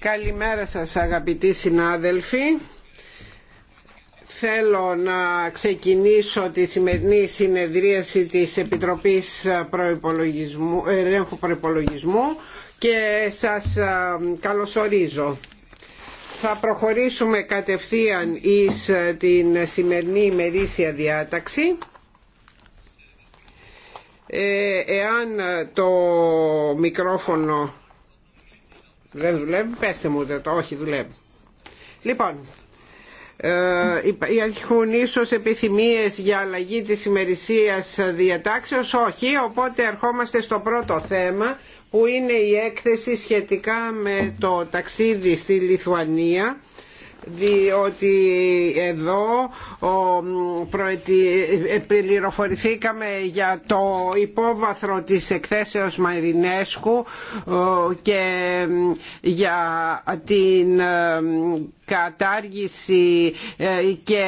Καλημέρα σας αγαπητοί συνάδελφοι. Θέλω να ξεκινήσω τη σημερινή συνεδρίαση της Επιτροπής Προϋπολογισμού, Ελέγχου Προϋπολογισμού και σας καλωσορίζω. Θα προχωρήσουμε κατευθείαν εις ε, την σημερινή ημερήσια διάταξη ε, εάν ε, το μικρόφωνο δεν δουλεύει, πέστε μου το, όχι δουλεύει. Λοιπόν, ε, Υπάρχουν ίσως επιθυμίες για αλλαγή της ημερησίας διατάξεως, όχι, οπότε ερχόμαστε στο πρώτο θέμα που είναι η έκθεση σχετικά με το ταξίδι στη Λιθουανία διότι εδώ επιληροφορηθήκαμε ε, για το υπόβαθρο της εκθέσεως Μαρινέσκου και για την ε, κατάργηση ε, και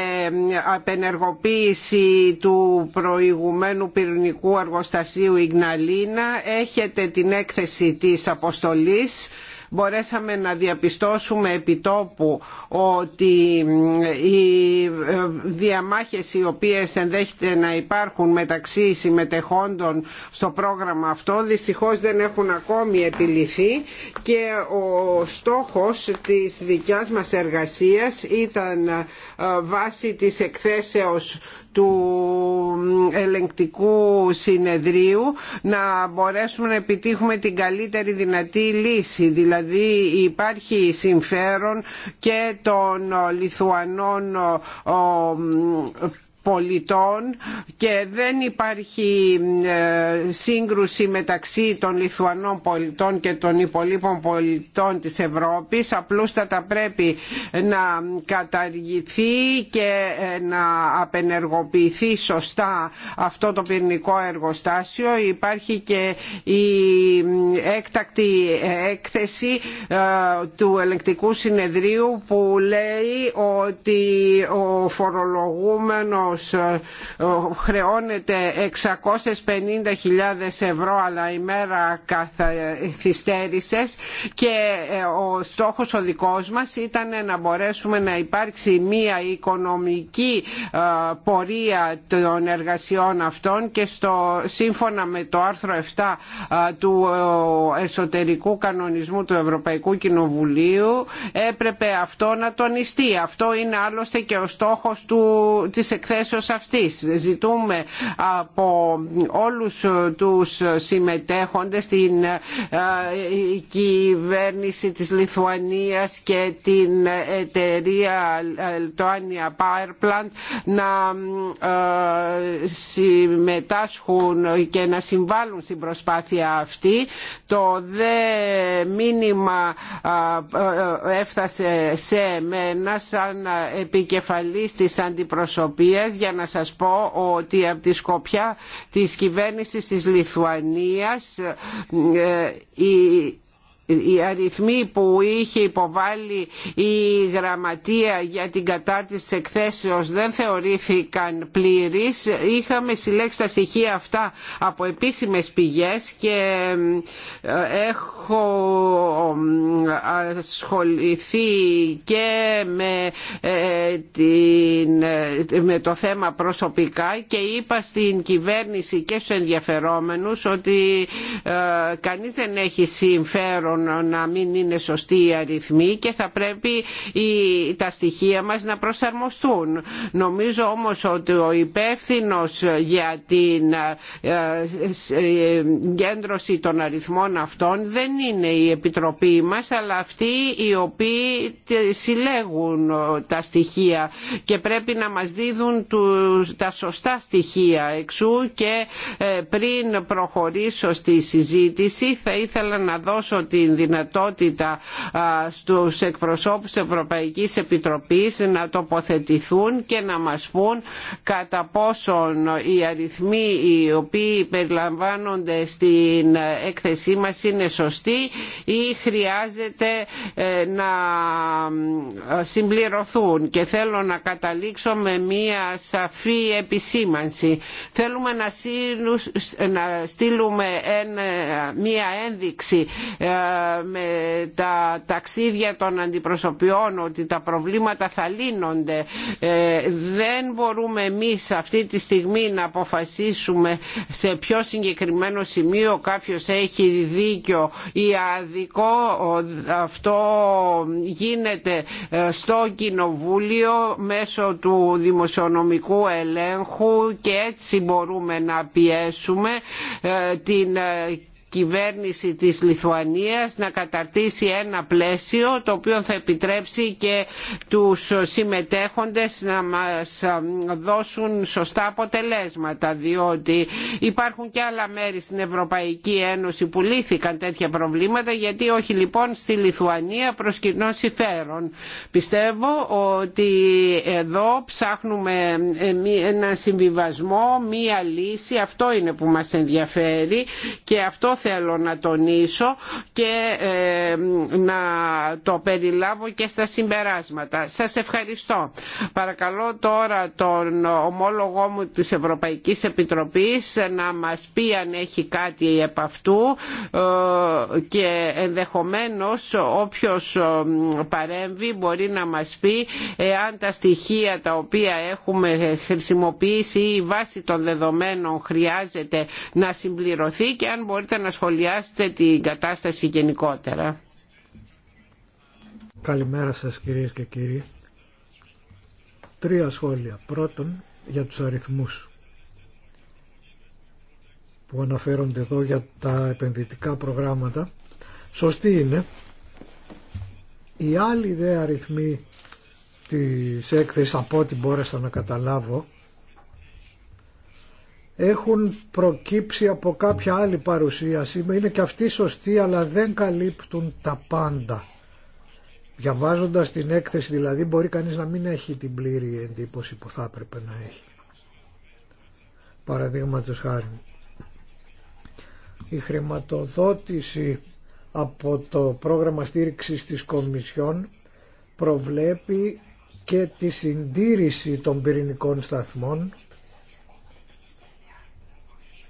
απενεργοποίηση του προηγουμένου πυρηνικού εργοστασίου Ιγναλίνα έχετε την έκθεση της αποστολής μπορέσαμε να διαπιστώσουμε επιτόπου ότι οι ε, διαμάχες οι οποίες ενδέχεται να υπάρχουν μεταξύ συμμετεχόντων στο πρόγραμμα αυτό δυστυχώς δεν έχουν ακόμη επιληθεί και ο στόχος της δικιάς μας εργασίας ήταν ε, βάσει της εκθέσεως του ελεγκτικού συνεδρίου να μπορέσουμε να επιτύχουμε την καλύτερη δυνατή λύση. Δηλαδή υπάρχει συμφέρον και των Λιθουανών πολιτών και δεν υπάρχει ε, σύγκρουση μεταξύ των Λιθουανών πολιτών και των υπολείπων πολιτών της Ευρώπης. Απλούστατα πρέπει να καταργηθεί και ε, να απενεργοποιηθεί σωστά αυτό το πυρηνικό εργοστάσιο. Υπάρχει και η ε, έκτακτη έκθεση του ελεγκτικού συνεδρίου που λέει ότι ο φορολογούμενος ε, χρεώνεται 650.000 ευρώ αλλά η μέρα καθυστέρησες και ε, ο στόχος ο δικός μας ήταν να μπορέσουμε να υπάρξει μία οικονομική ε, πορεία των εργασιών αυτών και στο, σύμφωνα με το άρθρο 7 του εσωτερικού κανονισμού του Ευρωπαϊκού Κοινοβουλίου έπρεπε αυτό να τονιστεί. Αυτό είναι άλλωστε και ο στόχος του, της εκθέσεως αυτής. Ζητούμε από όλους τους συμμετέχοντες την ε, κυβέρνηση της Λιθουανίας και την εταιρεία Λιθουανία Power να ε, συμμετάσχουν και να συμβάλλουν στην προσπάθεια αυτή. Το δε μήνυμα ε, έφτασε σε εμένα σαν επικεφαλής της αντιπροσωπείας για να σας πω ότι από τη σκοπιά της κυβέρνησης της Λιθουανίας ε, οι αριθμοί που είχε υποβάλει η γραμματεία για την κατάρτιση της εκθέσεως δεν θεωρήθηκαν πλήρεις Είχαμε συλλέξει τα στοιχεία αυτά από επίσημες πηγές και ε, έχω ε, ασχοληθεί και με, ε, με το θέμα προσωπικά και είπα στην κυβέρνηση και στους ενδιαφερόμενους ότι κανείς δεν έχει συμφέρον να μην είναι σωστοί οι αριθμοί και θα πρέπει τα στοιχεία μας να προσαρμοστούν. Νομίζω όμως ότι ο υπεύθυνο για την ε, ε, κέντρωση των αριθμών αυτών δεν είναι η Επιτροπή μας αλλά αυτοί οι οποίοι συλλέγουν ε, τα στοιχεία και πρέπει να μας δίδουν τα σωστά στοιχεία εξού και πριν προχωρήσω στη συζήτηση θα ήθελα να δώσω τη την δυνατότητα στους εκπροσώπους Ευρωπαϊκής Επιτροπής να τοποθετηθούν και να μας πούν κατά πόσον οι αριθμοί οι οποίοι περιλαμβάνονται στην έκθεσή μας είναι σωστοί ή χρειάζεται ε, να ε, συμπληρωθούν και θέλω να καταλήξω με μία σαφή επισήμανση. Θέλουμε να στείλουμε μία ένδειξη ε, με τα ταξίδια των αντιπροσωπιών ότι τα προβλήματα θα λύνονται. Ε, δεν μπορούμε εμείς αυτή τη στιγμή να αποφασίσουμε σε ποιο συγκεκριμένο σημείο κάποιος έχει δίκιο ή αδικό. Αυτό γίνεται ε, στο Κοινοβούλιο μέσω του δημοσιονομικού ελέγχου και έτσι μπορούμε να πιέσουμε ε, την κυβέρνηση της Λιθουανίας να καταρτήσει ένα πλαίσιο το οποίο θα επιτρέψει και τους συμμετέχοντες να μας ε, δώσουν σωστά αποτελέσματα διότι υπάρχουν και άλλα μέρη στην Ευρωπαϊκή Ένωση που λύθηκαν τέτοια προβλήματα γιατί όχι λοιπόν στη Λιθουανία προς κοινό συμφέρον. Πιστεύω ότι εδώ ψάχνουμε ε, ένα συμβιβασμό, μία λύση, αυτό είναι που μας ενδιαφέρει και αυτό θέλω να τονίσω και ε, να το περιλάβω και στα συμπεράσματα. Σας ευχαριστώ. Παρακαλώ τώρα τον ομόλογό μου της Ευρωπαϊκής Επιτροπής να μας πει αν έχει κάτι επ' αυτού ε, και ενδεχομένως όποιος ε, παρέμβει μπορεί να μας πει εάν τα στοιχεία τα οποία έχουμε χρησιμοποιήσει ή η βάση των δεδομένων χρειάζεται να συμπληρωθεί και αν μπορείτε να σχολιάσετε την κατάσταση γενικότερα. Καλημέρα σας κυρίες και κύριοι. Τρία σχόλια. Πρώτον, για τους αριθμούς που αναφέρονται εδώ για τα επενδυτικά προγράμματα. Σωστή είναι. Η άλλη δε αριθμή της έκθεσης από ό,τι μπόρεσα να καταλάβω έχουν προκύψει από κάποια άλλη παρουσίαση. Είναι και αυτοί σωστοί αλλά δεν καλύπτουν τα πάντα. Διαβάζοντας την έκθεση δηλαδή μπορεί κανείς να μην έχει την πλήρη εντύπωση που θα έπρεπε να έχει. Παραδείγματος χάρη. Η χρηματοδότηση από το πρόγραμμα στήριξης της Κομισιόν προβλέπει και τη συντήρηση των πυρηνικών σταθμών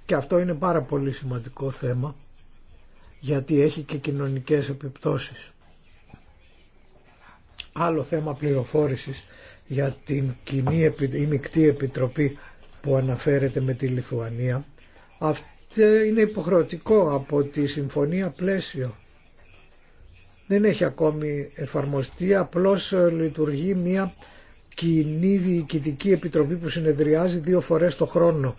και αυτό είναι πάρα πολύ σημαντικό θέμα γιατί έχει και κοινωνικές επιπτώσεις. Άλλο θέμα πληροφόρησης για την κοινή ή μεικτή επιτροπή που αναφέρεται με τη Λιθουανία. Αυτό είναι υποχρεωτικό από τη Συμφωνία Πλαίσιο. Δεν έχει ακόμη εφαρμοστεί, απλώς λειτουργεί μια κοινή διοικητική επιτροπή που συνεδριάζει δύο φορές το χρόνο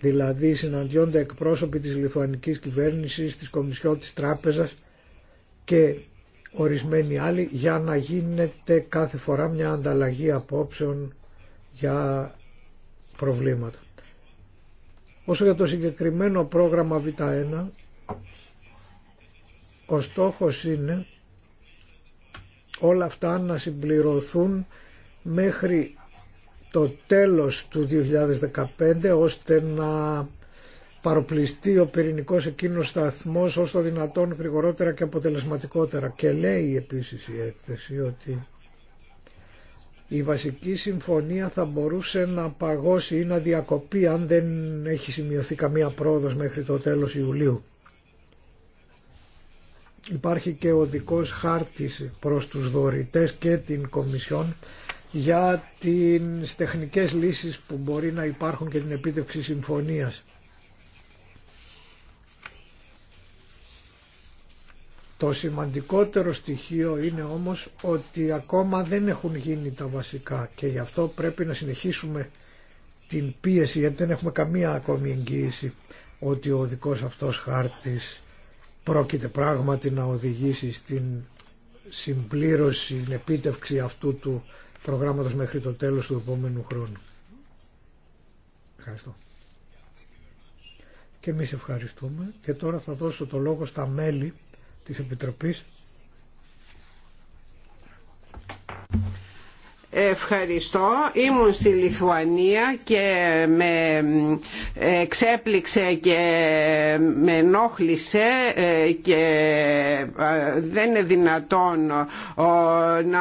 Δηλαδή συναντιόνται εκπρόσωποι της Λιθουανικής κυβέρνησης, της Κομισιόν της Τράπεζας και ορισμένοι άλλοι για να γίνεται κάθε φορά μια ανταλλαγή απόψεων για προβλήματα. Όσο για το συγκεκριμένο πρόγραμμα Β1, ο στόχος είναι όλα αυτά να συμπληρωθούν μέχρι το τέλος του 2015 ώστε να παροπληστεί ο πυρηνικός εκείνος σταθμός όσο δυνατόν γρηγορότερα και αποτελεσματικότερα. Και λέει επίσης η έκθεση ότι η βασική συμφωνία θα μπορούσε να παγώσει ή να διακοπεί αν δεν έχει σημειωθεί καμία πρόοδος μέχρι το τέλος Ιουλίου. Υπάρχει και ο δικός χάρτης προς τους δωρητές και την Κομισιόν για τις τεχνικές λύσεις που μπορεί να υπάρχουν και την επίτευξη συμφωνίας. Το σημαντικότερο στοιχείο είναι όμως ότι ακόμα δεν έχουν γίνει τα βασικά και γι' αυτό πρέπει να συνεχίσουμε την πίεση γιατί δεν έχουμε καμία ακόμη εγγύηση ότι ο δικός αυτός χάρτης πρόκειται πράγματι να οδηγήσει στην συμπλήρωση, την επίτευξη αυτού του προγράμματος μέχρι το τέλος του επόμενου χρόνου. Ευχαριστώ. Και εμείς ευχαριστούμε και τώρα θα δώσω το λόγο στα μέλη της Επιτροπής Ευχαριστώ. Ήμουν στη Λιθουανία και με ε, εξέπληξε και με ενόχλησε ε, και ε, δεν είναι δυνατόν να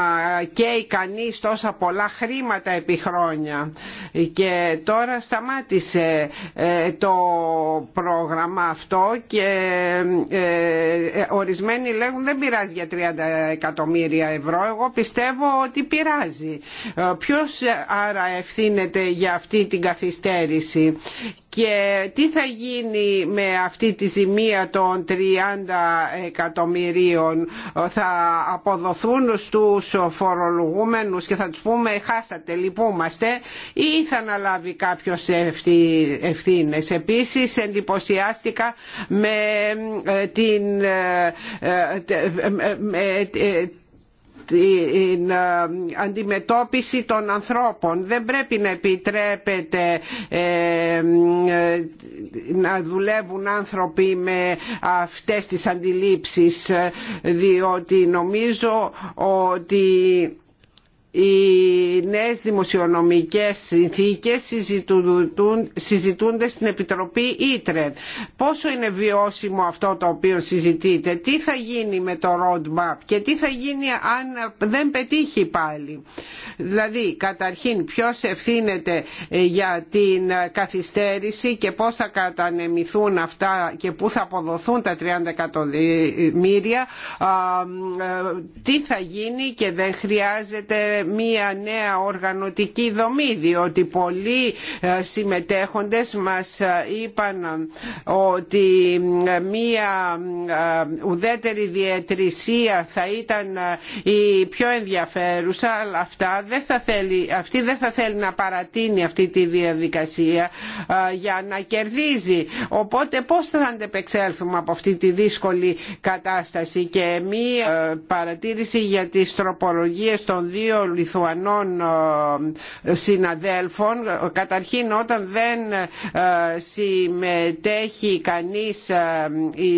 καίει κανείς τόσα πολλά χρήματα επί χρόνια. Και τώρα σταμάτησε το πρόγραμμα αυτό και ορισμένοι λέγουν δεν πειράζει για 30 εκατομμύρια ευρώ. Εγώ πιστεύω ότι πειράζει ε, ποιος ε, άρα ευθύνεται για αυτή την καθυστέρηση και τι θα γίνει με αυτή τη ζημία των 30 εκατομμυρίων ε, θα αποδοθούν στους φορολογούμενους και θα τους πούμε χάσατε λυπούμαστε ή θα αναλάβει κάποιος ευθύνες. Επίσης εντυπωσιάστηκα με την την ε, αντιμετώπιση των ανθρώπων. Δεν πρέπει να επιτρέπεται ε, ε, να δουλεύουν άνθρωποι με αυτές τις αντιλήψεις διότι νομίζω ότι οι νέες δημοσιονομικές συνθήκες συζητούνται στην Επιτροπή Ήτρε. Πόσο είναι βιώσιμο αυτό το οποίο συζητείτε, τι θα γίνει με το roadmap και τι θα γίνει αν δεν πετύχει πάλι. Δηλαδή, καταρχήν ποιος ευθύνεται ε, για την ε, καθυστέρηση και πώς θα κατανεμηθούν αυτά και πού θα αποδοθούν τα 30 εκατομμύρια, ε, τι θα γίνει και δεν χρειάζεται μία νέα οργανωτική δομή διότι πολλοί ε, συμμετέχοντες μας ε, είπαν ε, ότι μία ουδέτερη διατρησία θα ήταν η πιο ενδιαφέρουσα αλλά αυτά δεν θα θέλει, αυτή δεν θα θέλει να παρατείνει αυτή τη διαδικασία για να κερδίζει. Οπότε πώς θα αντεπεξέλθουμε από αυτή τη δύσκολη κατάσταση και μία παρατήρηση για τις τροπολογίες των δύο Λιθουανών ε, συναδέλφων καταρχήν όταν δεν ε, συμμετέχει κανείς ε,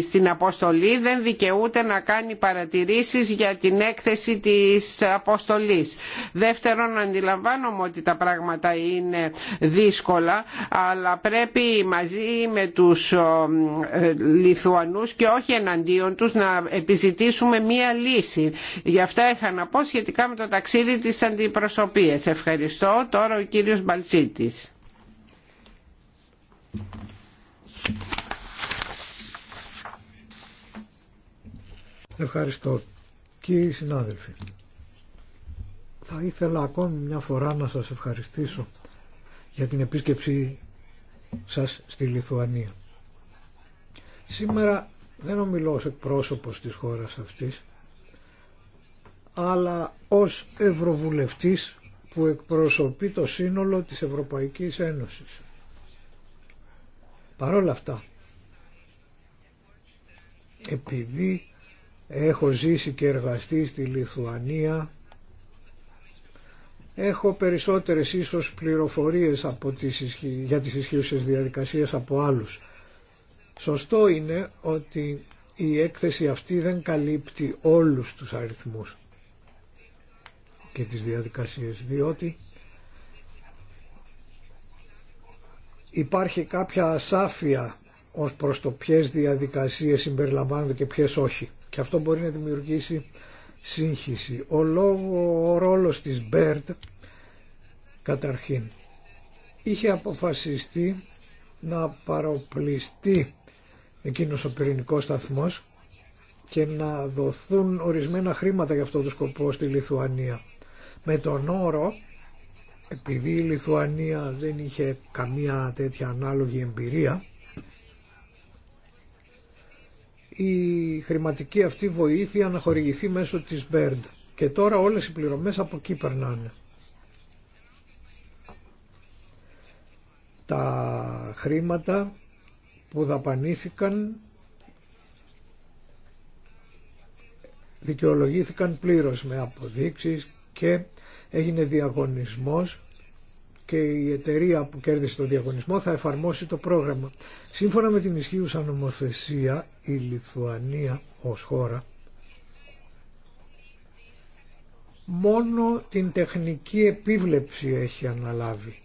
στην αποστολή δεν δικαιούται να κάνει παρατηρήσεις για την έκθεση της αποστολής. Δεύτερον αντιλαμβάνομαι ότι τα πράγματα είναι δύσκολα αλλά πρέπει μαζί με τους Λιθουανούς και όχι εναντίον τους να επιζητήσουμε μία λύση. Γι' αυτά είχα να πω σχετικά με το ταξίδι τις αντιπροσωπείες. Ευχαριστώ. Τώρα ο κύριος Μπαλτσίτης. Ευχαριστώ. Κύριοι συνάδελφοι, θα ήθελα ακόμη μια φορά να σας ευχαριστήσω για την επίσκεψή σας στη Λιθουανία. Σήμερα δεν ομιλώ ως εκπρόσωπος της χώρας αυτής, αλλά ως Ευρωβουλευτής που εκπροσωπεί το σύνολο της Ευρωπαϊκής Ένωσης. Παρόλα αυτά, επειδή έχω ζήσει και εργαστεί στη Λιθουανία, έχω περισσότερες ίσως πληροφορίες από τις, για τις ισχύουσες διαδικασίες από άλλους. Σωστό είναι ότι η έκθεση αυτή δεν καλύπτει όλους τους αριθμούς και τις διαδικασίες διότι υπάρχει κάποια ασάφεια ως προς το ποιες διαδικασίες συμπεριλαμβάνονται και ποιες όχι και αυτό μπορεί να δημιουργήσει σύγχυση. Ο, λόγο, ο ρόλος της Μπέρτ καταρχήν είχε αποφασιστεί να παροπλιστεί εκείνος ο πυρηνικός σταθμός και να δοθούν ορισμένα χρήματα για αυτό το σκοπό στη Λιθουανία με τον όρο επειδή η Λιθουανία δεν είχε καμία τέτοια ανάλογη εμπειρία η χρηματική αυτή βοήθεια να χορηγηθεί μέσω της BERD και τώρα όλες οι πληρωμές από εκεί περνάνε. Τα χρήματα που δαπανήθηκαν δικαιολογήθηκαν πλήρως με αποδείξεις και έγινε διαγωνισμός και η εταιρεία που κέρδισε το διαγωνισμό θα εφαρμόσει το πρόγραμμα. Σύμφωνα με την ισχύουσα νομοθεσία, η Λιθουανία ως χώρα μόνο την τεχνική επίβλεψη έχει αναλάβει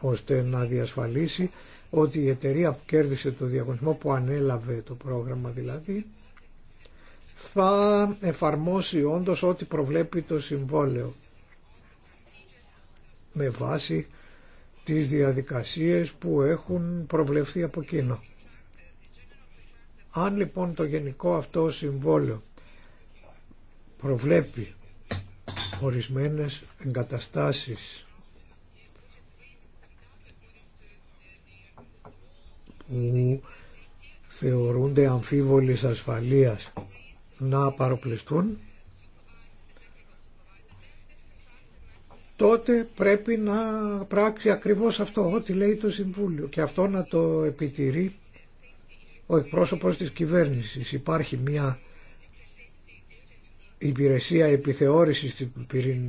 ώστε να διασφαλίσει ότι η εταιρεία που κέρδισε το διαγωνισμό που ανέλαβε το πρόγραμμα δηλαδή θα εφαρμόσει όντως ό,τι προβλέπει το συμβόλαιο με βάση τις διαδικασίες που έχουν προβλεφθεί από εκείνο. Αν λοιπόν το γενικό αυτό συμβόλαιο προβλέπει ορισμένες εγκαταστάσεις που θεωρούνται αμφίβολης ασφαλείας να παροπληστούν τότε πρέπει να πράξει ακριβώς αυτό ό,τι λέει το Συμβούλιο και αυτό να το επιτηρεί ο εκπρόσωπος της κυβέρνησης. Υπάρχει μια υπηρεσία επιθεώρησης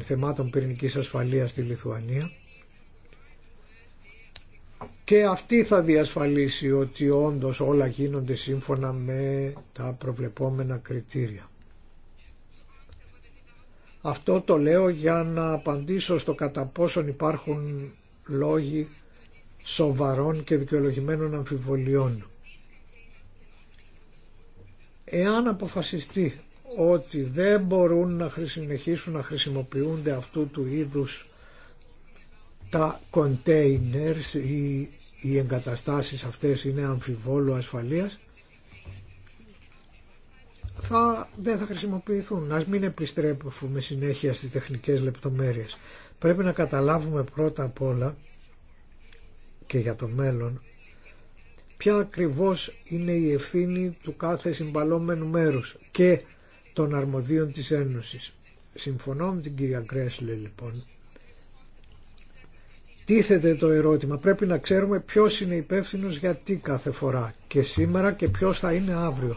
θεμάτων πυρηνικής ασφαλείας στη Λιθουανία και αυτή θα διασφαλίσει ότι όντως όλα γίνονται σύμφωνα με τα προβλεπόμενα κριτήρια. Αυτό το λέω για να απαντήσω στο κατά πόσον υπάρχουν λόγοι σοβαρών και δικαιολογημένων αμφιβολιών. Εάν αποφασιστεί ότι δεν μπορούν να συνεχίσουν να χρησιμοποιούνται αυτού του είδους τα containers ή οι εγκαταστάσεις αυτές είναι αμφιβόλου ασφαλείας θα, δεν θα χρησιμοποιηθούν. Ας μην επιστρέφουμε συνέχεια στις τεχνικές λεπτομέρειες. Πρέπει να καταλάβουμε πρώτα απ' όλα και για το μέλλον ποια ακριβώς είναι η ευθύνη του κάθε συμπαλόμενου μέρους και των αρμοδίων της Ένωσης. Συμφωνώ με την κυρία Γκρέσλε λοιπόν τίθεται το ερώτημα. Πρέπει να ξέρουμε ποιος είναι υπεύθυνο γιατί κάθε φορά και σήμερα και ποιος θα είναι αύριο.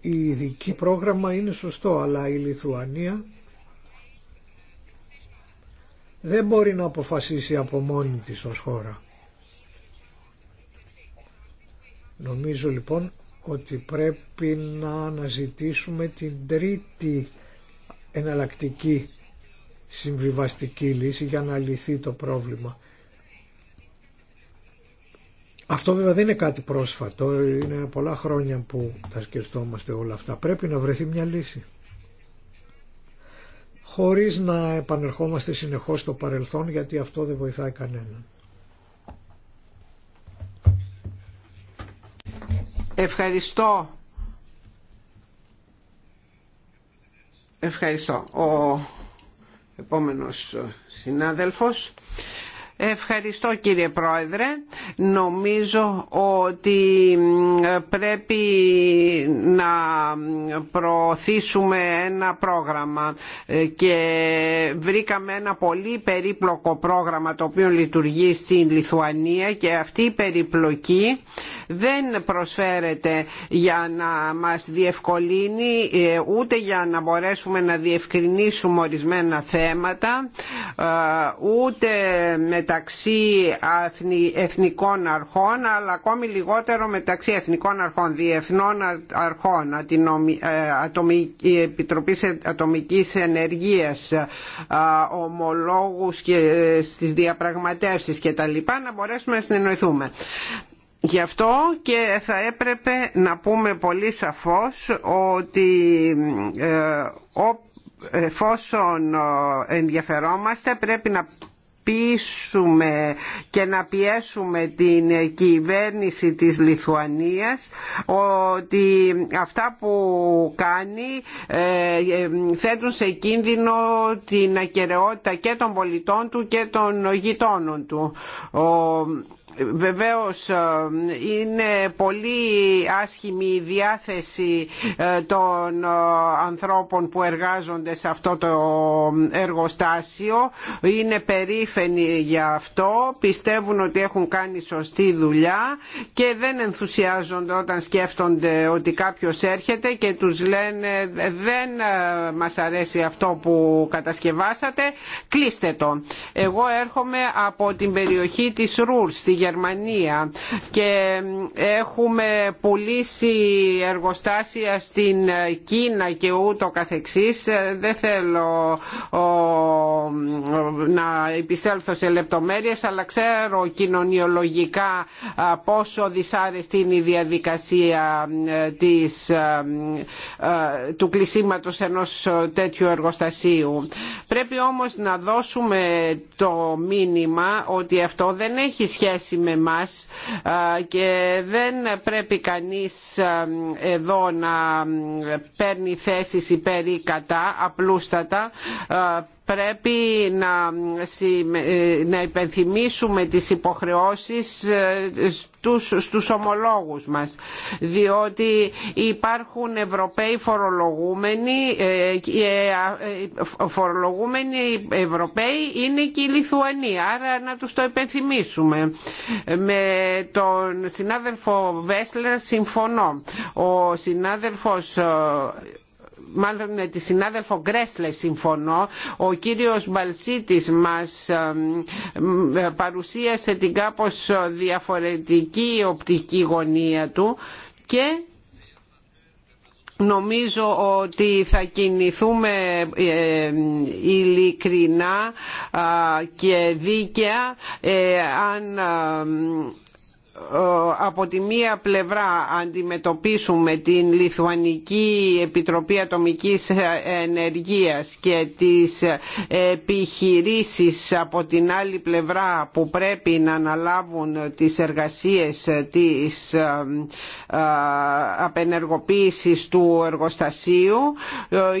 Η ειδική πρόγραμμα είναι σωστό, αλλά η Λιθουανία δεν μπορεί να αποφασίσει από μόνη της ως χώρα. Νομίζω λοιπόν ότι πρέπει να αναζητήσουμε την τρίτη εναλλακτική συμβιβαστική λύση για να λυθεί το πρόβλημα. Αυτό βέβαια δεν είναι κάτι πρόσφατο, είναι πολλά χρόνια που τα σκεφτόμαστε όλα αυτά. Πρέπει να βρεθεί μια λύση. Χωρίς να επανερχόμαστε συνεχώς στο παρελθόν γιατί αυτό δεν βοηθάει κανέναν. Ευχαριστώ. Ευχαριστώ. Ο επόμενος συνάδελφος. Ευχαριστώ κύριε Πρόεδρε. Νομίζω ότι πρέπει να προωθήσουμε ένα πρόγραμμα ε, και βρήκαμε ένα πολύ περίπλοκο πρόγραμμα το οποίο λειτουργεί στην Λιθουανία και αυτή η περιπλοκή δεν προσφέρεται για να μας διευκολύνει ε, ούτε για να μπορέσουμε να διευκρινίσουμε ορισμένα θέματα ε, ούτε μεταξύ εθνικών αρχών αλλά ακόμη λιγότερο μεταξύ εθνικών αρχών, διεθνών αρχών, ε, Επιτροπής Ατομικής Ενεργείας, ομολόγους και στις διαπραγματεύσεις και τα λοιπά να μπορέσουμε να συνεννοηθούμε. Γι' αυτό και θα έπρεπε να πούμε πολύ σαφώς ότι ε, εφόσον ε, ενδιαφερόμαστε πρέπει να πείσουμε και να πιέσουμε την κυβέρνηση της Λιθουανίας ότι αυτά που κάνει ε, θέτουν σε κίνδυνο την ακεραιότητα και των πολιτών του και των γειτόνων του Βεβαίως ε, είναι πολύ άσχημη η διάθεση ε, των ε, ανθρώπων που εργάζονται σε αυτό το εργοστάσιο. Είναι περήφανοι για αυτό, πιστεύουν ότι έχουν κάνει σωστή δουλειά και δεν ενθουσιάζονται όταν σκέφτονται ότι κάποιος έρχεται και τους λένε δεν μας αρέσει αυτό που κατασκευάσατε, κλείστε το. Εγώ έρχομαι από την περιοχή της Ρούρ, στη Γερμανία και έχουμε πουλήσει εργοστάσια στην Κίνα και ούτω καθεξής δεν θέλω να επισέλθω σε λεπτομέρειες αλλά ξέρω κοινωνιολογικά πόσο δυσάρεστη είναι η διαδικασία ε, της, ε, ε, του κλεισίματος ενός τέτοιου εργοστασίου. Πρέπει όμως να δώσουμε το μήνυμα ότι αυτό δεν έχει σχέση με μας και δεν πρέπει κανείς εδώ να παίρνει θέσεις υπέρ ή κατά απλούστατα πρέπει να, ε, να υπενθυμίσουμε τις υποχρεώσεις ε, τους στους ομολόγους μας διότι υπάρχουν Ευρωπαίοι φορολογούμενοι και ε, ε, ε, φορολογούμενοι Ευρωπαίοι είναι και οι Λιθουανοί άρα να τους το επενθυμίσουμε με τον συνάδελφο Βέσλερ συμφωνώ ο συνάδελφος μάλλον με τη συνάδελφο Γκρέσλε συμφωνώ, ο κύριος Μπαλσίτης μας ε, ε, παρουσίασε την κάπως διαφορετική οπτική γωνία του και νομίζω ότι θα κινηθούμε ε, ειλικρινά και δίκαια αν ε, από τη μία πλευρά αντιμετωπίσουμε την Λιθουανική Επιτροπή Ατομικής Ενεργείας και τις επιχειρήσεις από την άλλη πλευρά που πρέπει να αναλάβουν τις εργασίες της ε, ε, απενεργοποίησης του εργοστασίου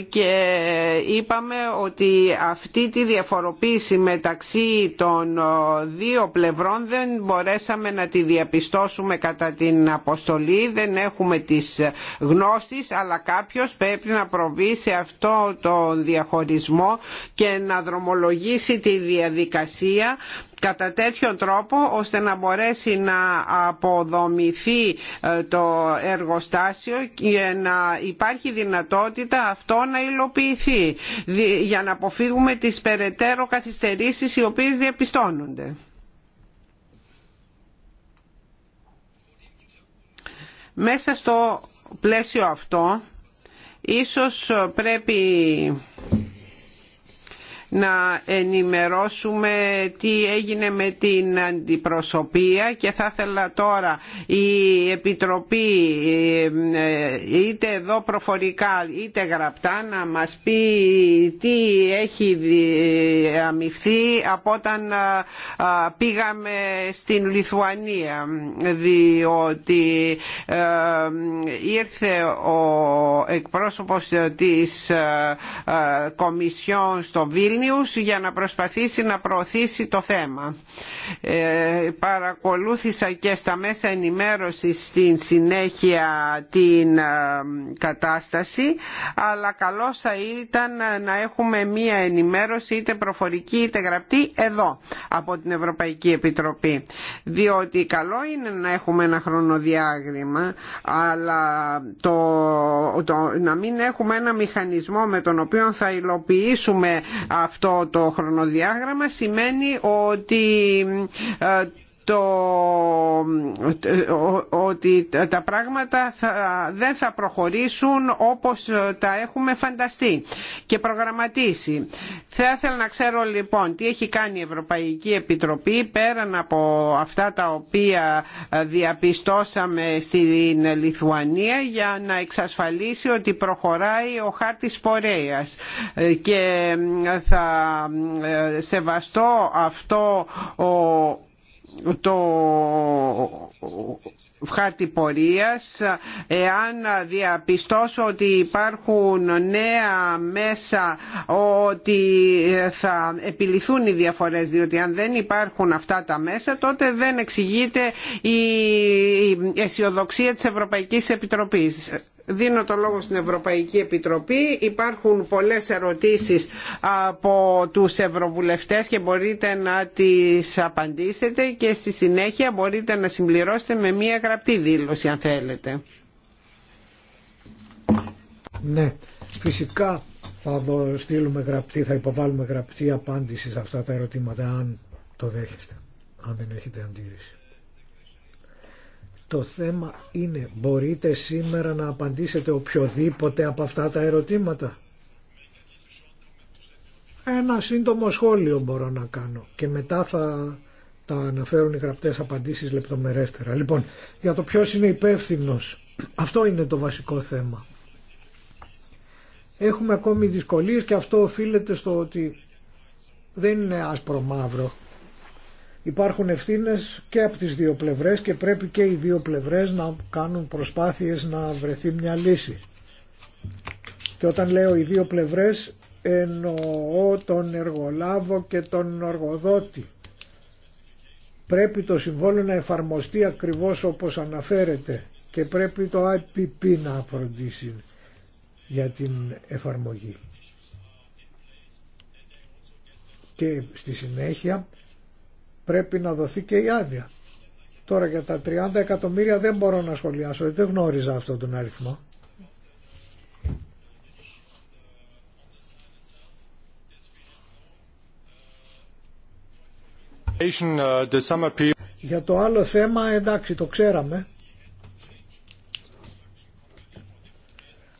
και είπαμε ότι αυτή τη διαφοροποίηση μεταξύ των δύο πλευρών δεν μπορέσαμε να τη διατηρήσουμε διαπιστώσουμε κατά την αποστολή, δεν έχουμε τις γνώσεις, αλλά κάποιος πρέπει να προβεί σε αυτό το διαχωρισμό και να δρομολογήσει τη διαδικασία κατά τέτοιον τρόπο ώστε να μπορέσει να αποδομηθεί ε, το εργοστάσιο και να υπάρχει δυνατότητα αυτό να υλοποιηθεί για να αποφύγουμε τις περαιτέρω καθυστερήσεις οι οποίες διαπιστώνονται. Μέσα στο πλαίσιο αυτό ίσως πρέπει να ενημερώσουμε τι έγινε με την αντιπροσωπεία και θα ήθελα τώρα η Επιτροπή ε, είτε εδώ προφορικά είτε γραπτά να μας πει τι έχει αμυφθεί από όταν ε, ε, πήγαμε στην Λιθουανία διότι ήρθε ο εκπρόσωπος της Κομισιόν στο Βίλνι για να προσπαθήσει να προωθήσει το θέμα. Ε, παρακολούθησα και στα μέσα ενημέρωσης στην συνέχεια την ε, κατάσταση αλλά καλό θα ήταν να έχουμε μία ενημέρωση είτε προφορική είτε γραπτή εδώ από την Ευρωπαϊκή Επιτροπή διότι καλό είναι να έχουμε ένα χρονοδιάγραμμα αλλά το, το, να μην έχουμε ένα μηχανισμό με τον οποίο θα υλοποιήσουμε αυτό το χρονοδιάγραμμα σημαίνει ότι ε, ότι τα πράγματα δεν θα προχωρήσουν όπως τα έχουμε φανταστεί και προγραμματίσει. Θα ήθελα να ξέρω λοιπόν τι έχει κάνει η Ευρωπαϊκή Επιτροπή πέραν από αυτά τα οποία διαπιστώσαμε στην Λιθουανία για να εξασφαλίσει ότι προχωράει ο χάρτης πορείας και θα σεβαστώ αυτό ο το χάρτη πορείας εάν διαπιστώσω ότι υπάρχουν νέα μέσα ότι θα επιληθούν οι διαφορές διότι αν δεν υπάρχουν αυτά τα μέσα τότε δεν εξηγείται η αισιοδοξία της Ευρωπαϊκής Επιτροπής. Δίνω το λόγο στην Ευρωπαϊκή Επιτροπή. Υπάρχουν πολλές ερωτήσεις από τους ευρωβουλευτές και μπορείτε να τις απαντήσετε και στη συνέχεια μπορείτε να συμπληρώσετε με μία γραπτή δήλωση αν θέλετε. Ναι, φυσικά θα στείλουμε γραπτή, θα υποβάλουμε γραπτή απάντηση σε αυτά τα ερωτήματα αν το δέχεστε, αν δεν έχετε αντίρρηση. Το θέμα είναι, μπορείτε σήμερα να απαντήσετε οποιοδήποτε από αυτά τα ερωτήματα. Ένα σύντομο σχόλιο μπορώ να κάνω και μετά θα τα αναφέρουν οι γραπτές απαντήσεις λεπτομερέστερα. Λοιπόν, για το ποιος είναι υπεύθυνο. Αυτό είναι το βασικό θέμα. Έχουμε ακόμη δυσκολίες και αυτό οφείλεται στο ότι δεν είναι άσπρο μαύρο. Υπάρχουν ευθύνες και από τις δύο πλευρές και πρέπει και οι δύο πλευρές να κάνουν προσπάθειες να βρεθεί μια λύση. Και όταν λέω οι δύο πλευρές εννοώ τον εργολάβο και τον εργοδότη Πρέπει το συμβόλαιο να εφαρμοστεί ακριβώς όπως αναφέρεται και πρέπει το IPP να φροντίσει για την εφαρμογή. Και στη συνέχεια πρέπει να δοθεί και η άδεια. Τώρα για τα 30 εκατομμύρια δεν μπορώ να σχολιάσω, δεν γνώριζα αυτόν τον αριθμό. Uh, Για το άλλο θέμα, εντάξει, το ξέραμε.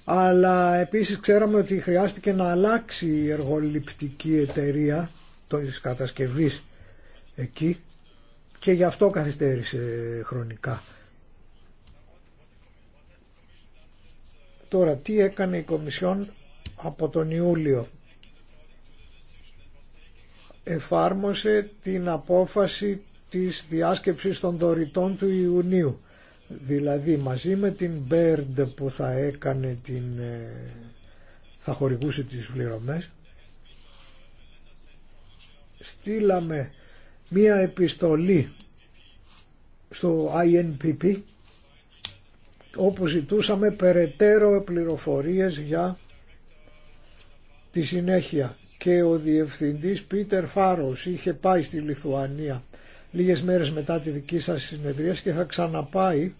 Αλλά επίσης ξέραμε ότι χρειάστηκε να αλλάξει η εργοληπτική εταιρεία της κατασκευής εκεί και γι' αυτό καθυστέρησε χρονικά. Τώρα, τι έκανε η Κομισιόν από τον Ιούλιο εφάρμοσε την απόφαση της διάσκεψης των δωρητών του Ιουνίου. Δηλαδή μαζί με την Baird που θα έκανε την, ε, θα χορηγούσε τις πληρωμές στείλαμε μία επιστολή στο INPP όπου ζητούσαμε περαιτέρω πληροφορίες για τη συνέχεια και ο διευθυντής Πίτερ Φάρος είχε πάει στη Λιθουανία λίγες μέρες μετά τη δική σας συνεδρία και θα ξαναπάει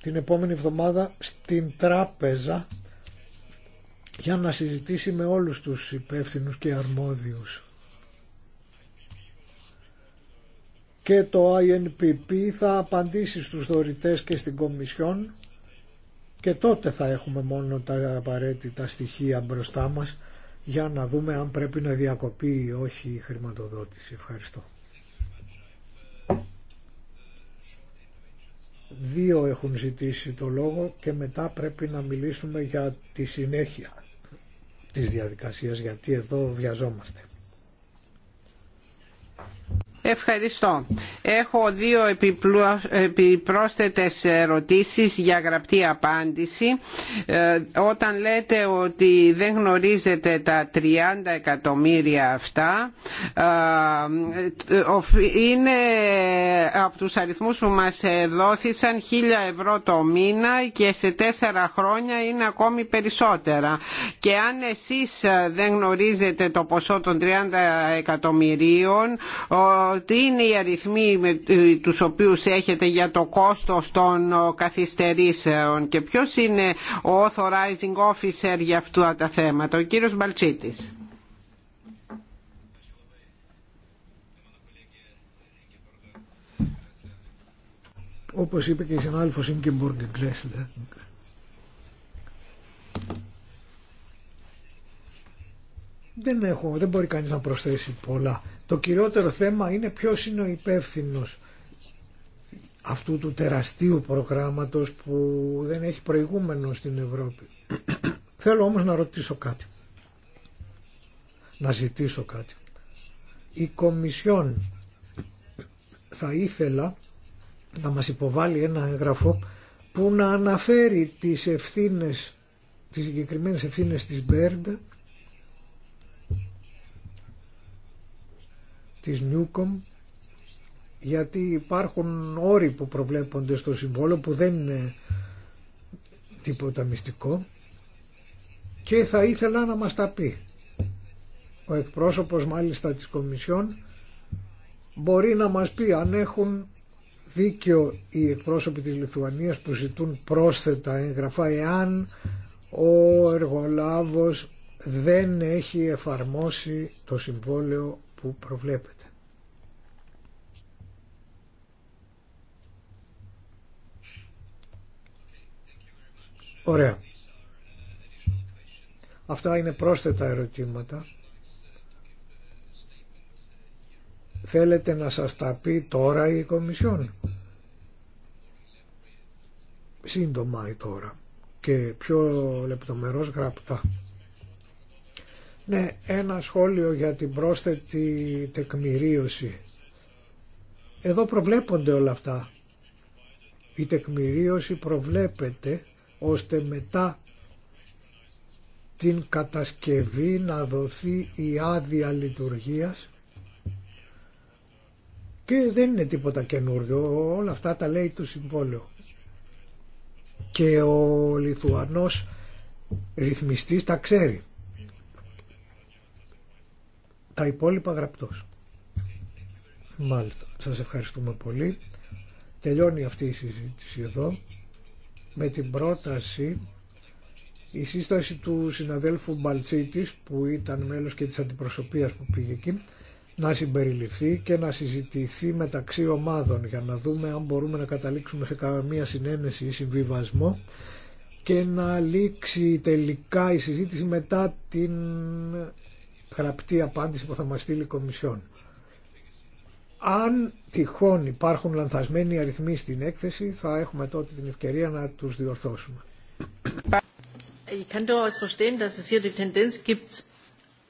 την επόμενη εβδομάδα στην τράπεζα για να συζητήσει με όλους τους υπεύθυνους και αρμόδιους. Και το INPP θα απαντήσει στους δωρητές και στην Κομισιόν και τότε θα έχουμε μόνο τα απαραίτητα στοιχεία μπροστά μας για να δούμε αν πρέπει να διακοπεί ή όχι η χρηματοδότηση. Ευχαριστώ. Δύο έχουν ζητήσει το λόγο και μετά πρέπει να μιλήσουμε για τη συνέχεια της διαδικασίας γιατί εδώ βιαζόμαστε. Ευχαριστώ. Έχω δύο επιπρόσθετες ερωτήσεις για γραπτή απάντηση. Ε, όταν λέτε ότι δεν γνωρίζετε τα 30 εκατομμύρια αυτά, ε, είναι από τους αριθμούς που μας δόθησαν 1000 ευρώ το μήνα και σε τέσσερα χρόνια είναι ακόμη περισσότερα. Και αν εσείς δεν γνωρίζετε το ποσό των 30 εκατομμυρίων, ότι είναι οι αριθμοί με ε, τους οποίους έχετε για το κόστος των ε, καθυστερήσεων και ποιος είναι ο authorizing officer για αυτά τα θέματα, ο κύριος Μπαλτσίτης. Όπως είπε και η συνάδελφος Ινκεμπουργκ Γκλέσλερ, δεν έχω, δεν μπορεί κανείς να προσθέσει πολλά το κυριότερο θέμα είναι ποιος είναι ο υπεύθυνο αυτού του τεραστίου προγράμματος που δεν έχει προηγούμενο στην Ευρώπη. Θέλω όμως να ρωτήσω κάτι. Να ζητήσω κάτι. Η Κομισιόν θα ήθελα να μας υποβάλει ένα έγγραφο που να αναφέρει τις ευθύνες, τις συγκεκριμένες ευθύνες της Μπέρντ της Νιούκομ γιατί υπάρχουν όροι που προβλέπονται στο συμβόλο που δεν είναι τίποτα μυστικό και θα ήθελα να μας τα πει. Ο εκπρόσωπος μάλιστα της Κομισιόν μπορεί να μας πει αν έχουν δίκιο οι εκπρόσωποι της Λιθουανίας που ζητούν πρόσθετα έγγραφα εάν ο εργολάβος δεν έχει εφαρμόσει το συμβόλαιο που Ωραία. Αυτά είναι πρόσθετα ερωτήματα. Θέλετε να σας τα πει τώρα η Κομισιόν. Σύντομα ή τώρα και πιο λεπτομερώς γραπτά. Ναι, ένα σχόλιο για την πρόσθετη τεκμηρίωση. Εδώ προβλέπονται όλα αυτά. Η τεκμηρίωση προβλέπεται ώστε μετά την κατασκευή να δοθεί η άδεια λειτουργίας και δεν είναι τίποτα καινούριο, όλα αυτά τα λέει το συμβόλαιο. Και ο Λιθουανός ρυθμιστής τα ξέρει. Τα υπόλοιπα γραπτός. Μάλιστα. Σας ευχαριστούμε πολύ. Τελειώνει αυτή η συζήτηση εδώ με την πρόταση η σύσταση του συναδέλφου Μπαλτσίτης που ήταν μέλος και της αντιπροσωπείας που πήγε εκεί να συμπεριληφθεί και να συζητηθεί μεταξύ ομάδων για να δούμε αν μπορούμε να καταλήξουμε σε καμία συνένεση ή συμβιβασμό και να λήξει τελικά η συζήτηση μετά την γραπτή απάντηση που θα μας στείλει η Κομισιόν. Αν τυχόν υπάρχουν λανθασμένοι αριθμοί στην έκθεση, θα έχουμε τότε την ευκαιρία να τους διορθώσουμε. Ich kann durchaus verstehen, dass es hier die Tendenz gibt,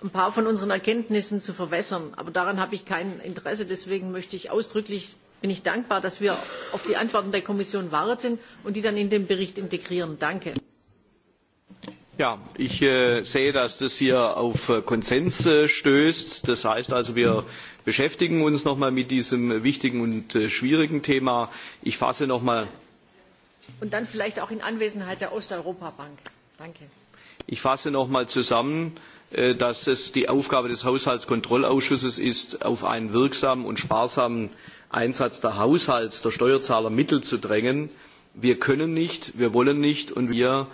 ein paar von unseren Erkenntnissen zu verwässern. Aber daran habe ich kein Interesse. Deswegen möchte ich ausdrücklich, bin ich dankbar, dass wir auf die Antworten der Kommission warten und die dann in den Bericht integrieren. Danke ich sehe, dass das hier auf Konsens stößt. Das heißt also, wir beschäftigen uns noch mal mit diesem wichtigen und schwierigen Thema. Ich fasse noch mal. Und dann vielleicht auch in Anwesenheit der Danke. Ich fasse noch mal zusammen, dass es die Aufgabe des Haushaltskontrollausschusses ist, auf einen wirksamen und sparsamen Einsatz der Haushalts-, der Steuerzahler Mittel zu drängen. Wir können nicht, wir wollen nicht und wir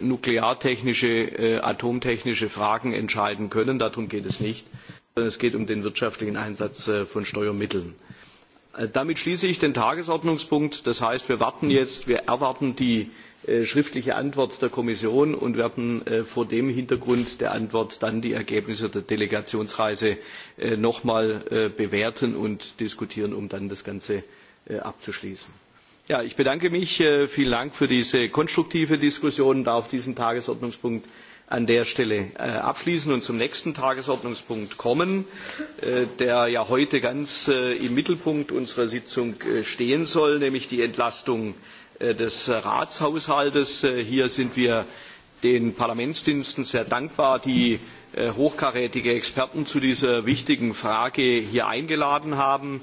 nukleartechnische, atomtechnische Fragen entscheiden können. Darum geht es nicht, sondern es geht um den wirtschaftlichen Einsatz von Steuermitteln. Damit schließe ich den Tagesordnungspunkt. Das heißt, wir warten jetzt, wir erwarten die schriftliche Antwort der Kommission und werden vor dem Hintergrund der Antwort dann die Ergebnisse der Delegationsreise noch einmal bewerten und diskutieren, um dann das Ganze abzuschließen. Ja, ich bedanke mich. Vielen Dank für diese konstruktive Diskussion. Darf diesen Tagesordnungspunkt an der Stelle abschließen und zum nächsten Tagesordnungspunkt kommen, der ja heute ganz im Mittelpunkt unserer Sitzung stehen soll, nämlich die Entlastung des Ratshaushaltes. Hier sind wir den Parlamentsdiensten sehr dankbar, die hochkarätige Experten zu dieser wichtigen Frage hier eingeladen haben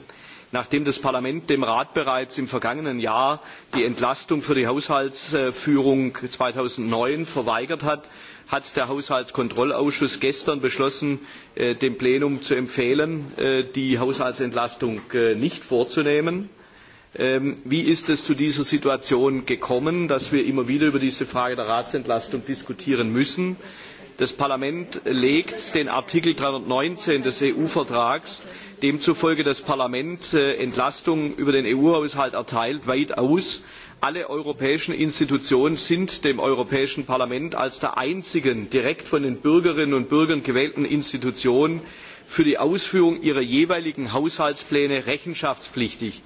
nachdem das parlament dem rat bereits im vergangenen jahr die entlastung für die haushaltsführung 2009 verweigert hat hat der haushaltskontrollausschuss gestern beschlossen dem plenum zu empfehlen die haushaltsentlastung nicht vorzunehmen. wie ist es zu dieser situation gekommen dass wir immer wieder über diese frage der ratsentlastung diskutieren müssen? das parlament legt den artikel 319 des eu vertrags demzufolge das parlament entlastung über den eu haushalt erteilt weit aus. alle europäischen institutionen sind dem europäischen parlament als der einzigen direkt von den bürgerinnen und bürgern gewählten institution für die ausführung ihrer jeweiligen haushaltspläne rechenschaftspflichtig.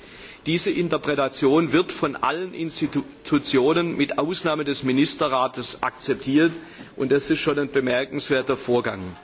diese interpretation wird von allen institutionen mit ausnahme des ministerrates akzeptiert und das ist schon ein bemerkenswerter vorgang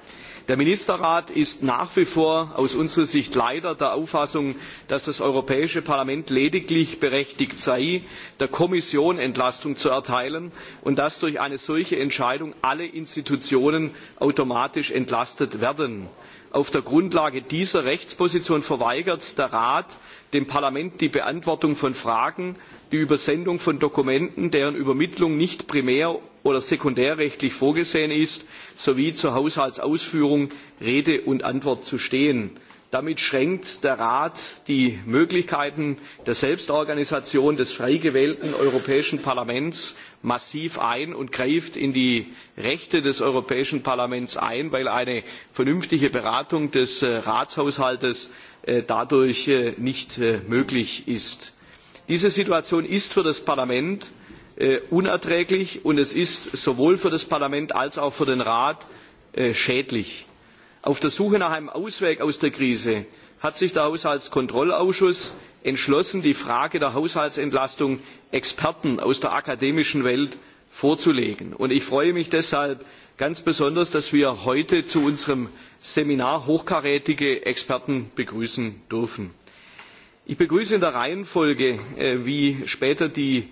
der ministerrat ist nach wie vor aus unserer sicht leider der auffassung dass das europäische parlament lediglich berechtigt sei der kommission entlastung zu erteilen und dass durch eine solche entscheidung alle institutionen automatisch entlastet werden. auf der grundlage dieser rechtsposition verweigert der rat dem parlament die beantwortung von fragen die übersendung von dokumenten deren übermittlung nicht primär oder sekundärrechtlich vorgesehen ist sowie zur haushaltsausführung rede und antwort zu stehen damit schränkt der rat die möglichkeiten der selbstorganisation des frei gewählten europäischen parlaments massiv ein und greift in die rechte des europäischen parlaments ein weil eine vernünftige beratung des ratshaushalts dadurch nicht möglich ist. diese situation ist für das parlament unerträglich und es ist sowohl für das parlament als auch für den rat schädlich auf der suche nach einem ausweg aus der krise hat sich der haushaltskontrollausschuss entschlossen die frage der haushaltsentlastung experten aus der akademischen welt vorzulegen. ich freue mich deshalb ganz besonders dass wir heute zu unserem seminar hochkarätige experten begrüßen dürfen. ich begrüße in der reihenfolge wie später die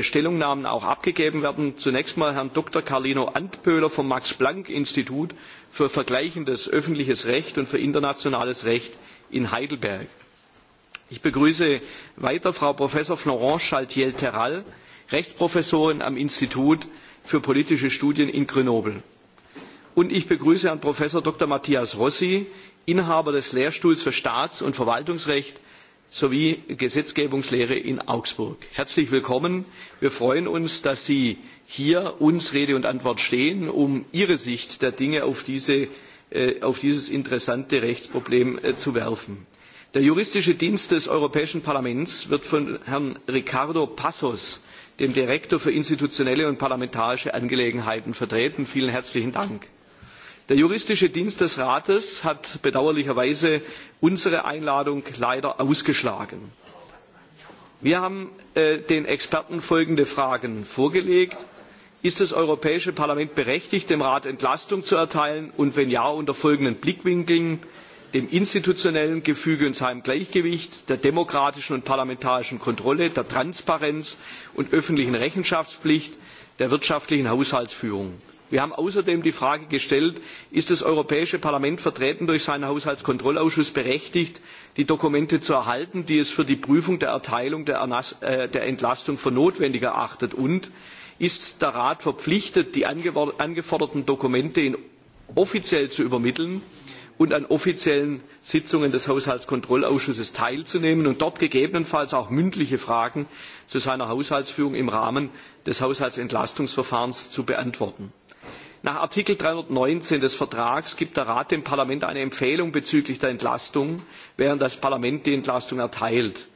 Stellungnahmen auch abgegeben werden. Zunächst mal Herrn Dr. Carlino Antpöhler vom Max-Planck-Institut für vergleichendes öffentliches Recht und für internationales Recht in Heidelberg. Ich begrüße weiter Frau Prof. Florence Chaltiel-Terral, Rechtsprofessorin am Institut für politische Studien in Grenoble. Und ich begrüße Herrn Professor Dr. Matthias Rossi, Inhaber des Lehrstuhls für Staats- und Verwaltungsrecht sowie Gesetzgebungslehre in Augsburg. Herzlich willkommen. Wir freuen uns, dass Sie hier uns Rede und Antwort stehen, um Ihre Sicht der Dinge auf dieses interessante Rechtsproblem zu werfen. Der juristische Dienst des Europäischen Parlaments wird von Herrn Ricardo Passos, dem Direktor für institutionelle und parlamentarische Angelegenheiten, vertreten. Vielen herzlichen Dank der juristische dienst des rates hat bedauerlicherweise unsere einladung leider ausgeschlagen. wir haben den experten folgende fragen vorgelegt ist das europäische parlament berechtigt dem rat entlastung zu erteilen und wenn ja unter folgenden blickwinkeln dem institutionellen gefüge und seinem gleichgewicht der demokratischen und parlamentarischen kontrolle der transparenz und öffentlichen rechenschaftspflicht der wirtschaftlichen haushaltsführung? wir haben außerdem die frage gestellt ist das europäische parlament vertreten durch seinen haushaltskontrollausschuss berechtigt die dokumente zu erhalten die es für die prüfung der erteilung der entlastung für notwendig erachtet und ist der rat verpflichtet die angeforderten dokumente offiziell zu übermitteln und an offiziellen sitzungen des haushaltskontrollausschusses teilzunehmen und dort gegebenenfalls auch mündliche fragen zu seiner haushaltsführung im rahmen des haushaltsentlastungsverfahrens zu beantworten. Nach Artikel 319 des Vertrags gibt der Rat dem Parlament eine Empfehlung bezüglich der Entlastung, während das Parlament die Entlastung erteilt.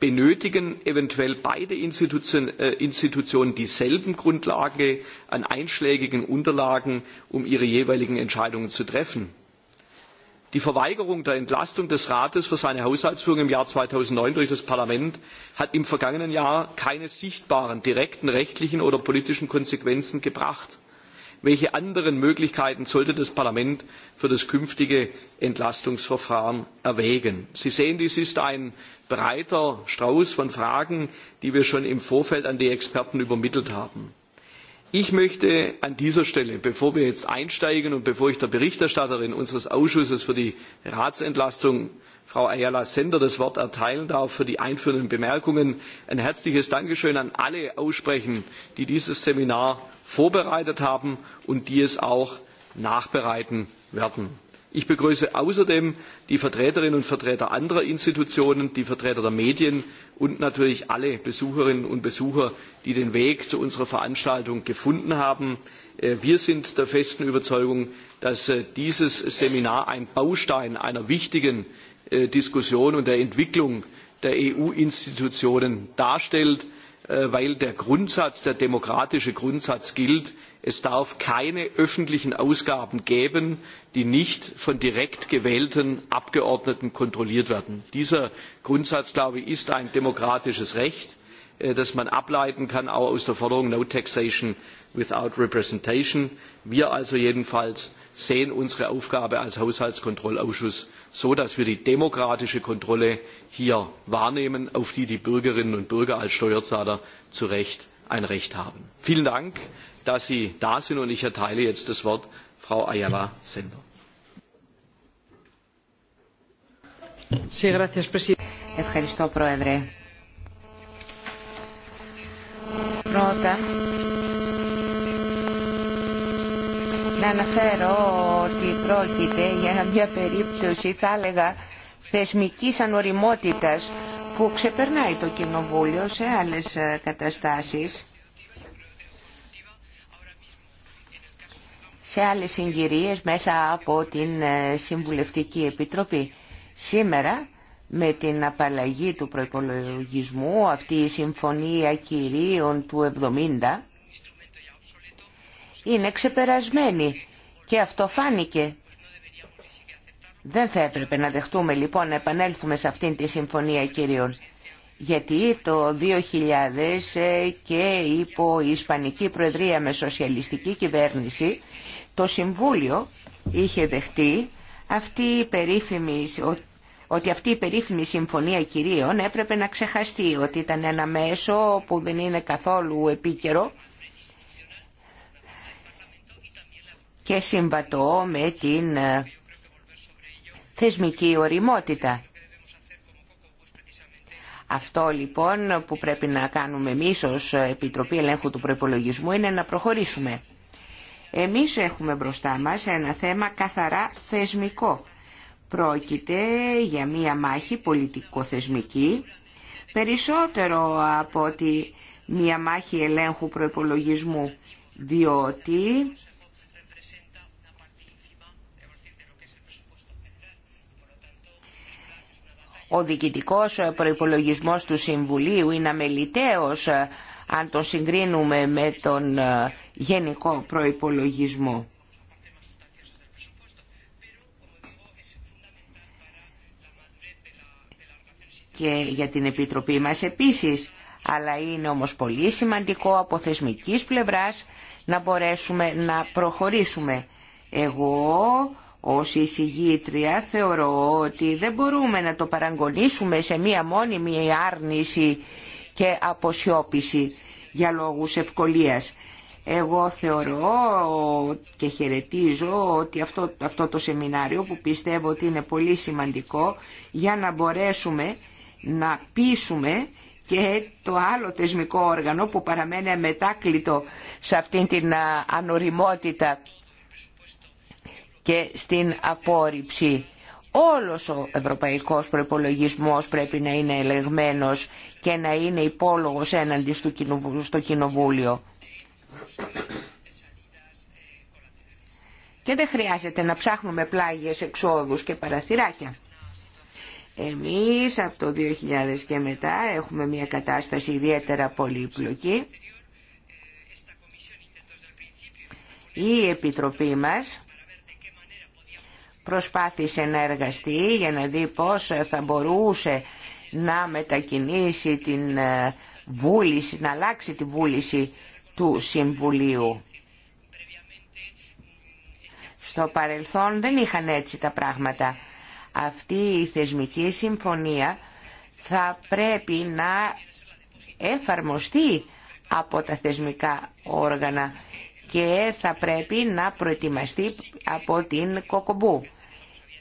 Benötigen eventuell beide Institutionen dieselben Grundlage an einschlägigen Unterlagen, um ihre jeweiligen Entscheidungen zu treffen? Die Verweigerung der Entlastung des Rates für seine Haushaltsführung im Jahr 2009 durch das Parlament hat im vergangenen Jahr keine sichtbaren, direkten rechtlichen oder politischen Konsequenzen gebracht welche anderen möglichkeiten sollte das parlament für das künftige entlastungsverfahren erwägen? sie sehen dies ist ein breiter strauß von fragen die wir schon im vorfeld an die experten übermittelt haben. ich möchte an dieser stelle bevor wir jetzt einsteigen und bevor ich der berichterstatterin unseres ausschusses für die ratsentlastung Frau Ayala Sender das Wort erteilen darf für die einführenden Bemerkungen. Ein herzliches Dankeschön an alle aussprechen, die dieses Seminar vorbereitet haben und die es auch nachbereiten werden. Ich begrüße außerdem die Vertreterinnen und Vertreter anderer Institutionen, die Vertreter der Medien und natürlich alle Besucherinnen und Besucher, die den Weg zu unserer Veranstaltung gefunden haben. Wir sind der festen Überzeugung, dass dieses Seminar ein Baustein einer wichtigen diskussion und der entwicklung der eu institutionen darstellt weil der grundsatz der demokratische grundsatz gilt es darf keine öffentlichen ausgaben geben die nicht von direkt gewählten abgeordneten kontrolliert werden. dieser grundsatz ist ein demokratisches recht das man ableiten kann auch aus der forderung no taxation without representation. wir also jedenfalls sehen unsere Aufgabe als Haushaltskontrollausschuss so, dass wir die demokratische Kontrolle hier wahrnehmen, auf die die Bürgerinnen und Bürger als Steuerzahler zu Recht ein Recht haben. Vielen Dank, dass Sie da sind, und ich erteile jetzt das Wort Frau Ayala Sender να αναφέρω ότι πρόκειται για μια περίπτωση, θα έλεγα, θεσμικής ανοριμότητας που ξεπερνάει το Κοινοβούλιο σε άλλες ε, καταστάσεις, σε άλλες συγκυρίες μέσα από την ε, Συμβουλευτική Επιτροπή. Σήμερα με την απαλλαγή του προϋπολογισμού αυτή η συμφωνία κυρίων του 70 είναι ξεπερασμένη και αυτό φάνηκε. Δεν θα έπρεπε να δεχτούμε λοιπόν να επανέλθουμε σε αυτήν τη συμφωνία κυρίων. Γιατί το 2000 ε, και υπό η Ισπανική Προεδρία με σοσιαλιστική κυβέρνηση το Συμβούλιο είχε δεχτεί αυτή η περίφημη, ότι αυτή η περίφημη συμφωνία κυρίων έπρεπε να ξεχαστεί ότι ήταν ένα μέσο που δεν είναι καθόλου επίκαιρο και συμβατώ με την ε, θεσμική οριμότητα. Αυτό λοιπόν που πρέπει να κάνουμε εμείς ως Επιτροπή Ελέγχου του Προϋπολογισμού είναι να προχωρήσουμε. Εμείς έχουμε μπροστά μας ένα θέμα καθαρά θεσμικό. Πρόκειται για μία μάχη πολιτικοθεσμική, περισσότερο από ότι μία μάχη ελέγχου προϋπολογισμού, διότι ο διοικητικός ε, προϋπολογισμός του Συμβουλίου είναι αμεληταίος ε, αν τον συγκρίνουμε με τον ε, γενικό προϋπολογισμό. Και για την Επιτροπή μας επίσης, αλλά είναι όμως πολύ σημαντικό από θεσμικής πλευράς να μπορέσουμε να προχωρήσουμε. Εγώ ως εισηγήτρια θεωρώ ότι δεν μπορούμε να το παραγωνίσουμε σε μία μόνιμη άρνηση και αποσιώπηση για λόγους ευκολίας. Εγώ θεωρώ και χαιρετίζω ότι αυτό, αυτό το σεμινάριο που πιστεύω ότι είναι πολύ σημαντικό για να μπορέσουμε να πείσουμε και το άλλο θεσμικό όργανο που παραμένει αμετάκλητο σε αυτήν την ανοριμότητα και στην απόρριψη. Όλος ο ευρωπαϊκός προϋπολογισμός πρέπει να είναι ελεγμένος και να είναι υπόλογος έναντι στο κοινοβούλιο. Και δεν χρειάζεται να ψάχνουμε πλάγιες εξόδους και παραθυράκια. Εμείς από το 2000 και μετά έχουμε μια κατάσταση ιδιαίτερα πολύπλοκη. Η Επιτροπή μας προσπάθησε να εργαστεί για να δει πώς θα μπορούσε να μετακινήσει την ε, βούληση, να αλλάξει τη βούληση του Συμβουλίου. Στο παρελθόν δεν είχαν έτσι τα πράγματα. Αυτή η θεσμική συμφωνία θα πρέπει να εφαρμοστεί από τα θεσμικά όργανα και θα πρέπει να προετοιμαστεί από την Κοκομπού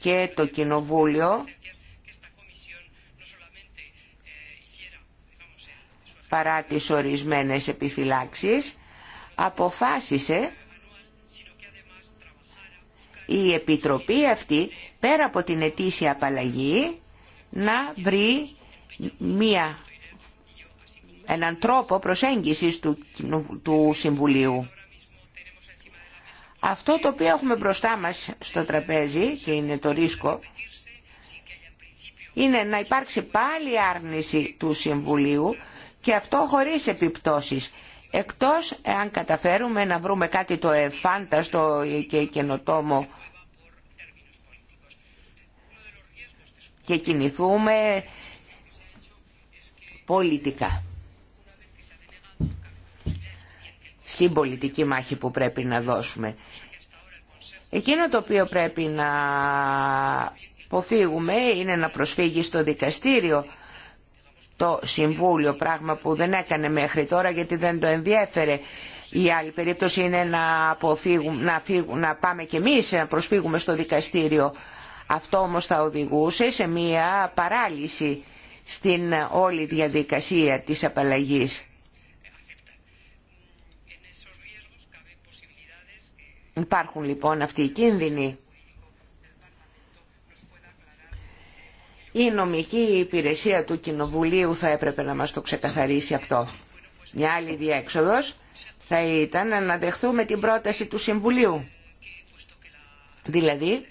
και το Κοινοβούλιο παρά τις ορισμένες επιφυλάξεις αποφάσισε η Επιτροπή αυτή πέρα από την ετήσια απαλλαγή να βρει μία, έναν τρόπο προσέγγισης του, του Συμβουλίου. Αυτό το οποίο έχουμε μπροστά μας στο τραπέζι και είναι το ρίσκο είναι να υπάρξει πάλι άρνηση του Συμβουλίου και αυτό χωρίς επιπτώσεις. Εκτός αν καταφέρουμε να βρούμε κάτι το εφάνταστο και καινοτόμο και κινηθούμε πολιτικά. Στην πολιτική μάχη που πρέπει να δώσουμε. Εκείνο το οποίο πρέπει να αποφύγουμε είναι να προσφύγει στο δικαστήριο το Συμβούλιο, πράγμα που δεν έκανε μέχρι τώρα γιατί δεν το ενδιέφερε. Η άλλη περίπτωση είναι να, να, πάμε κι εμείς να προσφύγουμε στο δικαστήριο. Αυτό όμως θα οδηγούσε σε μία παράλυση στην όλη διαδικασία της απαλλαγής. Υπάρχουν λοιπόν αυτοί οι κίνδυνοι. Η νομική υπηρεσία του Κοινοβουλίου θα έπρεπε να μας το ξεκαθαρίσει αυτό. Μια άλλη διέξοδος θα ήταν να δεχθούμε την πρόταση του Συμβουλίου. Δηλαδή,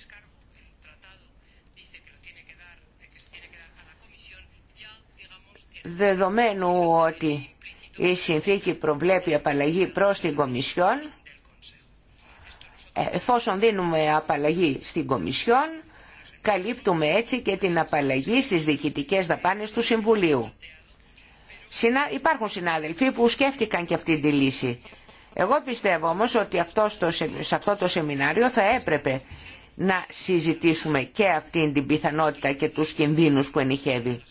δεδομένου ότι η συνθήκη προβλέπει απαλλαγή προς την Κομισιόν, εφόσον δίνουμε απαλλαγή στην Κομισιόν, καλύπτουμε έτσι και την απαλλαγή στις διοικητικές δαπάνες του Συμβουλίου. Υπάρχουν συνάδελφοι που σκέφτηκαν και αυτή τη λύση. Εγώ πιστεύω όμως ότι σε αυτό το σεμινάριο θα έπρεπε να συζητήσουμε και αυτή την πιθανότητα και τους κινδύνους που ενηχεύει.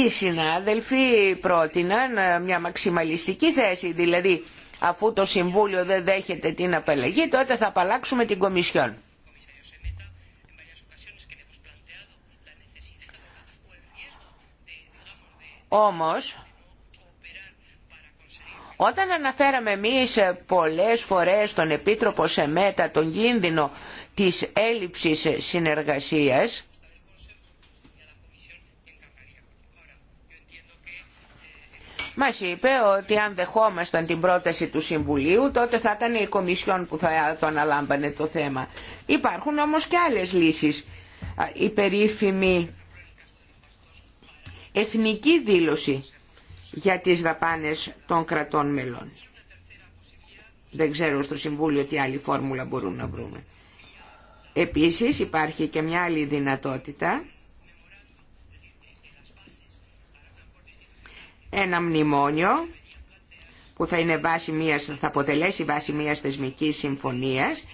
οι συνάδελφοι πρότειναν ε, μια μαξιμαλιστική θέση, δηλαδή αφού το Συμβούλιο δεν δέχεται την απαλλαγή, τότε θα απαλλάξουμε την Κομισιόν. Όμως, όταν αναφέραμε εμείς πολλές φορές τον Επίτροπο Σεμέτα τον κίνδυνο της έλλειψης συνεργασίας, Μα είπε ότι αν δεχόμασταν την πρόταση του Συμβουλίου τότε θα ήταν η Κομισιόν που θα το αναλάμπανε το θέμα. Υπάρχουν όμω και άλλε λύσεις. Η περίφημη εθνική δήλωση για τις δαπάνες των κρατών μελών. Δεν ξέρω στο Συμβούλιο τι άλλη φόρμουλα μπορούμε να βρούμε. Επίσης υπάρχει και μια άλλη δυνατότητα ένα μνημόνιο που θα, είναι βάση μιας, θα αποτελέσει βάση μιας θεσμικής συμφωνίας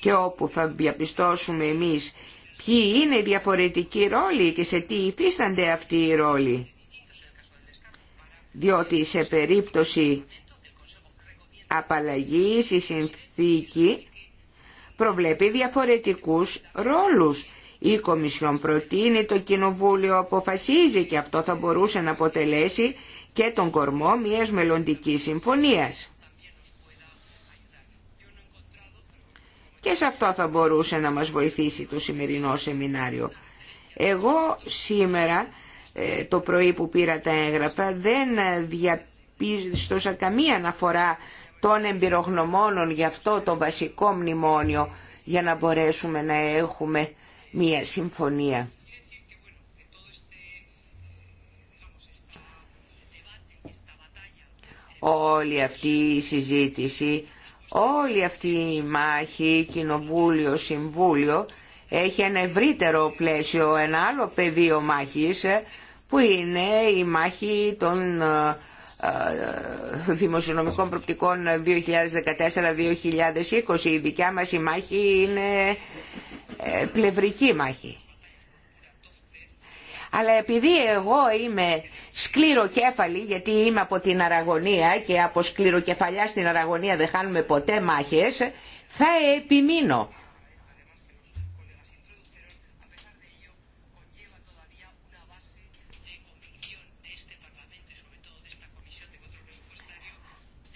και όπου θα διαπιστώσουμε εμείς ποιοι είναι οι διαφορετικοί ρόλοι και σε τι υφίστανται αυτοί οι ρόλοι. Διότι σε περίπτωση απαλλαγής η συνθήκη προβλέπει διαφορετικούς ρόλους. Η Κομισιόν προτείνει, το Κοινοβούλιο αποφασίζει και αυτό θα μπορούσε να αποτελέσει και τον κορμό μιας μελλοντικής συμφωνίας. Και σε αυτό θα μπορούσε να μας βοηθήσει το σημερινό σεμινάριο. Εγώ σήμερα ε, το πρωί που πήρα τα έγγραφα δεν διαπίστωσα καμία αναφορά των εμπειρογνωμόνων για αυτό το βασικό μνημόνιο για να μπορέσουμε να έχουμε μία συμφωνία. όλη αυτή η συζήτηση, όλη αυτή η μάχη, κοινοβούλιο, συμβούλιο, έχει ένα ευρύτερο πλαίσιο, ένα άλλο πεδίο μάχης, που είναι η μάχη των ε, ε, δημοσιονομικών προπτικών 2014-2020. Η δικιά μας η μάχη είναι ε, πλευρική μάχη. Αλλά επειδή εγώ είμαι σκληροκέφαλη, γιατί είμαι από την Αραγωνία και από σκληροκεφαλιά στην Αραγωνία δεν χάνουμε ποτέ μάχες, θα επιμείνω.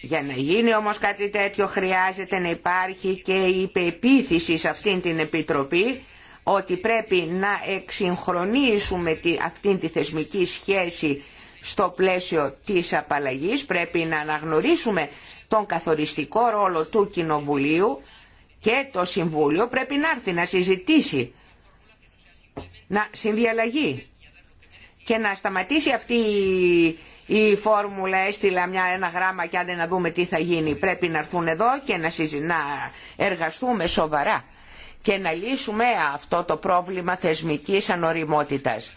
Για να γίνει όμως κάτι τέτοιο χρειάζεται να υπάρχει και η υπεποίθηση σε αυτήν την Επιτροπή ότι πρέπει να εξυγχρονίσουμε αυτή τη θεσμική σχέση στο πλαίσιο της απαλλαγής, πρέπει να αναγνωρίσουμε τον καθοριστικό ρόλο του Κοινοβουλίου και το Συμβούλιο πρέπει να έρθει να συζητήσει, να συνδιαλλαγεί και να σταματήσει αυτή η φόρμουλα έστειλα μια, ένα γράμμα και άντε να δούμε τι θα γίνει. Πρέπει να έρθουν εδώ και να, να εργαστούμε σοβαρά και να λύσουμε αυτό το πρόβλημα θεσμικής ανοριμότητας.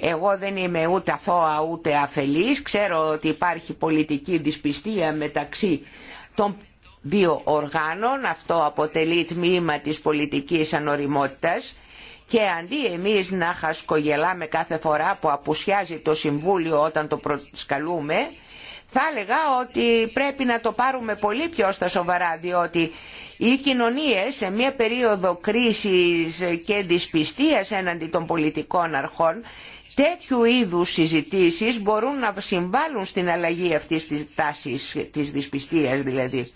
Εγώ δεν είμαι ούτε αθώα ούτε αφελής, ξέρω ότι υπάρχει πολιτική δυσπιστία μεταξύ των δύο οργάνων, αυτό αποτελεί τμήμα της πολιτικής ανοριμότητας και αντί εμείς να χασκογελάμε κάθε φορά που απουσιάζει το Συμβούλιο όταν το προσκαλούμε, θα έλεγα ότι πρέπει να το πάρουμε πολύ πιο στα σοβαρά διότι οι κοινωνίες σε μια περίοδο κρίσης και δυσπιστίας έναντι των πολιτικών αρχών τέτοιου είδους συζητήσεις μπορούν να συμβάλλουν στην αλλαγή αυτής της τάσης της δυσπιστίας δηλαδή.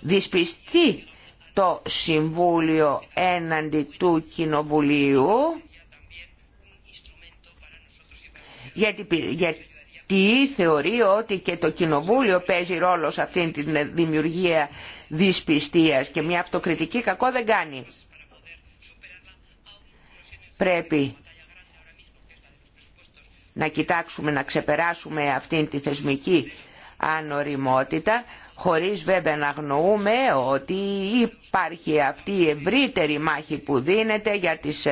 Δυσπιστεί το Συμβούλιο έναντι του Κοινοβουλίου γιατί, τι θεωρεί ότι και το κοινοβούλιο παίζει ρόλο σε αυτήν την δημιουργία δυσπιστίας και μια αυτοκριτική κακό δεν κάνει. Πρέπει να κοιτάξουμε να ξεπεράσουμε αυτήν τη θεσμική ανοριμότητα χωρίς βέβαια να γνωρούμε ότι υπάρχει αυτή η ευρύτερη μάχη που δίνεται για τις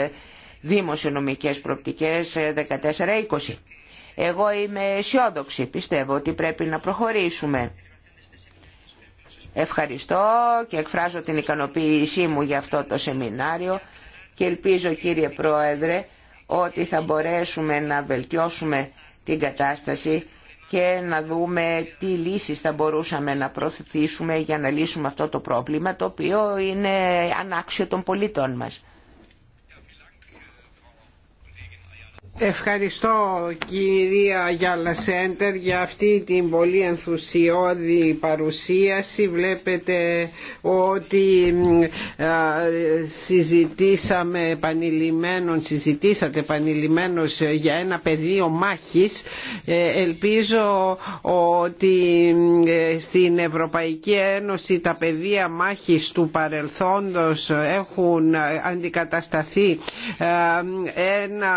δημοσιονομικές προπτικές 14-20. Ε, εγώ είμαι αισιόδοξη, πιστεύω ότι πρέπει να προχωρήσουμε. Ευχαριστώ και εκφράζω την ικανοποίησή μου για αυτό το σεμινάριο και ελπίζω κύριε Πρόεδρε ότι θα μπορέσουμε να βελτιώσουμε την κατάσταση και να δούμε τι λύσεις θα μπορούσαμε να προωθήσουμε για να λύσουμε αυτό το πρόβλημα το οποίο είναι ανάξιο των πολιτών μας. Ευχαριστώ κυρία Γιάλα Σέντερ για αυτή την πολύ ενθουσιώδη παρουσίαση. Βλέπετε ότι συζητήσαμε επανειλημμένων, συζητήσατε επανειλημμένως για ένα πεδίο μάχης. Ε, ελπίζω ότι ε, στην Ευρωπαϊκή Ένωση τα πεδία μάχης του παρελθόντος έχουν αντικατασταθεί ε, ένα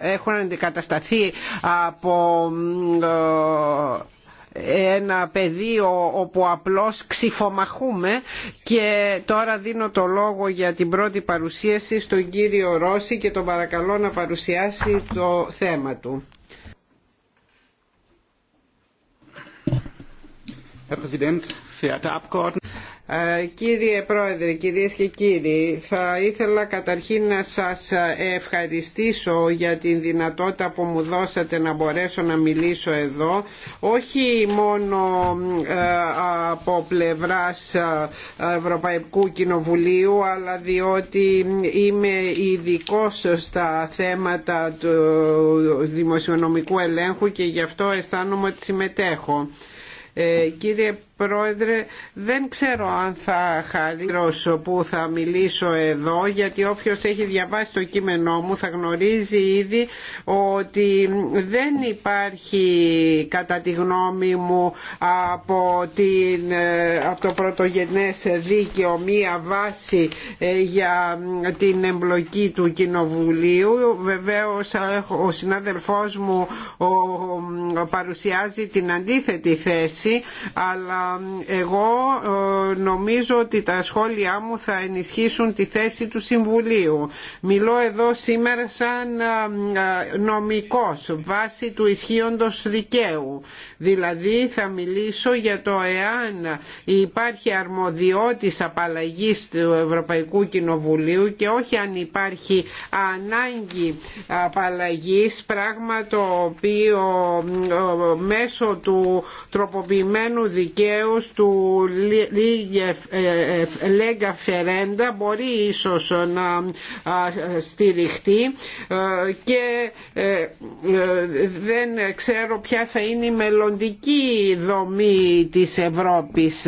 έχουν αντικατασταθεί από ένα πεδίο όπου απλώς ξυφομαχούμε και τώρα δίνω το λόγο για την πρώτη παρουσίαση στον κύριο Ρώση και τον παρακαλώ να παρουσιάσει το θέμα του. Ε, κύριε Πρόεδρε, κυρίες και κύριοι, θα ήθελα καταρχήν να σας ευχαριστήσω για την δυνατότητα που μου δώσατε να μπορέσω να μιλήσω εδώ, όχι μόνο ε, από πλευράς ε, Ευρωπαϊκού Κοινοβουλίου, αλλά διότι είμαι ειδικό στα θέματα του δημοσιονομικού ελέγχου και γι' αυτό αισθάνομαι ότι συμμετέχω. Ε, κύριε Πρόεδρε, δεν ξέρω αν θα χαρίσω που θα μιλήσω εδώ, γιατί όποιος έχει διαβάσει το κείμενό μου θα γνωρίζει ήδη ότι δεν υπάρχει κατά τη γνώμη μου από, την, ε, από το πρωτογενές δίκαιο μία βάση ε, για την εμπλοκή του Κοινοβουλίου. Βεβαίως ο συνάδελφός μου παρουσιάζει την αντίθετη θέση, αλλά εγώ ε, νομίζω ότι τα σχόλιά μου θα ενισχύσουν τη θέση του Συμβουλίου. Μιλώ εδώ σήμερα σαν ε, ε, νομικός βάσει του ισχύοντος δικαίου. Δηλαδή θα μιλήσω για το εάν υπάρχει αρμοδιότης απαλλαγής του Ευρωπαϊκού Κοινοβουλίου και όχι αν υπάρχει ανάγκη απαλλαγής πράγμα το οποίο μέσω του τροποποιημένου δικαίου του Λέγκα Φερέντα μπορεί ίσως να στηριχτεί ε, και ε, ε, δεν ξέρω ποια θα είναι η μελλοντική δομή της Ευρώπης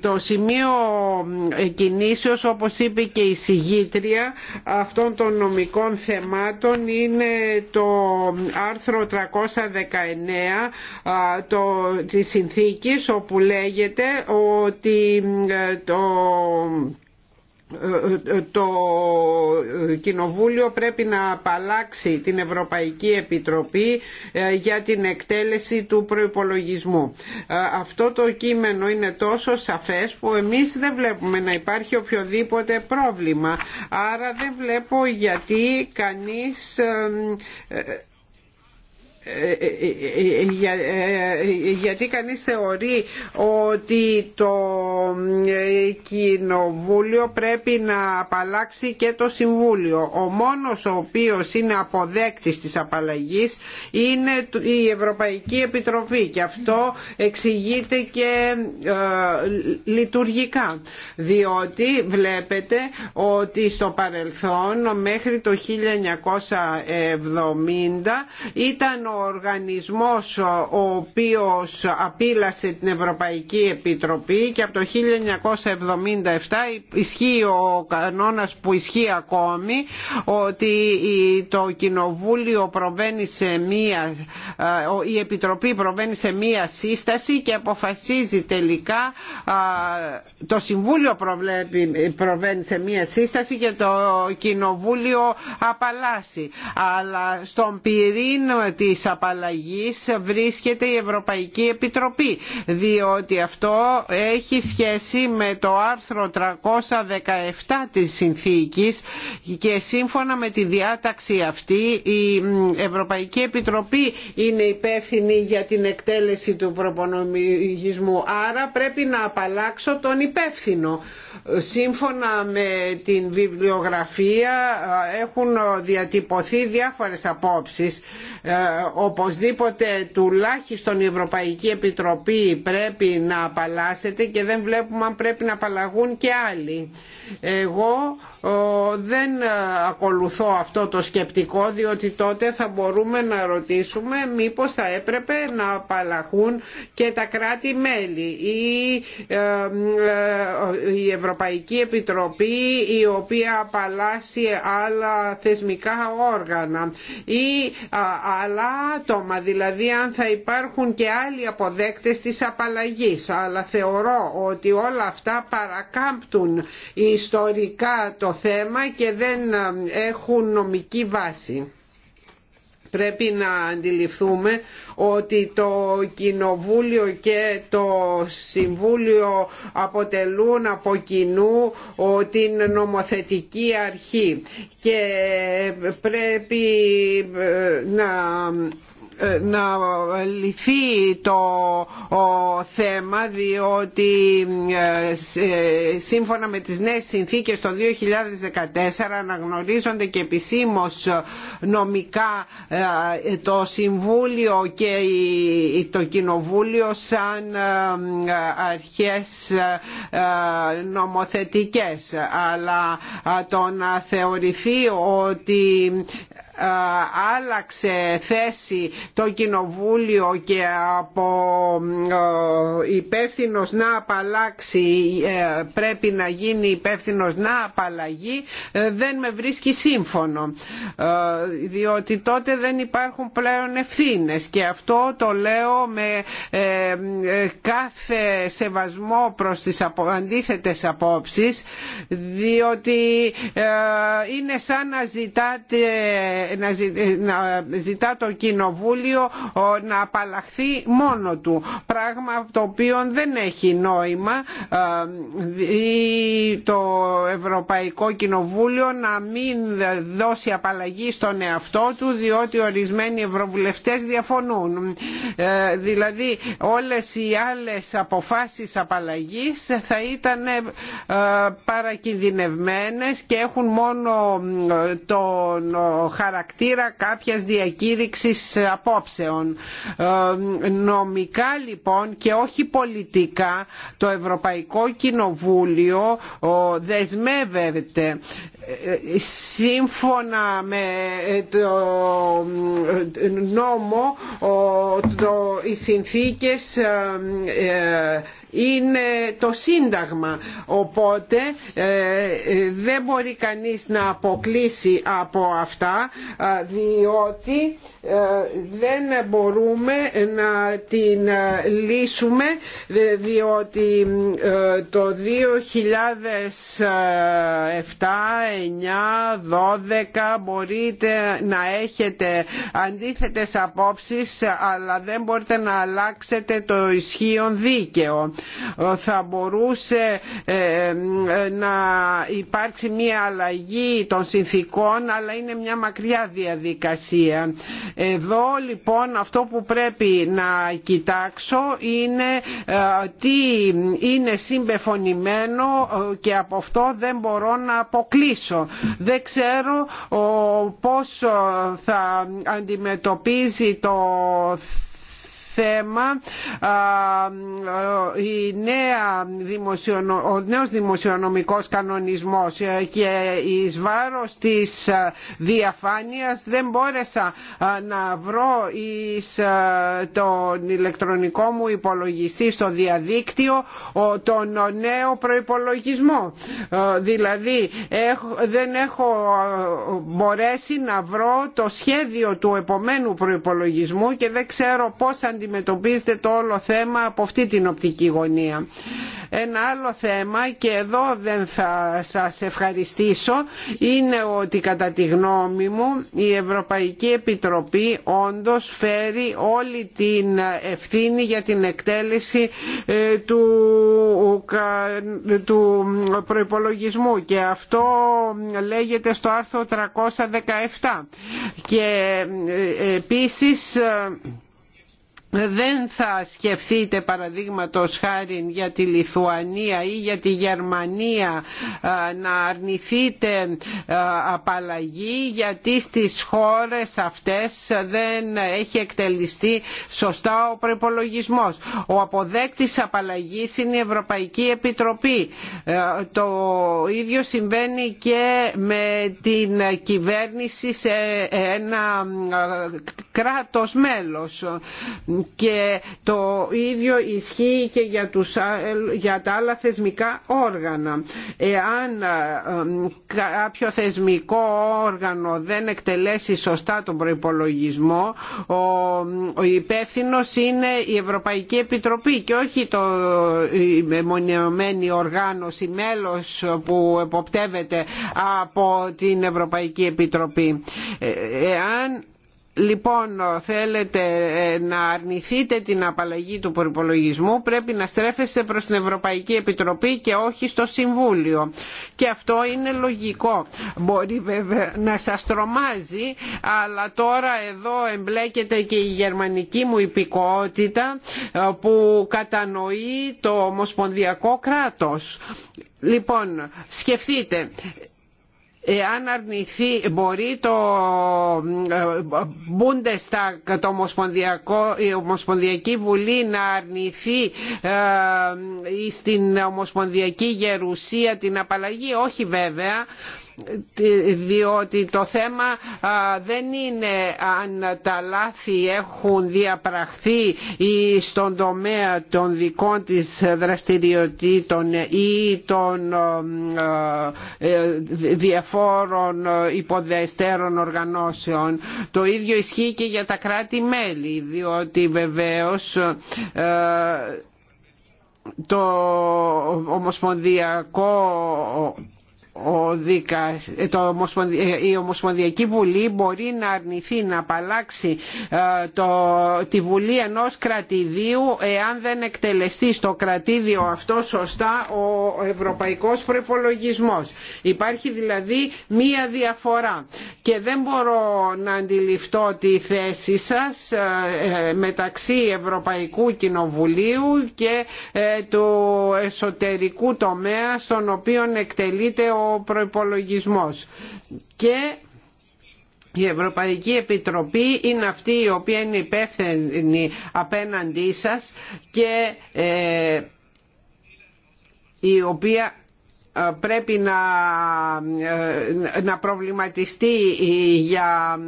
το σημείο κινήσεως όπως είπε και η συγγήτρια αυτών των νομικών θεμάτων είναι το άρθρο 319 το, της συνθήκης όπου λέγεται ότι ε, το ε, ε, ε, το Κοινοβούλιο πρέπει να απαλλάξει την Ευρωπαϊκή Επιτροπή για την εκτέλεση του προϋπολογισμού. Αυτό το κείμενο είναι τόσο σαφές που εμείς δεν βλέπουμε να υπάρχει οποιοδήποτε πρόβλημα. Άρα δεν βλέπω γιατί κανείς γιατί κανείς θεωρεί ότι το κοινοβούλιο πρέπει να απαλλάξει και το συμβούλιο. Ο μόνος ο οποίος είναι αποδέκτης της απαλλαγής είναι η Ευρωπαϊκή Επιτροπή και αυτό εξηγείται και ε, λειτουργικά διότι βλέπετε ότι στο παρελθόν μέχρι το 1970 ήταν ο οργανισμός ο οποίος απείλασε την Ευρωπαϊκή Επιτροπή και από το 1977 ισχύει ο κανόνας που ισχύει ακόμη ότι το Κοινοβούλιο προβαίνει σε μία, ε, η Επιτροπή προβαίνει σε μία σύσταση και αποφασίζει τελικά το Συμβούλιο προβλέπει, προβαίνει σε μία σύσταση και το Κοινοβούλιο απαλλάσσει. Αλλά στον πυρήνα της απαλλαγής βρίσκεται η Ευρωπαϊκή Επιτροπή διότι αυτό έχει σχέση με το άρθρο 317 της συνθήκης και σύμφωνα με τη διάταξη αυτή η Ευρωπαϊκή Επιτροπή είναι υπεύθυνη για την εκτέλεση του προπονομισμού άρα πρέπει να απαλλάξω τον υπεύθυνο σύμφωνα με την βιβλιογραφία έχουν διατυπωθεί διάφορες απόψεις ε, οπωσδήποτε τουλάχιστον η Ευρωπαϊκή Επιτροπή πρέπει να απαλλάσσεται και δεν βλέπουμε αν πρέπει να απαλλαγούν και άλλοι. Εγώ δεν ε, ακολουθώ αυτό το σκεπτικό διότι τότε θα μπορούμε να ρωτήσουμε μήπως θα έπρεπε να απαλλαχούν και τα κράτη-μέλη ή ε, ε, η Ευρωπαϊκή Επιτροπή η οποία απαλλάσσει άλλα θεσμικά όργανα ή άλλα άτομα δηλαδή αν θα υπάρχουν και άλλοι αποδέκτες της απαλλαγής αλλά θεωρώ ότι όλα αυτά παρακάμπτουν ιστορικά το το θέμα και δεν ε, έχουν νομική βάση. Πρέπει να αντιληφθούμε ότι το Κοινοβούλιο και το Συμβούλιο αποτελούν από κοινού την νομοθετική αρχή και πρέπει ε, να να λυθεί το θέμα διότι ε, σύμφωνα με τις νέες συνθήκες το 2014 αναγνωρίζονται και επισήμως νομικά ε, το Συμβούλιο και το Κοινοβούλιο σαν ε, αρχές νομοθετικές αλλά το να θεωρηθεί ότι ε, άλλαξε θέση το κοινοβούλιο και από ε, υπεύθυνο να απαλλάξει ε, πρέπει να γίνει υπεύθυνο να απαλλαγεί δεν με βρίσκει σύμφωνο διότι τότε δεν υπάρχουν πλέον ευθύνες και αυτό το λέω με κάθε σεβασμό προς τις αντίθετες απόψεις διότι είναι σαν να ζητάτε να ζητά το κοινοβούλιο να απαλλαχθεί μόνο του πράγμα το οποίο δεν έχει νόημα ε, το Ευρωπαϊκό Κοινοβούλιο να μην δώσει απαλλαγή στον εαυτό του διότι ορισμένοι ευρωβουλευτές διαφωνούν ε, δηλαδή όλες οι άλλες αποφάσεις απαλλαγής θα ήταν ε, παρακινδυνευμένες και έχουν μόνο τον χαρακτήρα χαρακτήρα κάποιας διακήρυξης απόψεων. Ε, νομικά λοιπόν και όχι πολιτικά το Ευρωπαϊκό Κοινοβούλιο δεσμεύεται ε, σύμφωνα με ε, το νόμο το, οι συνθήκες είναι το σύνταγμα οπότε δεν μπορεί κανείς να αποκλείσει από αυτά διότι ε, δεν μπορούμε να την ε, λύσουμε διότι ε, το 2007, 9, 12 μπορείτε να έχετε αντίθετες απόψεις αλλά δεν μπορείτε να αλλάξετε το ισχύον δίκαιο. Θα μπορούσε να υπάρξει μια αλλαγή των συνθήκων αλλά είναι μια μακριά διαδικασία. Εδώ λοιπόν αυτό που πρέπει να κοιτάξω είναι ε, τι είναι συμπεφωνημένο ε, και από αυτό δεν μπορώ να αποκλείσω. Δεν ξέρω πώς ε, θα αντιμετωπίζει το θέμα ε, η νέα ο νέος δημοσιονομικός κανονισμός ε, και εις βάρος της ε, διαφάνειας δεν μπόρεσα να βρω εις τον ηλεκτρονικό μου υπολογιστή στο διαδίκτυο τον νέο προϋπολογισμό δηλαδή δεν έχω μπορέσει να βρω το σχέδιο του επομένου προϋπολογισμού και δεν ξέρω πώς αντιμετωπίζω αντιμετωπίζετε το όλο θέμα από αυτή την οπτική γωνία. Ένα άλλο θέμα και εδώ δεν θα σας ευχαριστήσω είναι ότι κατά τη γνώμη μου η Ευρωπαϊκή Επιτροπή όντως φέρει όλη την ευθύνη για την εκτέλεση ε, του, του προϋπολογισμού και αυτό λέγεται στο άρθρο 317 και ε, επίσης ε, δεν θα σκεφτείτε παραδείγματος χάρη για τη Λιθουανία ή για τη Γερμανία να αρνηθείτε απαλλαγή γιατί στις χώρες αυτές δεν έχει εκτελιστεί σωστά ο προπολογισμό. Ο αποδέκτης απαλλαγής είναι η Ευρωπαϊκή Επιτροπή. Ε, το ίδιο συμβαίνει και με την κυβέρνηση σε ένα ε, κράτος μέλος και το ίδιο ισχύει και για, τους, τα άλλα θεσμικά όργανα. Εάν κάποιο θεσμικό όργανο δεν εκτελέσει σωστά τον προϋπολογισμό, ο υπεύθυνο είναι η Ευρωπαϊκή Επιτροπή και όχι το, η οργάνωση μέλος που εποπτεύεται από την Ευρωπαϊκή Επιτροπή. Ε, εάν λοιπόν θέλετε ε, να αρνηθείτε την απαλλαγή του προπολογισμού πρέπει να στρέφεστε προς την Ευρωπαϊκή Επιτροπή και όχι στο Συμβούλιο και αυτό είναι λογικό μπορεί βέβαια να σας τρομάζει αλλά τώρα εδώ εμπλέκεται και η γερμανική μου υπηκότητα ε, που κατανοεί το ομοσπονδιακό κράτος Λοιπόν, σκεφτείτε, εάν αρνηθεί μπορεί το ε, Bundestag, το Ομοσπονδιακό, η Ομοσπονδιακή Βουλή να αρνηθεί ε, στην Ομοσπονδιακή Γερουσία την απαλλαγή, όχι βέβαια διότι το θέμα δεν είναι αν τα λάθη έχουν διαπραχθεί ή στον τομέα των δικών της δραστηριοτήτων ή των ε, διαφόρων υποδεστέρων οργανώσεων. Το ίδιο ισχύει και για τα κράτη-μέλη, διότι βεβαίως το ομοσπονδιακό ο ε, η Ομοσπονδιακή Βουλή μπορεί να αρνηθεί να απαλλάξει ε, το... τη Βουλή ενός κρατηδίου εάν δεν εκτελεστεί στο κρατήδιο αυτό σωστά ο ευρωπαϊκός Προϋπολογισμός. Υπάρχει δηλαδή μία διαφορά και δεν μπορώ να αντιληφθώ τη θέση σας ε, μεταξύ Ευρωπαϊκού Κοινοβουλίου και του εσωτερικού τομέα στον οποίο εκτελείται ο προϋπολογισμός και η Ευρωπαϊκή Επιτροπή είναι αυτή η οποία είναι υπεύθυνη απέναντί σας και ε, η οποία ε, πρέπει να, ε, να προβληματιστεί για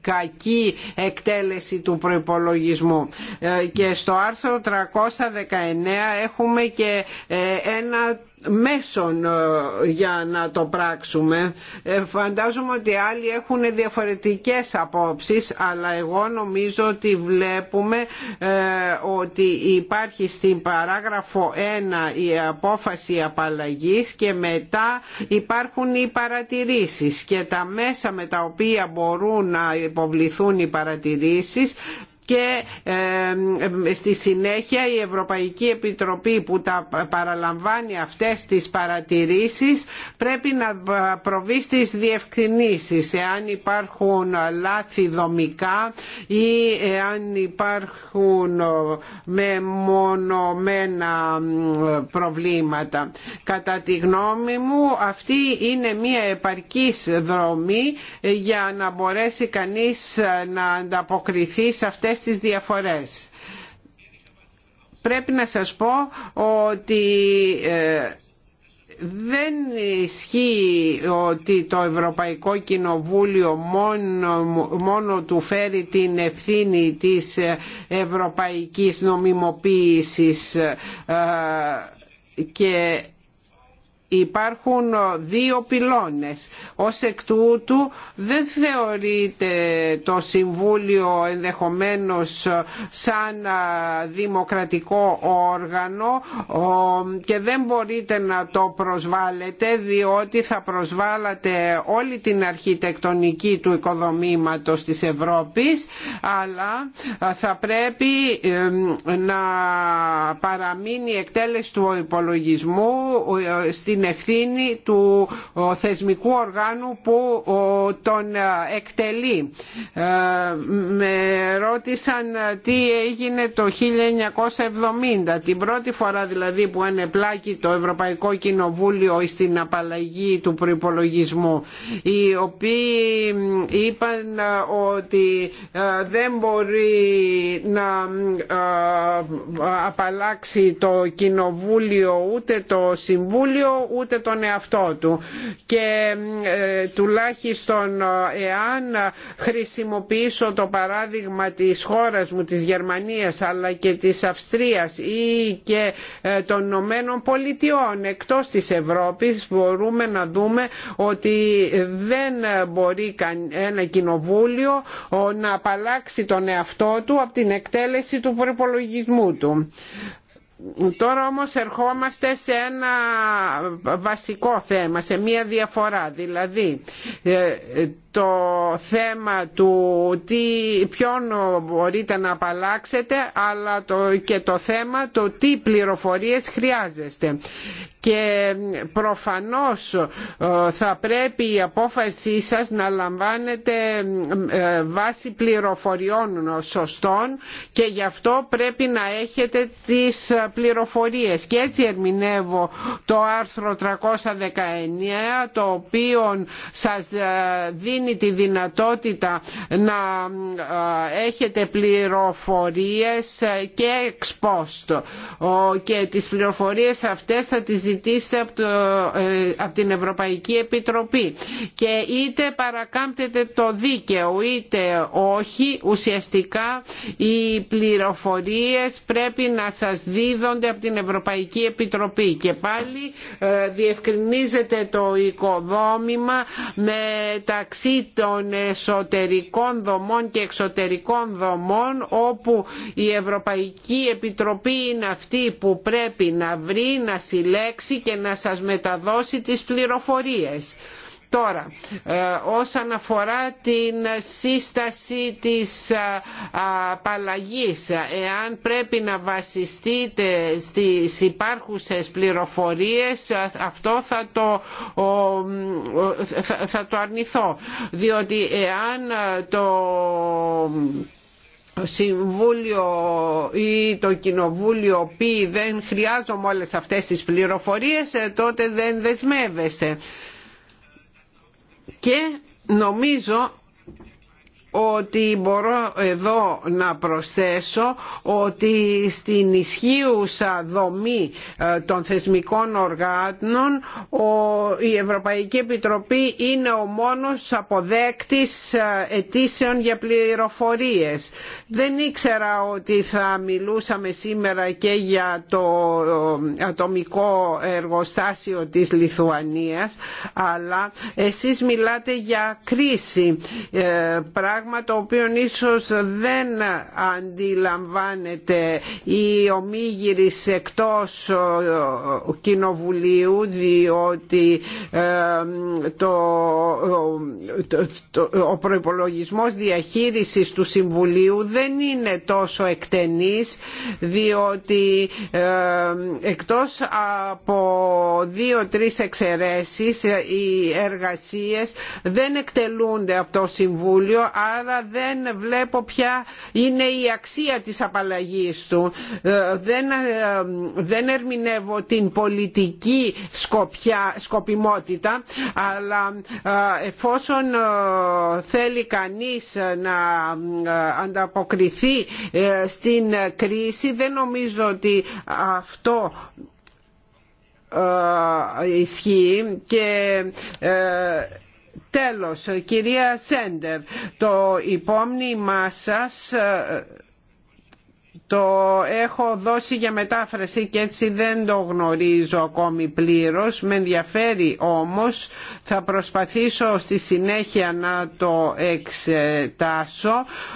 κακή εκτέλεση του προϋπολογισμού. Και στο άρθρο 319 έχουμε και ένα μέσων ε, για να το πράξουμε. Ε, φαντάζομαι ότι άλλοι έχουν διαφορετικές απόψεις αλλά εγώ νομίζω ότι βλέπουμε ε, ότι υπάρχει στην παράγραφο 1 η απόφαση απαλλαγής και μετά υπάρχουν οι παρατηρήσεις και τα μέσα με τα οποία μπορούν να υποβληθούν οι παρατηρήσεις και στη συνέχεια η Ευρωπαϊκή Επιτροπή που τα παραλαμβάνει αυτές τις παρατηρήσεις πρέπει να προβεί στις διευκρινήσεις εάν υπάρχουν λάθη δομικά ή εάν υπάρχουν μεμονωμένα προβλήματα. Κατά τη γνώμη μου αυτή είναι μια επαρκής δρομή για να μπορέσει κανείς να ανταποκριθεί σε αυτές τις διαφορές. Πρέπει να σας πω ότι ε, δεν ισχύει ότι το Ευρωπαϊκό Κοινοβούλιο μόνο, μόνο του φέρει την ευθύνη της ευρωπαϊκής νομιμοποίησης ε, και υπάρχουν ε, δύο πυλώνες. Ως εκ τούτου δεν θεωρείται το Συμβούλιο ενδεχομένως ε, σαν ε, δημοκρατικό όργανο και δεν μπορείτε να το προσβάλλετε διότι θα προσβάλλατε όλη την αρχιτεκτονική του οικοδομήματος της Ευρώπης αλλά θα πρέπει να παραμείνει η του υπολογισμού στην την ευθύνη του θεσμικού οργάνου που τον ε, εκτελεί. Ε, με ρώτησαν ε, τι έγινε το 1970, την πρώτη φορά δηλαδή που ένεπλακει το Ευρωπαϊκό Κοινοβούλιο στην απαλλαγή του προϋπολογισμού, οι οποίοι είπαν ότι δεν μπορεί να απαλλάξει το Κοινοβούλιο ούτε το Συμβούλιο ούτε τον εαυτό του και ε, τουλάχιστον ε, εάν χρησιμοποιήσω το παράδειγμα της χώρας μου της Γερμανίας αλλά και της Αυστρίας ή και ε, των Ηνωμένων Πολιτειών εκτός της Ευρώπης μπορούμε να δούμε ότι δεν μπορεί ένα κοινοβούλιο να απαλλάξει τον εαυτό του από την εκτέλεση του προπολογισμού του. Τώρα όμως ερχόμαστε σε ένα βασικό θέμα, σε μία διαφορά. Δηλαδή ε, το θέμα του τι, ποιον μπορείτε να απαλλάξετε αλλά και το θέμα το τι πληροφορίες χρειάζεστε και προφανώς ε, θα πρέπει η απόφασή σας να λαμβάνετε βάση πληροφοριών σωστών και γι' αυτό πρέπει να έχετε τις πληροφορίες και έτσι ερμηνεύω το άρθρο 319 το οποίο σας ε, δίνει δίνει τη δυνατότητα να ε, έχετε πληροφορίες και εξ και τις πληροφορίες αυτές θα τις ζητήσετε ε, από, την Ευρωπαϊκή Επιτροπή και είτε παρακάμπτεται το δίκαιο είτε όχι ουσιαστικά οι πληροφορίες πρέπει να σας δίδονται από την Ευρωπαϊκή Επιτροπή και πάλι ε, διευκρινίζεται το οικοδόμημα μεταξύ των εσωτερικών δομών και εξωτερικών δομών όπου η Ευρωπαϊκή Επιτροπή είναι αυτή που πρέπει να βρει, να συλλέξει και να σας μεταδώσει τις πληροφορίες. Τώρα, ε, όσον αφορά την σύσταση της ε, απαλλαγής, εάν πρέπει να βασιστείτε στις υπάρχουσες πληροφορίες, ε, αυτό θα το, θα το αρνηθώ, διότι εάν το Συμβούλιο ή το Κοινοβούλιο πει δεν χρειάζομαι όλες αυτές τις πληροφορίες τότε δεν δεσμεύεστε και νομίζω ότι μπορώ εδώ να προσθέσω ότι στην ισχύουσα δομή ε, των θεσμικών οργάνων η Ευρωπαϊκή Επιτροπή είναι ο μόνος αποδέκτης ε, αιτήσεων για πληροφορίες. Δεν ήξερα ότι θα μιλούσαμε σήμερα και για το ε, ατομικό εργοστάσιο της Λιθουανίας αλλά εσείς μιλάτε για κρίση πράγμα το οποίο ίσως δεν αντιλαμβάνεται η ομίγυρης εκτός ε, κοινοβουλίου διότι ε, ο προϋπολογισμός διαχείρισης του Συμβουλίου δεν είναι τόσο εκτενής διότι ε, εκτός από δύο-τρεις εξαιρέσεις οι εργασίες δεν εκτελούνται από το Συμβούλιο άρα δεν βλέπω ποια είναι η αξία της απαλλαγής του. Ε, δεν, ε, δεν ερμηνεύω την πολιτική σκοπιά, σκοπιμότητα αλλά ε, εφόσον θέλει κανείς να ανταποκριθεί στην κρίση δεν νομίζω ότι αυτό ισχύει και Τέλος, κυρία Σέντερ, το υπόμνημά σας ε, το έχω δώσει για μετάφραση και έτσι δεν το γνωρίζω ακόμη πλήρως. Με ενδιαφέρει όμως, θα προσπαθήσω στη συνέχεια να το εξετάσω.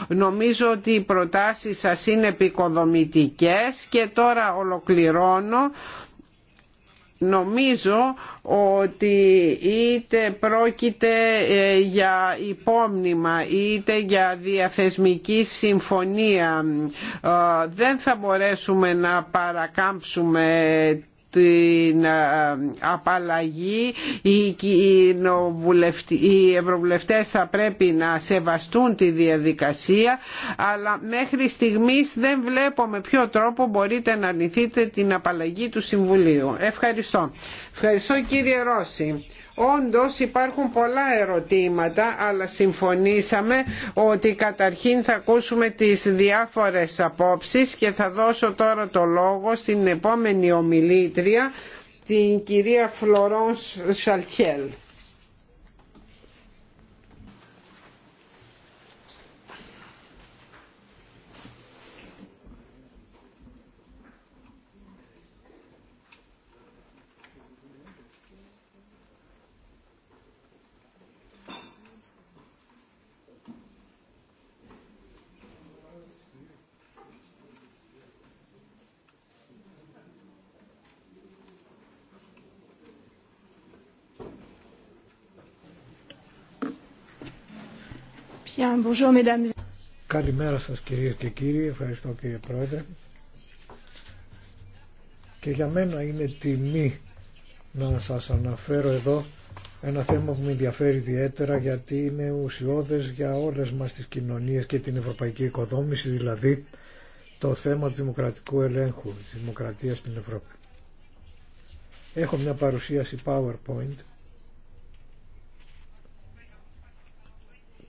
Νομίζω ότι οι προτάσεις σας είναι επικοδομητικές και τώρα ολοκληρώνω Νομίζω ότι είτε πρόκειται ε, για υπόμνημα είτε για διαθεσμική συμφωνία ε, δεν θα μπορέσουμε να παρακάμψουμε την ε, απαλλαγή οι ευρωβουλευτές θα πρέπει να σεβαστούν τη διαδικασία αλλά μέχρι στιγμής δεν βλέπω με ποιο τρόπο μπορείτε να αρνηθείτε την απαλλαγή του Συμβουλίου. Ευχαριστώ. Ευχαριστώ κύριε Ρώση. Όντως υπάρχουν πολλά ερωτήματα αλλά συμφωνήσαμε ότι καταρχήν θα ακούσουμε τις διάφορες απόψεις και θα δώσω τώρα το λόγο στην επόμενη ομιλήτρια την κυρία Φλωρόν Σαλχέλ. Καλημέρα σας κυρίες και κύριοι, ευχαριστώ κύριε Πρόεδρε. Και για μένα είναι τιμή να σας αναφέρω εδώ ένα θέμα που με ενδιαφέρει ιδιαίτερα γιατί είναι ουσιώδες για όλες μας τις κοινωνίες και την ευρωπαϊκή οικοδόμηση, δηλαδή το θέμα του δημοκρατικού ελέγχου, της δημοκρατίας στην Ευρώπη. Έχω μια παρουσίαση PowerPoint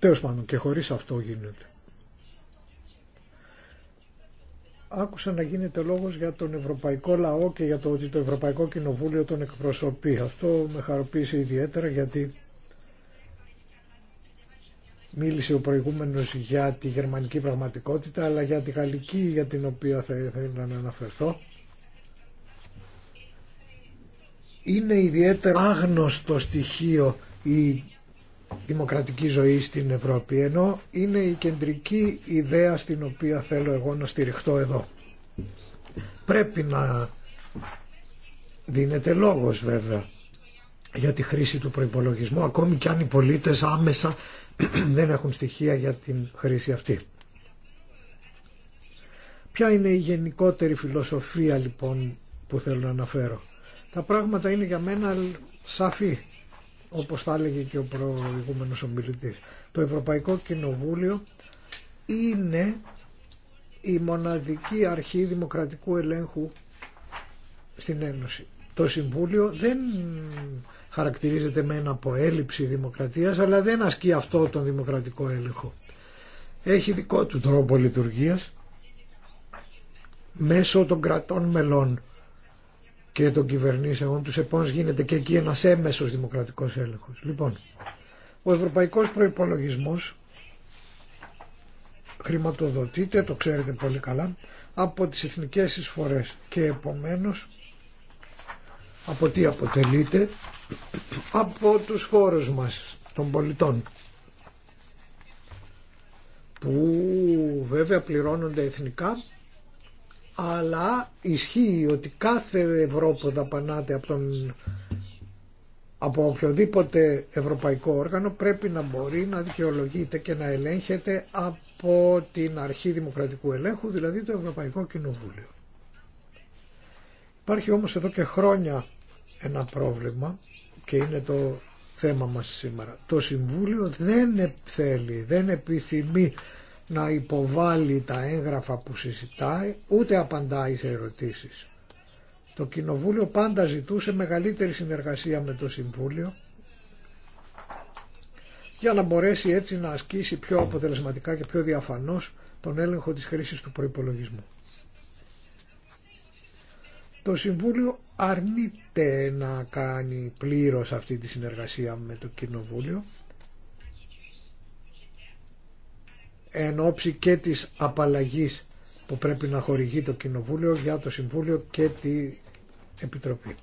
Τέλος πάντων και χωρίς αυτό γίνεται. Άκουσα να γίνεται λόγος για τον Ευρωπαϊκό Λαό και για το ότι το Ευρωπαϊκό Κοινοβούλιο τον εκπροσωπεί. Αυτό με χαροποίησε ιδιαίτερα γιατί μίλησε ο προηγούμενος για τη γερμανική πραγματικότητα αλλά για τη γαλλική για την οποία θα ήθελα να αναφερθώ είναι ιδιαίτερα άγνωστο στοιχείο η δημοκρατική ζωή στην Ευρώπη ενώ είναι η κεντρική ιδέα στην οποία θέλω εγώ να στηριχτώ εδώ. Πρέπει να δίνεται λόγος βέβαια για τη χρήση του προϋπολογισμού ακόμη και αν οι πολίτες άμεσα δεν έχουν στοιχεία για την χρήση αυτή. Ποια είναι η γενικότερη φιλοσοφία λοιπόν που θέλω να αναφέρω. Τα πράγματα είναι για μένα σαφή όπως θα έλεγε και ο προηγούμενος ομιλητής. Το Ευρωπαϊκό Κοινοβούλιο είναι η μοναδική αρχή δημοκρατικού ελέγχου στην Ένωση. Το Συμβούλιο δεν χαρακτηρίζεται με ένα από έλλειψη δημοκρατίας, αλλά δεν ασκεί αυτό τον δημοκρατικό έλεγχο. Έχει δικό του τρόπο λειτουργίας μέσω των κρατών μελών και των κυβερνήσεων του επόμενου γίνεται και εκεί ένας έμεσος δημοκρατικός έλεγχος. Λοιπόν, ο ευρωπαϊκός προϋπολογισμός χρηματοδοτείται, το ξέρετε πολύ καλά, από τις εθνικές εισφορές και επομένως από τι αποτελείται από τους φόρους μας των πολιτών που βέβαια πληρώνονται εθνικά αλλά ισχύει ότι κάθε ευρώ που δαπανάται από, από οποιοδήποτε ευρωπαϊκό όργανο πρέπει να μπορεί να δικαιολογείται και να ελέγχεται από την αρχή δημοκρατικού ελέγχου, δηλαδή το Ευρωπαϊκό Κοινοβούλιο. Υπάρχει όμως εδώ και χρόνια ένα πρόβλημα και είναι το θέμα μας σήμερα. Το Συμβούλιο δεν θέλει, δεν επιθυμεί να υποβάλει τα έγγραφα που συζητάει, ούτε απαντάει σε ερωτήσεις. Το Κοινοβούλιο πάντα ζητούσε μεγαλύτερη συνεργασία με το Συμβούλιο για να μπορέσει έτσι να ασκήσει πιο αποτελεσματικά και πιο διαφανώς τον έλεγχο της χρήσης του προϋπολογισμού. Το Συμβούλιο αρνείται να κάνει πλήρως αυτή τη συνεργασία με το Κοινοβούλιο εν ώψη και της απαλλαγής που πρέπει να χορηγεί το Κοινοβούλιο για το Συμβούλιο και τη Επιτροπή.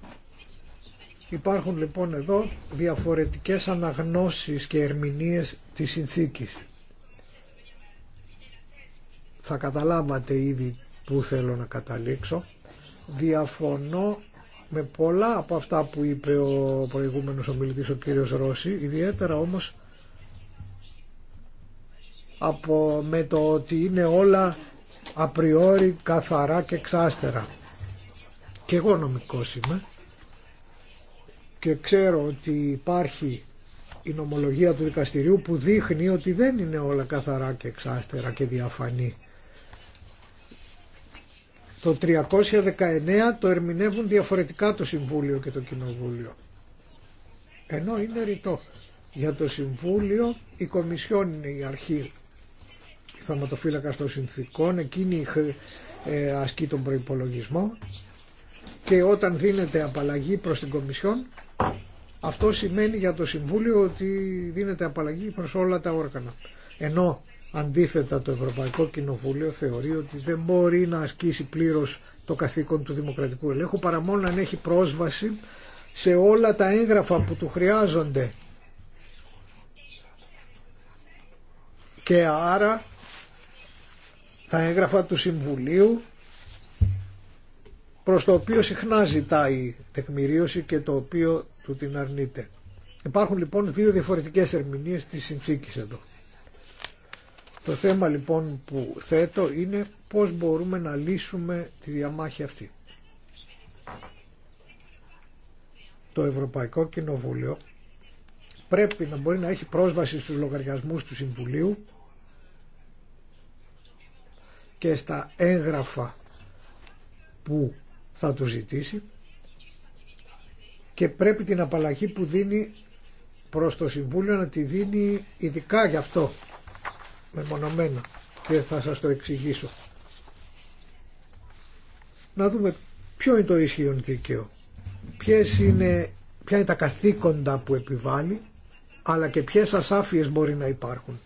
Υπάρχουν λοιπόν εδώ διαφορετικές αναγνώσεις και ερμηνείες της συνθήκης. Θα καταλάβατε ήδη που θέλω να καταλήξω. Διαφωνώ με πολλά από αυτά που είπε ο προηγούμενος ομιλητής ο κύριος Ρώση, ιδιαίτερα όμως από, με το ότι είναι όλα απριόρι καθαρά και εξάστερα. Και εγώ νομικός είμαι και ξέρω ότι υπάρχει η νομολογία του δικαστηρίου που δείχνει ότι δεν είναι όλα καθαρά και εξάστερα και διαφανή. Το 319 το ερμηνεύουν διαφορετικά το Συμβούλιο και το Κοινοβούλιο. Ενώ είναι ρητό. Για το Συμβούλιο η Κομισιόν είναι η αρχή θεματοφύλακας των συνθήκων, εκείνη ε, ασκεί τον προϋπολογισμό και όταν δίνεται απαλλαγή προς την Κομισιόν αυτό σημαίνει για το Συμβούλιο ότι δίνεται απαλλαγή προς όλα τα όργανα. Ενώ αντίθετα το Ευρωπαϊκό Κοινοβούλιο θεωρεί ότι δεν μπορεί να ασκήσει πλήρως το καθήκον του δημοκρατικού ελέγχου παρά μόνο αν έχει πρόσβαση σε όλα τα έγγραφα που του χρειάζονται. Και άρα τα έγγραφα του Συμβουλίου προς το οποίο συχνά ζητάει τεκμηρίωση και το οποίο του την αρνείται. Υπάρχουν λοιπόν δύο διαφορετικές ερμηνείες της συνθήκης εδώ. Το θέμα λοιπόν που θέτω είναι πώς μπορούμε να λύσουμε τη διαμάχη αυτή. Το Ευρωπαϊκό Κοινοβούλιο πρέπει να μπορεί να έχει πρόσβαση στους λογαριασμούς του Συμβουλίου και στα έγγραφα που θα του ζητήσει και πρέπει την απαλλαγή που δίνει προς το Συμβούλιο να τη δίνει ειδικά γι' αυτό μεμονωμένα και θα σας το εξηγήσω. Να δούμε ποιο είναι το ίσχυον δίκαιο, είναι, ποια είναι τα καθήκοντα που επιβάλλει αλλά και ποιες ασάφειες μπορεί να υπάρχουν.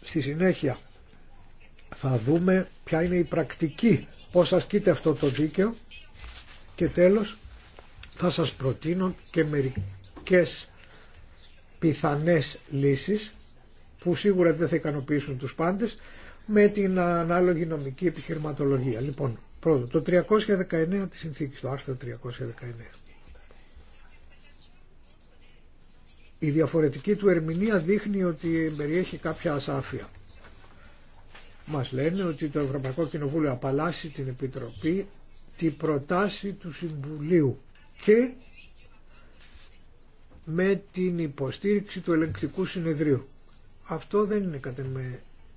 Στη συνέχεια θα δούμε ποια είναι η πρακτική, πώς ασκείται αυτό το δίκαιο και τέλος θα σας προτείνω και μερικές πιθανές λύσεις που σίγουρα δεν θα ικανοποιήσουν τους πάντες με την ανάλογη νομική επιχειρηματολογία. Λοιπόν, πρώτο, το 319 της συνθήκης, το άρθρο 319. Η διαφορετική του ερμηνεία δείχνει ότι περιέχει κάποια ασάφεια μας λένε ότι το Ευρωπαϊκό Κοινοβούλιο απαλλάσσει την Επιτροπή την προτάση του Συμβουλίου και με την υποστήριξη του ελεγκτικού συνεδρίου. Αυτό δεν είναι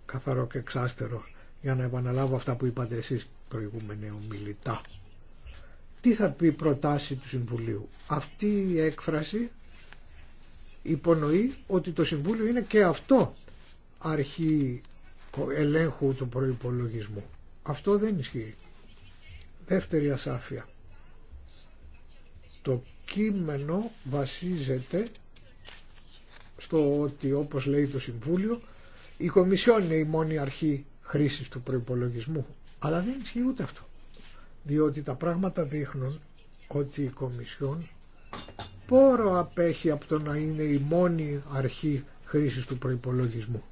καθαρό και εξάστερο για να επαναλάβω αυτά που είπατε εσείς προηγούμενοι ομιλητά. Τι θα πει η προτάση του Συμβουλίου. Αυτή η έκφραση υπονοεί ότι το Συμβούλιο είναι και αυτό αρχή ελέγχου του προϋπολογισμού. Αυτό δεν ισχύει. Δεύτερη ασάφεια. Το κείμενο βασίζεται στο ότι όπως λέει το Συμβούλιο η Κομισιόν είναι η μόνη αρχή χρήσης του προϋπολογισμού. Αλλά δεν ισχύει ούτε αυτό. Διότι τα πράγματα δείχνουν ότι η Κομισιόν πόρο απέχει από το να είναι η μόνη αρχή χρήσης του προϋπολογισμού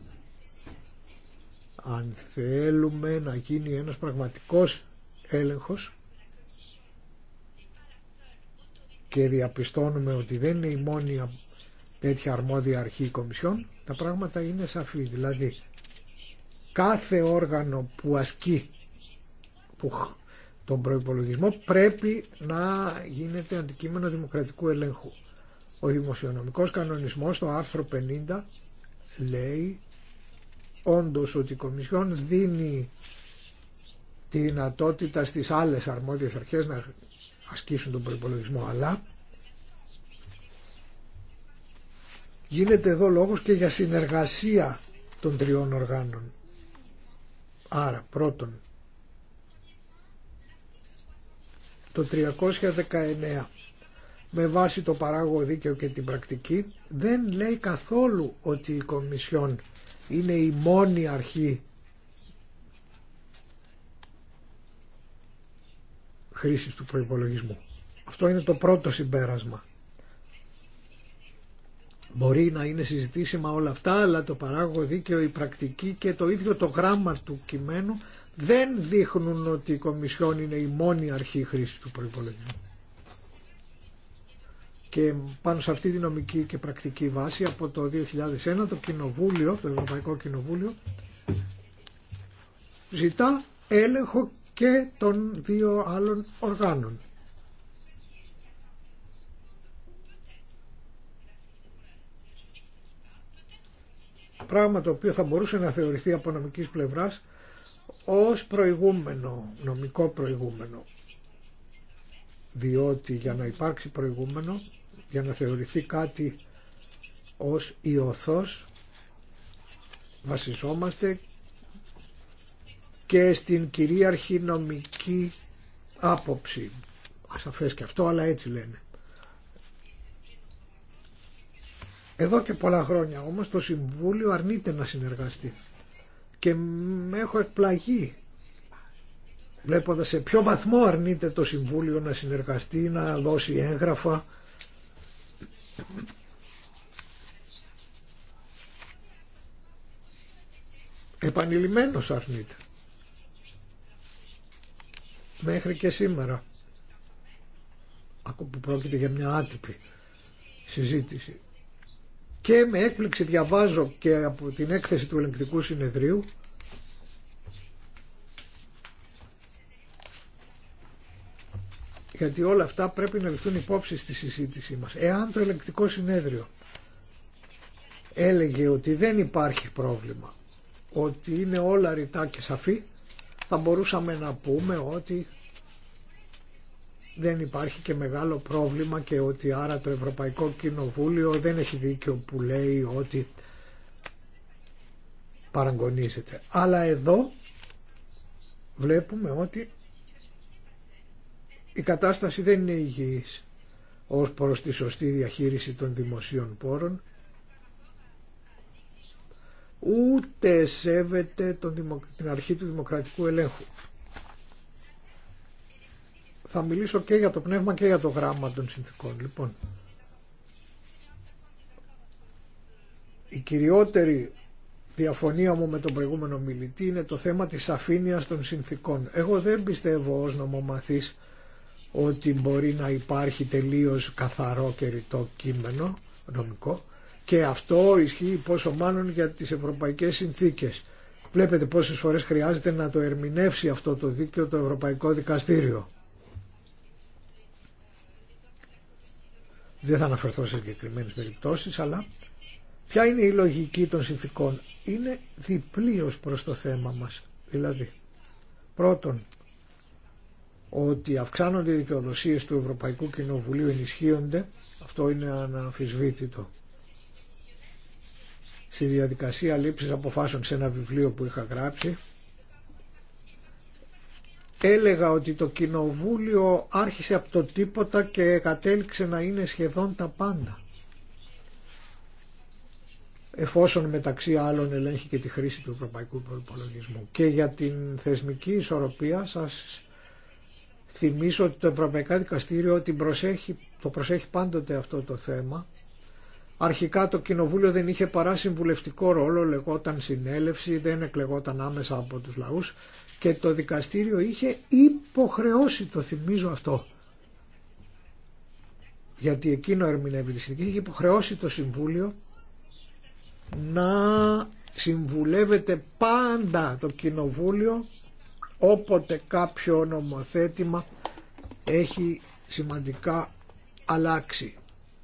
αν θέλουμε να γίνει ένας πραγματικός έλεγχος και διαπιστώνουμε ότι δεν είναι η μόνη τέτοια αρμόδια αρχή Κομισιόν τα πράγματα είναι σαφή. Δηλαδή, κάθε όργανο που ασκεί που, τον προϋπολογισμό πρέπει να γίνεται αντικείμενο δημοκρατικού ελέγχου. Ο δημοσιονομικός κανονισμός, το άρθρο 50, λέει όντως ότι η Κομισιόν δίνει τη δυνατότητα στις άλλες αρμόδιες αρχές να ασκήσουν τον προπολογισμό, αλλά γίνεται εδώ λόγος και για συνεργασία των τριών οργάνων. Άρα, πρώτον, το 319 με βάση το παράγωγο δίκαιο και την πρακτική δεν λέει καθόλου ότι η Κομισιόν είναι η μόνη αρχή χρήση του προϋπολογισμού. Αυτό είναι το πρώτο συμπέρασμα. Μπορεί να είναι συζητήσιμα όλα αυτά, αλλά το παράγω δίκαιο, η πρακτική και το ίδιο το γράμμα του κειμένου δεν δείχνουν ότι η Κομισιόν είναι η μόνη αρχή χρήση του προϋπολογισμού. Και πάνω σε αυτή τη νομική και πρακτική βάση από το 2001 το Κοινοβούλιο, το Ευρωπαϊκό Κοινοβούλιο ζητά έλεγχο και των δύο άλλων οργάνων. Πράγμα το οποίο θα μπορούσε να θεωρηθεί από νομικής πλευράς ως προηγούμενο, νομικό προηγούμενο. Διότι για να υπάρξει προηγούμενο για να θεωρηθεί κάτι ως ιωθός βασιζόμαστε και στην κυρίαρχη νομική άποψη. Ασαφές και αυτό, αλλά έτσι λένε. Εδώ και πολλά χρόνια όμως το Συμβούλιο αρνείται να συνεργαστεί και έχω εκπλαγεί βλέποντας σε ποιο βαθμό αρνείται το Συμβούλιο να συνεργαστεί, να δώσει έγγραφα Επανειλημμένος αρνείται. Μέχρι και σήμερα. Ακόμα που πρόκειται για μια άτυπη συζήτηση. Και με έκπληξη διαβάζω και από την έκθεση του ελεγκτικού συνεδρίου γιατί όλα αυτά πρέπει να ληφθούν υπόψη στη συζήτησή μας. Εάν το ελεγκτικό συνέδριο έλεγε ότι δεν υπάρχει πρόβλημα, ότι είναι όλα ρητά και σαφή, θα μπορούσαμε να πούμε ότι δεν υπάρχει και μεγάλο πρόβλημα και ότι άρα το Ευρωπαϊκό Κοινοβούλιο δεν έχει δίκιο που λέει ότι παραγωνίζεται. Αλλά εδώ βλέπουμε ότι η κατάσταση δεν είναι υγιής ως προς τη σωστή διαχείριση των δημοσίων πόρων ούτε σέβεται τον την αρχή του δημοκρατικού ελέγχου. Θα μιλήσω και για το πνεύμα και για το γράμμα των συνθήκων. Λοιπόν, η κυριότερη διαφωνία μου με τον προηγούμενο μιλητή είναι το θέμα της αφήνειας των συνθήκων. Εγώ δεν πιστεύω ως νομομαθής ότι μπορεί να υπάρχει τελείως καθαρό και ρητό κείμενο νομικό και αυτό ισχύει πόσο μάλλον για τις ευρωπαϊκές συνθήκες. Βλέπετε πόσες φορές χρειάζεται να το ερμηνεύσει αυτό το δίκαιο το Ευρωπαϊκό Δικαστήριο. Δεν θα αναφερθώ σε συγκεκριμένε περιπτώσεις, αλλά ποια είναι η λογική των συνθήκων. Είναι διπλή ω προς το θέμα μας. Δηλαδή, πρώτον, ότι αυξάνονται οι δικαιοδοσίε του Ευρωπαϊκού Κοινοβουλίου, ενισχύονται, αυτό είναι αναμφισβήτητο. Στη διαδικασία λήψης αποφάσεων σε ένα βιβλίο που είχα γράψει, έλεγα ότι το Κοινοβούλιο άρχισε από το τίποτα και κατέληξε να είναι σχεδόν τα πάντα εφόσον μεταξύ άλλων ελέγχει και τη χρήση του ευρωπαϊκού προπολογισμού. Και για την θεσμική ισορροπία σας θυμίσω ότι το Ευρωπαϊκό Δικαστήριο την το προσέχει πάντοτε αυτό το θέμα. Αρχικά το κοινοβούλιο δεν είχε παρά συμβουλευτικό ρόλο, λεγόταν συνέλευση, δεν εκλεγόταν άμεσα από τους λαούς και το δικαστήριο είχε υποχρεώσει, το θυμίζω αυτό, γιατί εκείνο ερμηνεύει τη συνθήκη, είχε υποχρεώσει το Συμβούλιο να συμβουλεύεται πάντα το Κοινοβούλιο όποτε κάποιο νομοθέτημα έχει σημαντικά αλλάξει.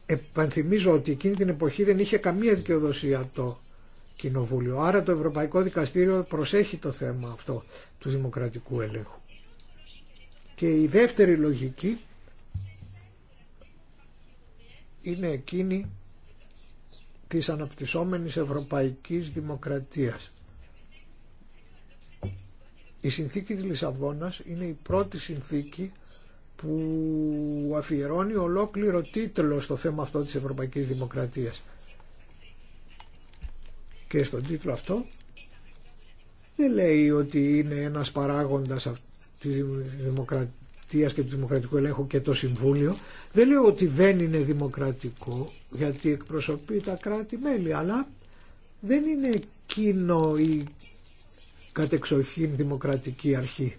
Επανθυμίζω ότι εκείνη την εποχή δεν είχε καμία δικαιοδοσία το Κοινοβούλιο. Άρα το Ευρωπαϊκό Δικαστήριο προσέχει το θέμα αυτό του δημοκρατικού ελέγχου. Και η δεύτερη λογική είναι εκείνη της αναπτυσσόμενης ευρωπαϊκής δημοκρατίας. Η συνθήκη της Λισαβόνας είναι η πρώτη συνθήκη που αφιερώνει ολόκληρο τίτλο στο θέμα αυτό της Ευρωπαϊκής Δημοκρατίας. Και στον τίτλο αυτό δεν λέει ότι είναι ένας παράγοντας της δημοκρατίας και του δημοκρατικού ελέγχου και το Συμβούλιο. Δεν λέει ότι δεν είναι δημοκρατικό γιατί εκπροσωπεί τα κράτη-μέλη αλλά δεν είναι εκείνο η κατεξοχήν δημοκρατική αρχή.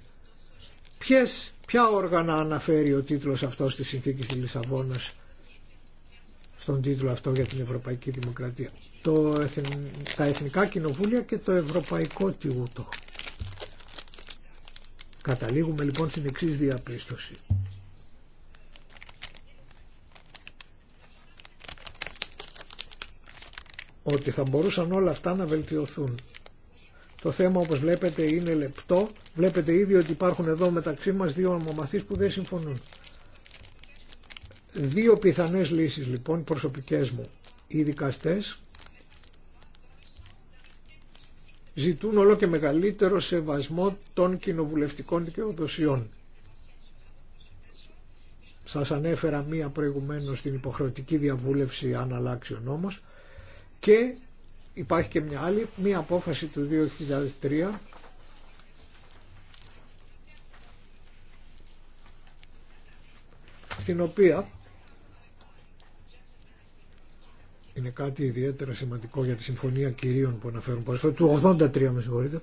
Ποιες, ποια όργανα αναφέρει ο τίτλος αυτός της συνθήκης της Λισαβόνας στον τίτλο αυτό για την Ευρωπαϊκή Δημοκρατία. Το, τα Εθνικά Κοινοβούλια και το Ευρωπαϊκό Τιούτο. Καταλήγουμε λοιπόν στην εξή διαπίστωση. Ότι θα μπορούσαν όλα αυτά να βελτιωθούν. Το θέμα όπως βλέπετε είναι λεπτό. Βλέπετε ήδη ότι υπάρχουν εδώ μεταξύ μας δύο ομομαθείς που δεν συμφωνούν. Δύο πιθανές λύσεις λοιπόν προσωπικές μου. Οι δικαστές ζητούν όλο και μεγαλύτερο σεβασμό των κοινοβουλευτικών δικαιοδοσιών. Σας ανέφερα μία προηγουμένως στην υποχρεωτική διαβούλευση αν αλλάξει νόμος και υπάρχει και μια άλλη, μια απόφαση του 2003 στην οποία είναι κάτι ιδιαίτερα σημαντικό για τη Συμφωνία Κυρίων που αναφέρουν παρελθόν, του 83 με συγχωρείτε,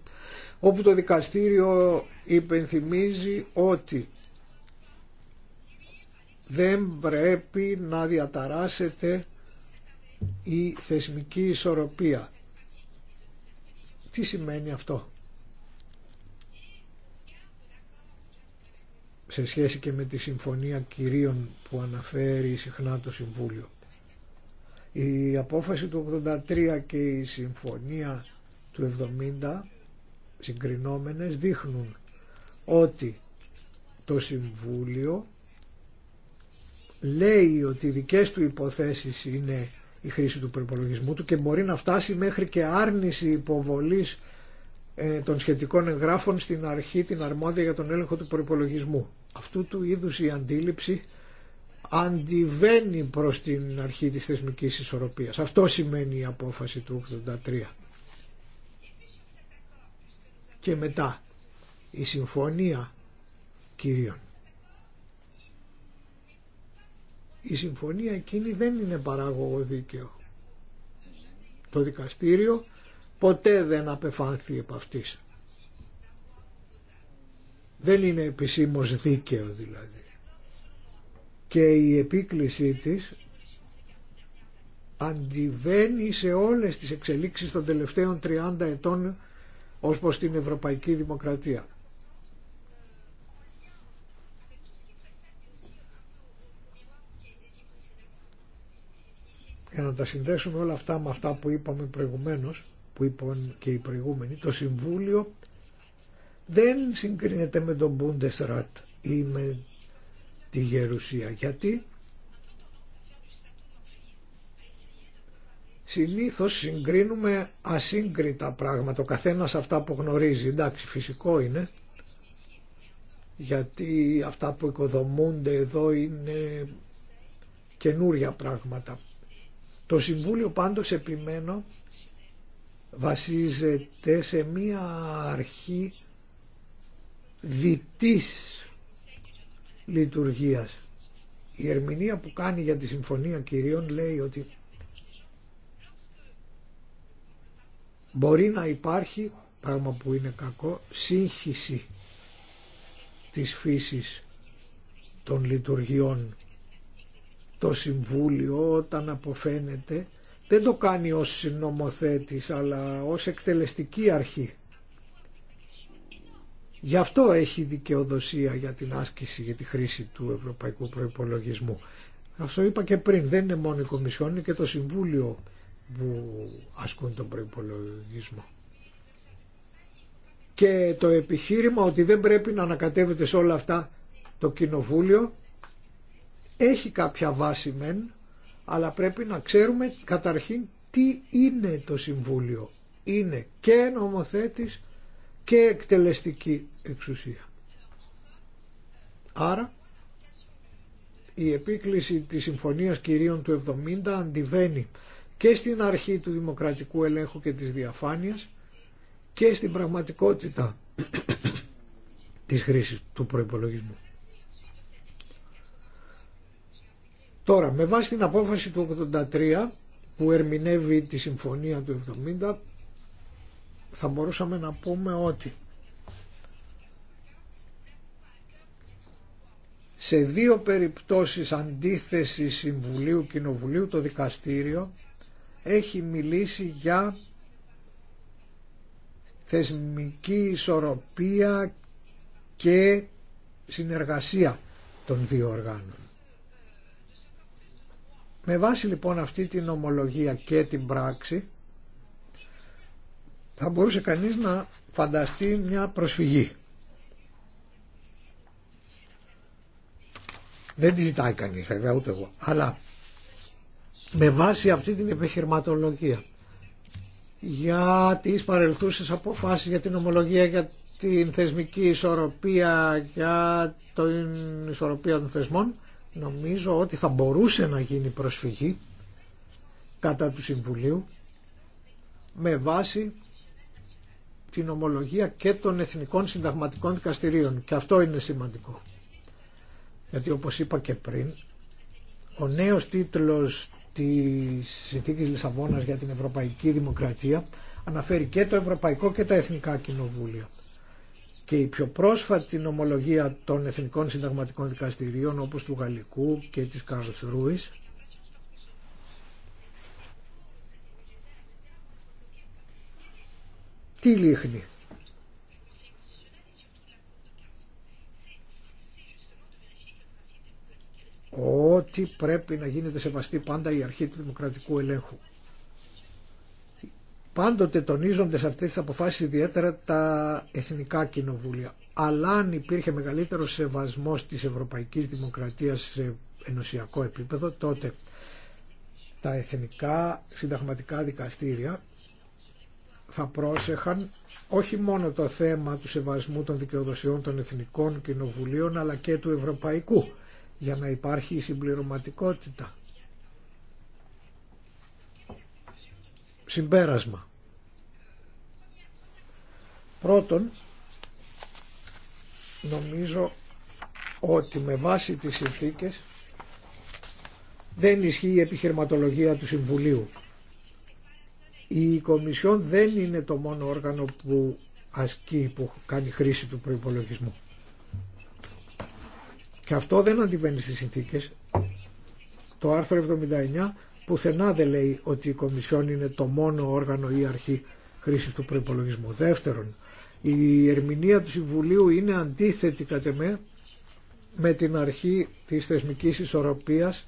όπου το δικαστήριο υπενθυμίζει ότι δεν πρέπει να διαταράσετε η θεσμική ισορροπία. Τι σημαίνει αυτό σε σχέση και με τη συμφωνία κυρίων που αναφέρει συχνά το Συμβούλιο. Η απόφαση του 83 και η συμφωνία του 70 συγκρινόμενες δείχνουν ότι το Συμβούλιο λέει ότι οι δικές του υποθέσεις είναι η χρήση του προπολογισμού του και μπορεί να φτάσει μέχρι και άρνηση υποβολής ε, των σχετικών εγγράφων στην αρχή την αρμόδια για τον έλεγχο του προπολογισμού. Αυτού του είδους η αντίληψη αντιβαίνει προς την αρχή της θεσμικής ισορροπίας. Αυτό σημαίνει η απόφαση του 83. Και μετά η συμφωνία κυρίων η συμφωνία εκείνη δεν είναι παράγωγο δίκαιο. Το δικαστήριο ποτέ δεν απεφάνθη επ' αυτής. Δεν είναι επισήμως δίκαιο δηλαδή. Και η επίκλησή της αντιβαίνει σε όλες τις εξελίξεις των τελευταίων 30 ετών ως προς την Ευρωπαϊκή Δημοκρατία. για να τα συνδέσουμε όλα αυτά με αυτά που είπαμε προηγουμένως, που είπαν και οι προηγούμενοι, το Συμβούλιο δεν συγκρίνεται με τον Bundesrat ή με τη Γερουσία. Γιατί συνήθως συγκρίνουμε ασύγκριτα πράγματα, ο καθένας αυτά που γνωρίζει, εντάξει φυσικό είναι, γιατί αυτά που οικοδομούνται εδώ είναι καινούρια πράγματα. Το Συμβούλιο πάντως επιμένω βασίζεται σε μία αρχή δυτής λειτουργίας. Η ερμηνεία που κάνει για τη Συμφωνία Κυρίων λέει ότι μπορεί να υπάρχει, πράγμα που είναι κακό, σύγχυση της φύσης των λειτουργιών το Συμβούλιο όταν αποφαίνεται δεν το κάνει ως νομοθέτης αλλά ως εκτελεστική αρχή. Γι' αυτό έχει δικαιοδοσία για την άσκηση, για τη χρήση του ευρωπαϊκού προϋπολογισμού. Αυτό είπα και πριν, δεν είναι μόνο η Κομισιόν, είναι και το Συμβούλιο που ασκούν τον προϋπολογισμό. Και το επιχείρημα ότι δεν πρέπει να ανακατεύεται σε όλα αυτά το Κοινοβούλιο έχει κάποια βάση μεν, αλλά πρέπει να ξέρουμε καταρχήν τι είναι το Συμβούλιο. Είναι και νομοθέτης και εκτελεστική εξουσία. Άρα η επίκληση της Συμφωνίας Κυρίων του 70 αντιβαίνει και στην αρχή του δημοκρατικού ελέγχου και της διαφάνειας και στην πραγματικότητα της χρήσης του προϋπολογισμού. Τώρα, με βάση την απόφαση του 83 που ερμηνεύει τη συμφωνία του 70 θα μπορούσαμε να πούμε ότι σε δύο περιπτώσεις αντίθεση Συμβουλίου Κοινοβουλίου το δικαστήριο έχει μιλήσει για θεσμική ισορροπία και συνεργασία των δύο οργάνων. Με βάση λοιπόν αυτή την ομολογία και την πράξη θα μπορούσε κανείς να φανταστεί μια προσφυγή. Δεν τη ζητάει κανείς βέβαια ούτε εγώ. Αλλά με βάση αυτή την επιχειρηματολογία για τις παρελθούσες αποφάσεις, για την ομολογία, για την θεσμική ισορροπία, για την ισορροπία των θεσμών νομίζω ότι θα μπορούσε να γίνει προσφυγή κατά του Συμβουλίου με βάση την ομολογία και των εθνικών συνταγματικών δικαστηρίων και αυτό είναι σημαντικό γιατί όπως είπα και πριν ο νέος τίτλος της Συνθήκης Λισαβόνας για την Ευρωπαϊκή Δημοκρατία αναφέρει και το Ευρωπαϊκό και τα Εθνικά Κοινοβούλια και η πιο πρόσφατη νομολογία των εθνικών συνταγματικών δικαστηρίων όπως του Γαλλικού και της Καρλσρούης τι λίχνει ότι πρέπει να γίνεται σεβαστή πάντα η αρχή του δημοκρατικού ελέγχου Πάντοτε τονίζονται σε αυτές τις αποφάσεις ιδιαίτερα τα εθνικά κοινοβούλια. Αλλά αν υπήρχε μεγαλύτερο σεβασμός της ευρωπαϊκής δημοκρατίας σε ενωσιακό επίπεδο, τότε τα εθνικά συνταγματικά δικαστήρια θα πρόσεχαν όχι μόνο το θέμα του σεβασμού των δικαιοδοσιών των εθνικών κοινοβουλίων αλλά και του ευρωπαϊκού για να υπάρχει η συμπληρωματικότητα. Συμπέρασμα. Πρώτον, νομίζω ότι με βάση τις συνθήκες δεν ισχύει η επιχειρηματολογία του Συμβουλίου. Η Κομισιόν δεν είναι το μόνο όργανο που ασκεί, που κάνει χρήση του προϋπολογισμού. Και αυτό δεν αντιβαίνει στις συνθήκες. Το άρθρο 79 πουθενά δεν λέει ότι η Κομισιόν είναι το μόνο όργανο ή αρχή χρήσης του προϋπολογισμού. Δεύτερον, η ερμηνεία του Συμβουλίου είναι αντίθετη κατ' εμέ με την αρχή της θεσμικής ισορροπίας,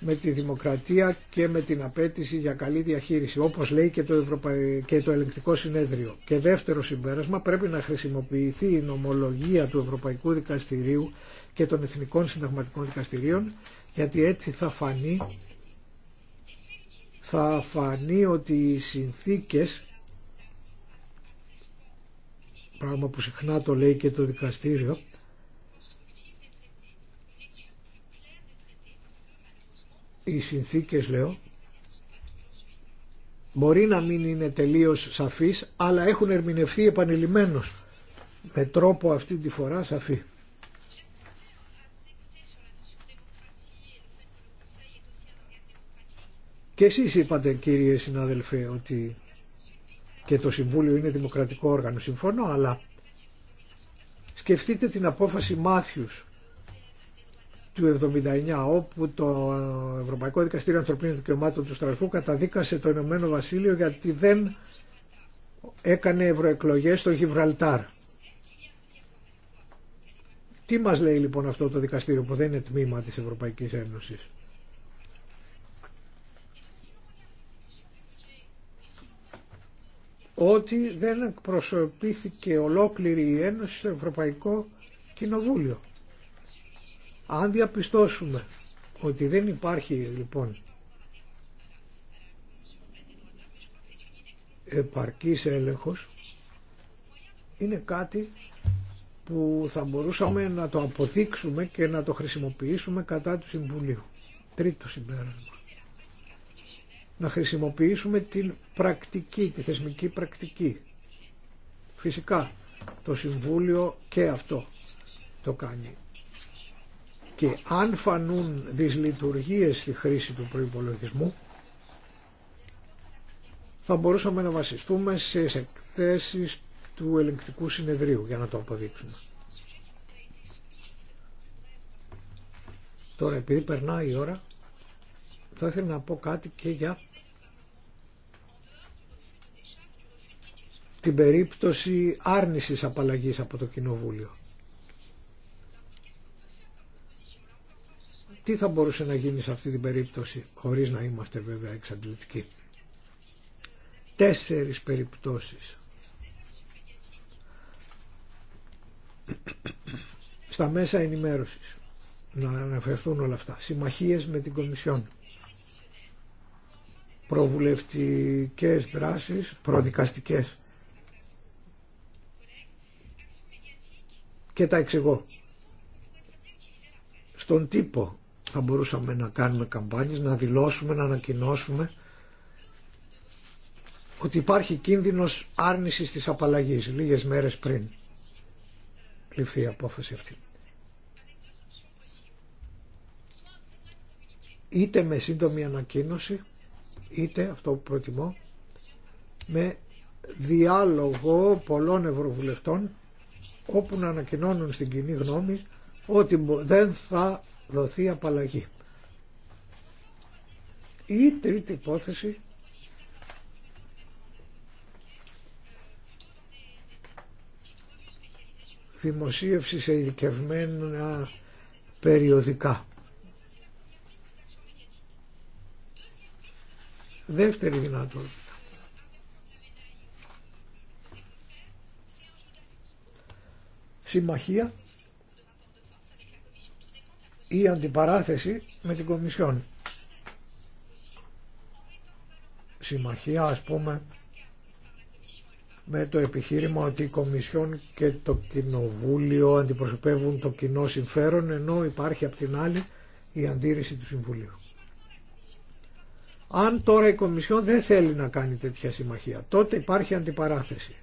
με τη δημοκρατία και με την απέτηση για καλή διαχείριση, όπως λέει και το, και το Ελεγκτικό Συνέδριο. Και δεύτερο συμπέρασμα, πρέπει να χρησιμοποιηθεί η νομολογία του Ευρωπαϊκού Δικαστηρίου και των Εθνικών Συνταγματικών Δικαστηρίων, γιατί έτσι θα φανεί θα φανεί ότι οι συνθήκες πράγμα που συχνά το λέει και το δικαστήριο, οι συνθήκες λέω μπορεί να μην είναι τελείως σαφείς αλλά έχουν ερμηνευθεί επανειλημμένως με τρόπο αυτή τη φορά σαφή. Και εσείς είπατε κύριε συναδελφέ ότι και το Συμβούλιο είναι δημοκρατικό όργανο. Συμφωνώ, αλλά σκεφτείτε την απόφαση Μάθιους του 79, όπου το Ευρωπαϊκό Δικαστήριο Ανθρωπίνων Δικαιωμάτων του Στρασβού καταδίκασε το Ηνωμένο Βασίλειο γιατί δεν έκανε ευρωεκλογές στο Γιβραλτάρ. Τι μας λέει λοιπόν αυτό το δικαστήριο που δεν είναι τμήμα της Ευρωπαϊκής Ένωσης. ότι δεν εκπροσωπήθηκε ολόκληρη η Ένωση στο Ευρωπαϊκό Κοινοβούλιο. Αν διαπιστώσουμε ότι δεν υπάρχει λοιπόν επαρκής έλεγχος είναι κάτι που θα μπορούσαμε να το αποδείξουμε και να το χρησιμοποιήσουμε κατά του Συμβουλίου. Τρίτο συμπέρασμα να χρησιμοποιήσουμε την πρακτική, τη θεσμική πρακτική. Φυσικά το Συμβούλιο και αυτό το κάνει. Και αν φανούν δυσλειτουργίες στη χρήση του προϋπολογισμού, θα μπορούσαμε να βασιστούμε σε εκθέσεις του ελεγκτικού συνεδρίου για να το αποδείξουμε. Τώρα επειδή περνάει η ώρα, θα ήθελα να πω κάτι και για την περίπτωση άρνησης απαλλαγής από το Κοινοβούλιο. Τι θα μπορούσε να γίνει σε αυτή την περίπτωση, χωρίς να είμαστε βέβαια εξαντλητικοί. Τέσσερις περιπτώσεις. Στα μέσα ενημέρωσης να αναφερθούν όλα αυτά. Συμμαχίες με την Κομισιόν προβουλευτικές δράσεις, προδικαστικές. Και τα εξηγώ. Στον τύπο θα μπορούσαμε να κάνουμε καμπάνιες, να δηλώσουμε, να ανακοινώσουμε ότι υπάρχει κίνδυνος άρνησης της απαλλαγής λίγες μέρες πριν ληφθεί η απόφαση αυτή. Είτε με σύντομη ανακοίνωση είτε αυτό που προτιμώ με διάλογο πολλών ευρωβουλευτών όπου να ανακοινώνουν στην κοινή γνώμη ότι δεν θα δοθεί απαλλαγή. Η τρίτη υπόθεση δημοσίευση σε ειδικευμένα περιοδικά. Δεύτερη δυνατότητα. Συμμαχία ή αντιπαράθεση με την Κομισιόν. Συμμαχία ας πούμε με το επιχείρημα ότι η Κομισιόν και το Κοινοβούλιο αντιπροσωπεύουν το κοινό συμφέρον ενώ υπάρχει απ' την άλλη η αντίρρηση του Συμβουλίου. Αν τώρα η Κομισιόν δεν θέλει να κάνει τέτοια συμμαχία, τότε υπάρχει αντιπαράθεση.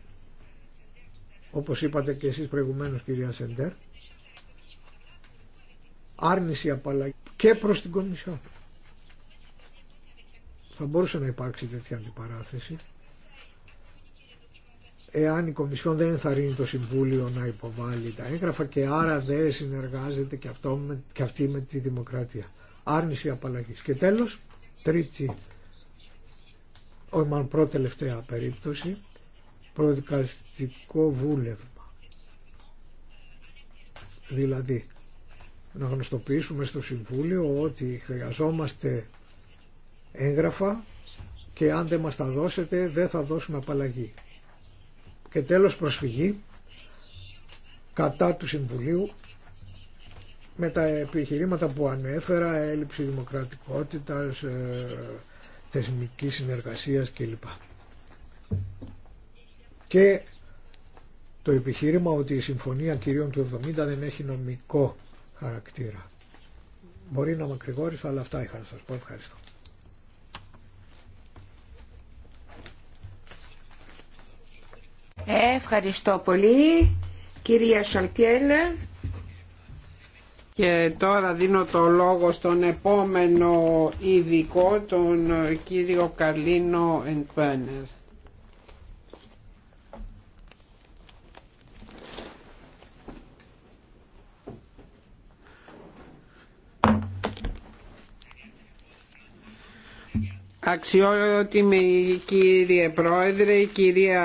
Όπως είπατε και εσείς προηγουμένως κυρία Σεντέρ, άρνηση απαλλαγή και προς την Κομισιόν. Θα μπορούσε να υπάρξει τέτοια αντιπαράθεση εάν η Κομισιόν δεν ενθαρρύνει το Συμβούλιο να υποβάλει τα έγγραφα και άρα δεν συνεργάζεται και, αυτό με, και αυτή με τη Δημοκρατία. Άρνηση απαλλαγής. Και τέλος, τρίτη, όχι μάλλον προτελευταία περίπτωση, προδικαστικό βούλευμα. Δηλαδή, να γνωστοποιήσουμε στο Συμβούλιο ότι χρειαζόμαστε έγγραφα και αν δεν μας τα δώσετε δεν θα δώσουμε απαλλαγή. Και τέλος προσφυγή κατά του Συμβουλίου με τα επιχειρήματα που ανέφερα, έλλειψη δημοκρατικότητας, ε, θεσμική συνεργασίας κλπ. Και το επιχείρημα ότι η Συμφωνία Κυρίων του 70 δεν έχει νομικό χαρακτήρα. Μπορεί να μακρηγόρησα, αλλά αυτά είχα να σας πω. Ευχαριστώ. Ε, ευχαριστώ πολύ, κυρία Σαλτιέλα. Και τώρα δίνω το λόγο στον επόμενο ειδικό, τον κύριο Καρλίνο Εντπένερ. Αξιότιμη κύριε Πρόεδρε, κυρία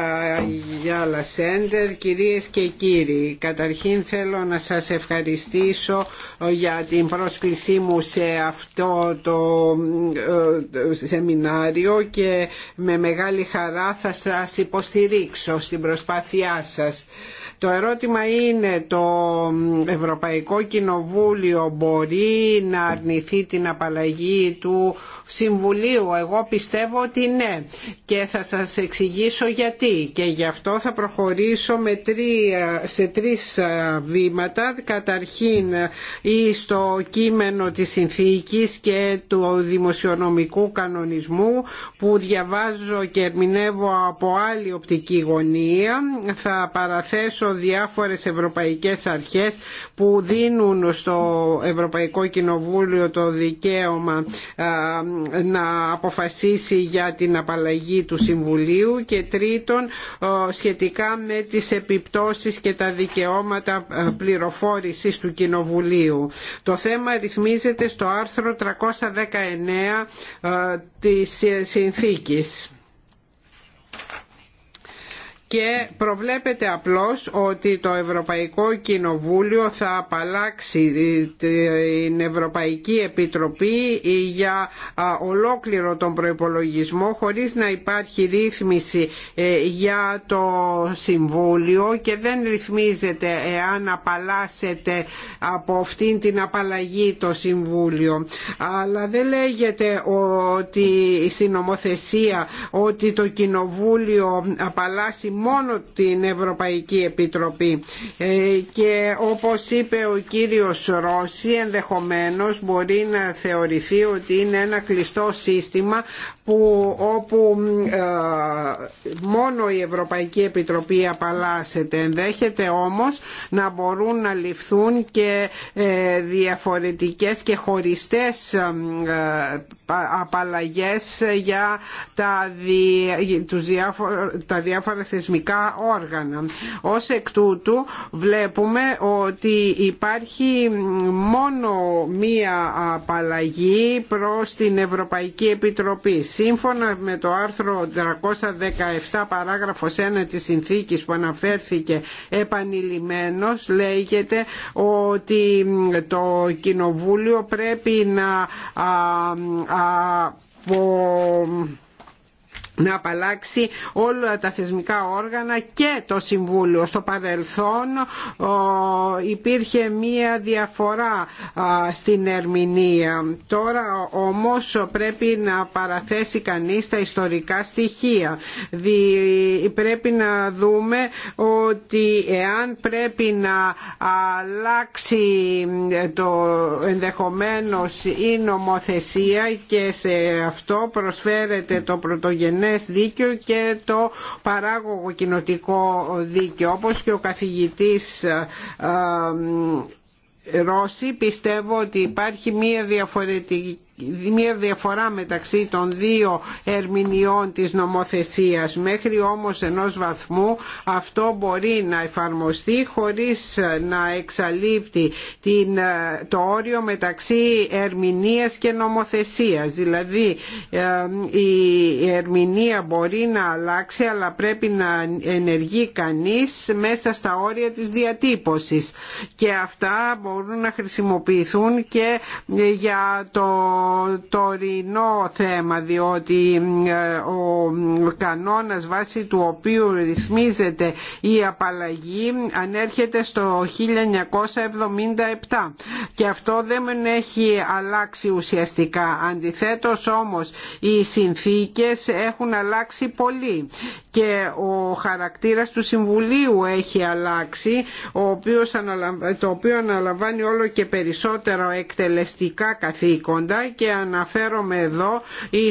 Γιάλα Σέντερ, κυρίες και κύριοι, καταρχήν θέλω να σας ευχαριστήσω ε, για την πρόσκλησή μου σε αυτό ε, το σεμινάριο και με μεγάλη χαρά θα σας υποστηρίξω στην προσπάθειά σας. Το ερώτημα είναι το Ευρωπαϊκό Κοινοβούλιο μπορεί να αρνηθεί την απαλλαγή του Συμβουλίου. Εγώ πιστεύω ότι ναι και θα σας εξηγήσω γιατί και γι' αυτό θα προχωρήσω με σε τρεις ε, βήματα. Καταρχήν ή ε, στο κείμενο της συνθήκης και του δημοσιονομικού κανονισμού που διαβάζω και ερμηνεύω από άλλη οπτική γωνία. Θα παραθέσω Διάφορε διάφορες ευρωπαϊκές αρχές που δίνουν στο Ευρωπαϊκό Κοινοβούλιο το δικαίωμα να αποφασίσει για την απαλλαγή του Συμβουλίου και τρίτον σχετικά με τις επιπτώσεις και τα δικαιώματα πληροφόρησης του Κοινοβουλίου. Το θέμα ρυθμίζεται στο άρθρο 319 της συνθήκης και προβλέπεται απλώς ότι το Ευρωπαϊκό Κοινοβούλιο θα απαλλάξει ε, την Ευρωπαϊκή Επιτροπή ε, για ολόκληρο τον προϋπολογισμό χωρίς να υπάρχει ρύθμιση ε, για το Συμβούλιο και δεν ρυθμίζεται εάν απαλλάσσεται από αυτήν την απαλλαγή το Συμβούλιο. Αλλά δεν λέγεται ότι η συνομοθεσία ότι το Κοινοβούλιο απαλλάσσει μόνο την Ευρωπαϊκή Επιτροπή ε, και όπως είπε ο κύριος Ρώση ενδεχομένως μπορεί να θεωρηθεί ότι είναι ένα κλειστό σύστημα που, όπου ε, μόνο η Ευρωπαϊκή Επιτροπή απαλλάσσεται. Ενδέχεται όμως να μπορούν να ληφθούν και ε, διαφορετικές και χωριστές ε, απαλλαγές για τα, διάφορα, τα διάφορα θεσμικά όργανα. Ως εκ τούτου βλέπουμε ότι υπάρχει μόνο μία απαλλαγή προς την Ευρωπαϊκή Επιτροπή Σύμφωνα με το άρθρο 317 παράγραφος 1 της συνθήκης που αναφέρθηκε επανειλημμένος λέγεται ότι το Κοινοβούλιο πρέπει να... Α, να απαλλάξει όλα τα θεσμικά όργανα και το Συμβούλιο. Στο παρελθόν υπήρχε μία διαφορά στην ερμηνεία. Τώρα όμως πρέπει να παραθέσει κανείς τα ιστορικά στοιχεία. Πρέπει να δούμε ότι εάν πρέπει να αλλάξει το ενδεχομένως η νομοθεσία και σε αυτό προσφέρεται το πρωτογενέ διεθνές και το παράγωγο κοινοτικό δίκαιο όπως και ο καθηγητής ε, ε, Ρώση πιστεύω ότι υπάρχει μία διαφορετική μια διαφορά μεταξύ των δύο ερμηνεών της νομοθεσίας μέχρι όμως ενός βαθμού αυτό μπορεί να εφαρμοστεί χωρίς να εξαλείπτει την, ε, το όριο μεταξύ ερμηνείας και νομοθεσίας δηλαδή ε, η ερμηνεία μπορεί να αλλάξει αλλά πρέπει να ενεργεί κανείς μέσα στα όρια της διατύπωσης και αυτά μπορούν να χρησιμοποιηθούν και για το τωρινό θέμα διότι ε, ο κανόνας βάσει του οποίου ρυθμίζεται η απαλλαγή ανέρχεται στο 1977 και αυτό δεν έχει αλλάξει ουσιαστικά. Αντιθέτως όμως οι συνθήκες έχουν αλλάξει πολύ και ο χαρακτήρας του Συμβουλίου έχει αλλάξει ο οποίος το οποίο αναλαμβάνει όλο και περισσότερο εκτελεστικά καθήκοντα και αναφέρομαι εδώ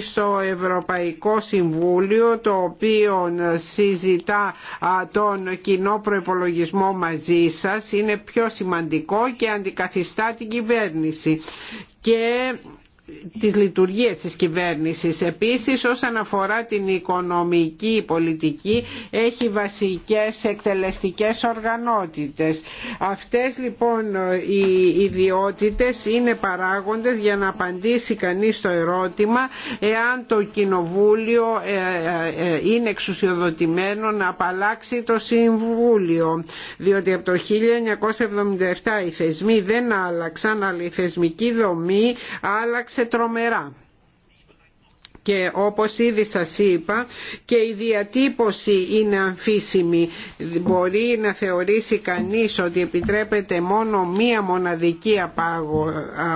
στο Ευρωπαϊκό Συμβούλιο το οποίο συζητά τον κοινό προπολογισμό μαζί σας είναι πιο σημαντικό και αντικαθιστά την κυβέρνηση και τις λειτουργίες της κυβέρνησης. Επίσης όσον αφορά την οικονομική πολιτική έχει βασικές εκτελεστικές οργανότητες. Αυτές λοιπόν οι ιδιότητες είναι παράγοντες για να απαντήσει κανείς το ερώτημα εάν το Κοινοβούλιο ε, ε, ε, είναι εξουσιοδοτημένο να απαλλάξει το Συμβούλιο. Διότι από το 1977 οι θεσμοί δεν άλλαξαν αλλά η θεσμική δομή άλλαξε σε τρομερά και όπως ήδη σας είπα και η διατύπωση είναι αμφίσιμη. Μπορεί να θεωρήσει κανείς ότι επιτρέπεται μόνο μία μοναδική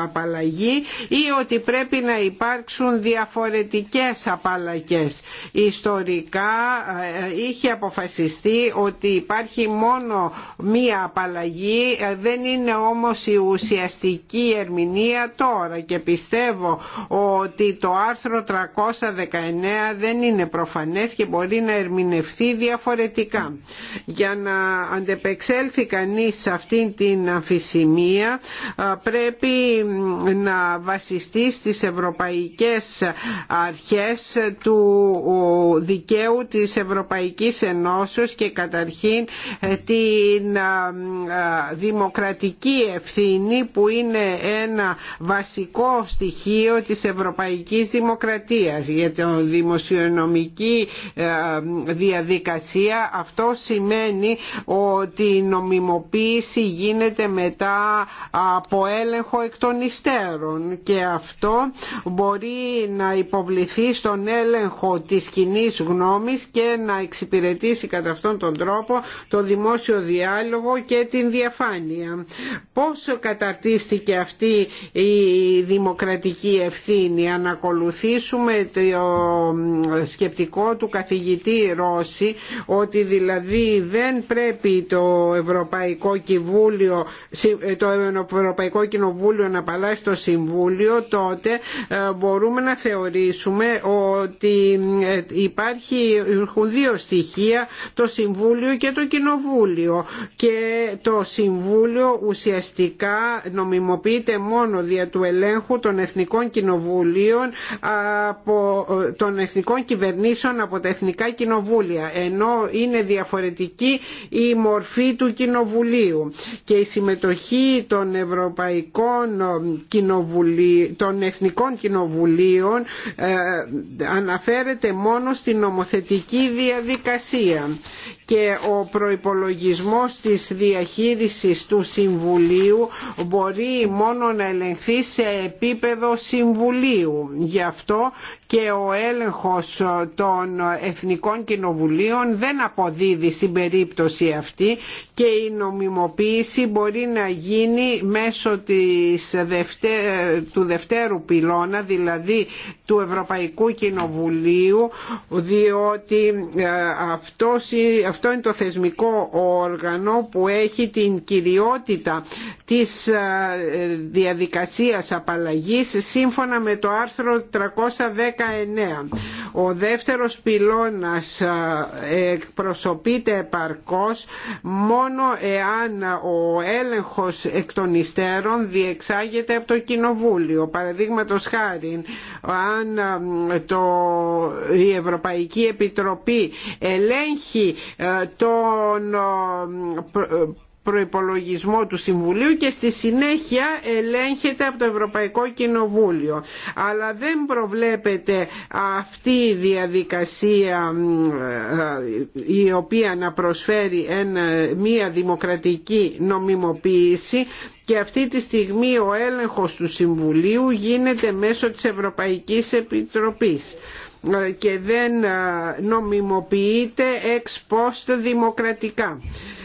απαλλαγή ή ότι πρέπει να υπάρξουν διαφορετικές απαλλαγές. Ιστορικά ε, είχε αποφασιστεί ότι υπάρχει μόνο μία απαλλαγή, ε, δεν είναι όμως η ουσιαστική ερμηνεία τώρα και πιστεύω ότι το άρθρο 300 δεν είναι προφανές και μπορεί να ερμηνευθεί διαφορετικά. Για να αντεπεξέλθει κανείς σε αυτήν την αμφισημία πρέπει να βασιστεί στις ευρωπαϊκές αρχές του δικαίου της Ευρωπαϊκής Ενώσεως και καταρχήν ε, την δημοκρατική ευθύνη που είναι ένα βασικό στοιχείο της ευρωπαϊκής δημοκρατίας για δημοσιονομική ε, διαδικασία αυτό σημαίνει ότι η νομιμοποίηση γίνεται μετά από έλεγχο εκ των υστέρων και αυτό μπορεί να υποβληθεί στον έλεγχο της κοινή γνώμης και να εξυπηρετήσει κατά αυτόν τον τρόπο το δημόσιο διάλογο και την διαφάνεια. Πώς καταρτίστηκε αυτή η δημοκρατική ευθύνη αν ακολουθήσουμε το σκεπτικό του καθηγητή Ρώση ότι δηλαδή δεν πρέπει το Ευρωπαϊκό Κοινοβούλιο, το Ευρωπαϊκό Κοινοβούλιο να παλάσει το Συμβούλιο τότε ε, μπορούμε να θεωρήσουμε ότι ε, υπάρχει δύο στοιχεία το Συμβούλιο και το Κοινοβούλιο και το Συμβούλιο ουσιαστικά νομιμοποιείται μόνο δια του ελέγχου των Εθνικών Κοινοβουλίων ε, των εθνικών κυβερνήσεων από τα εθνικά κοινοβούλια ενώ είναι διαφορετική η μορφή του κοινοβουλίου και η συμμετοχή των ευρωπαϊκών ε, των εθνικών κοινοβουλίων ε, αναφέρεται μόνο στην νομοθετική διαδικασία και ο προϋπολογισμός της διαχείρισης του Συμβουλίου μπορεί μόνο να ελεγχθεί σε επίπεδο Συμβουλίου. Γι' αυτό και ο έλεγχος των εθνικών κοινοβουλίων δεν αποδίδει στην περίπτωση αυτή και η νομιμοποίηση μπορεί να γίνει μέσω της του δευτέρου πυλώνα δηλαδή του Ευρωπαϊκού Κοινοβουλίου διότι ε, αυτό είναι το θεσμικό όργανο που έχει την κυριότητα της ε, διαδικασίας απαλλαγής σύμφωνα με το άρθρο 310 ο δεύτερος πυλώνας εκπροσωπείται επαρκώς μόνο εάν ο έλεγχος εκ των υστέρων διεξάγεται από το Κοινοβούλιο. Παραδείγματο χάρη, αν το, η Ευρωπαϊκή Επιτροπή ελέγχει τον προϋπολογισμό του Συμβουλίου και στη συνέχεια ελέγχεται από το Ευρωπαϊκό Κοινοβούλιο. Αλλά δεν προβλέπεται αυτή η διαδικασία ε, η οποία να προσφέρει μία δημοκρατική νομιμοποίηση και αυτή τη στιγμή ο έλεγχος του Συμβουλίου γίνεται μέσω της Ευρωπαϊκής Επιτροπής ε, και δεν ε, νομιμοποιείται εξ δημοκρατικά.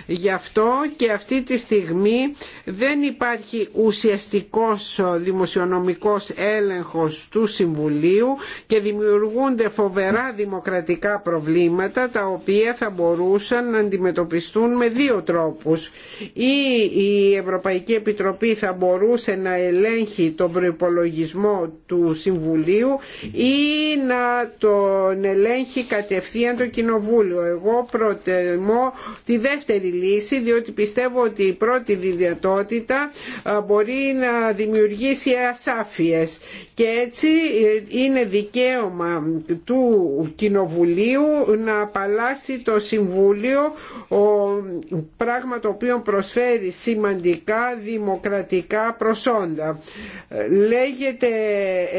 Γι' αυτό και αυτή τη στιγμή δεν υπάρχει ουσιαστικός δημοσιονομικός έλεγχος του Συμβουλίου και δημιουργούνται φοβερά δημοκρατικά προβλήματα τα οποία θα μπορούσαν να αντιμετωπιστούν με δύο τρόπους. Ή η Ευρωπαϊκή Επιτροπή θα μπορούσε να ελέγχει τον προϋπολογισμό του Συμβουλίου ή να τον ελέγχει κατευθείαν το Κοινοβούλιο. Εγώ προτιμώ τη δεύτερη λύση διότι πιστεύω ότι η πρώτη δυνατότητα μπορεί να δημιουργήσει ασάφειες και έτσι ε, είναι δικαίωμα του Κοινοβουλίου να απαλλάσσει το Συμβούλιο πράγμα το οποίο προσφέρει σημαντικά δημοκρατικά προσόντα. Λέγεται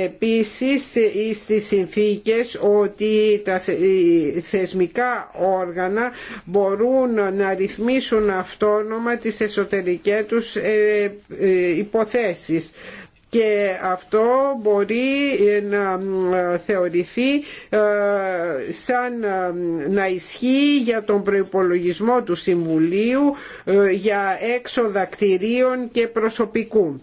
επίσης στις συνθήκες ότι τα θεσμικά όργανα μπορούν να ρυθμίσουν ρυθμίσουν αυτόνομα τις εσωτερικές τους ε, ε, υποθέσεις και αυτό μπορεί ε, να θεωρηθεί σαν να ισχύει για τον προϋπολογισμό του Συμβουλίου για έξοδα κτηρίων και προσωπικού.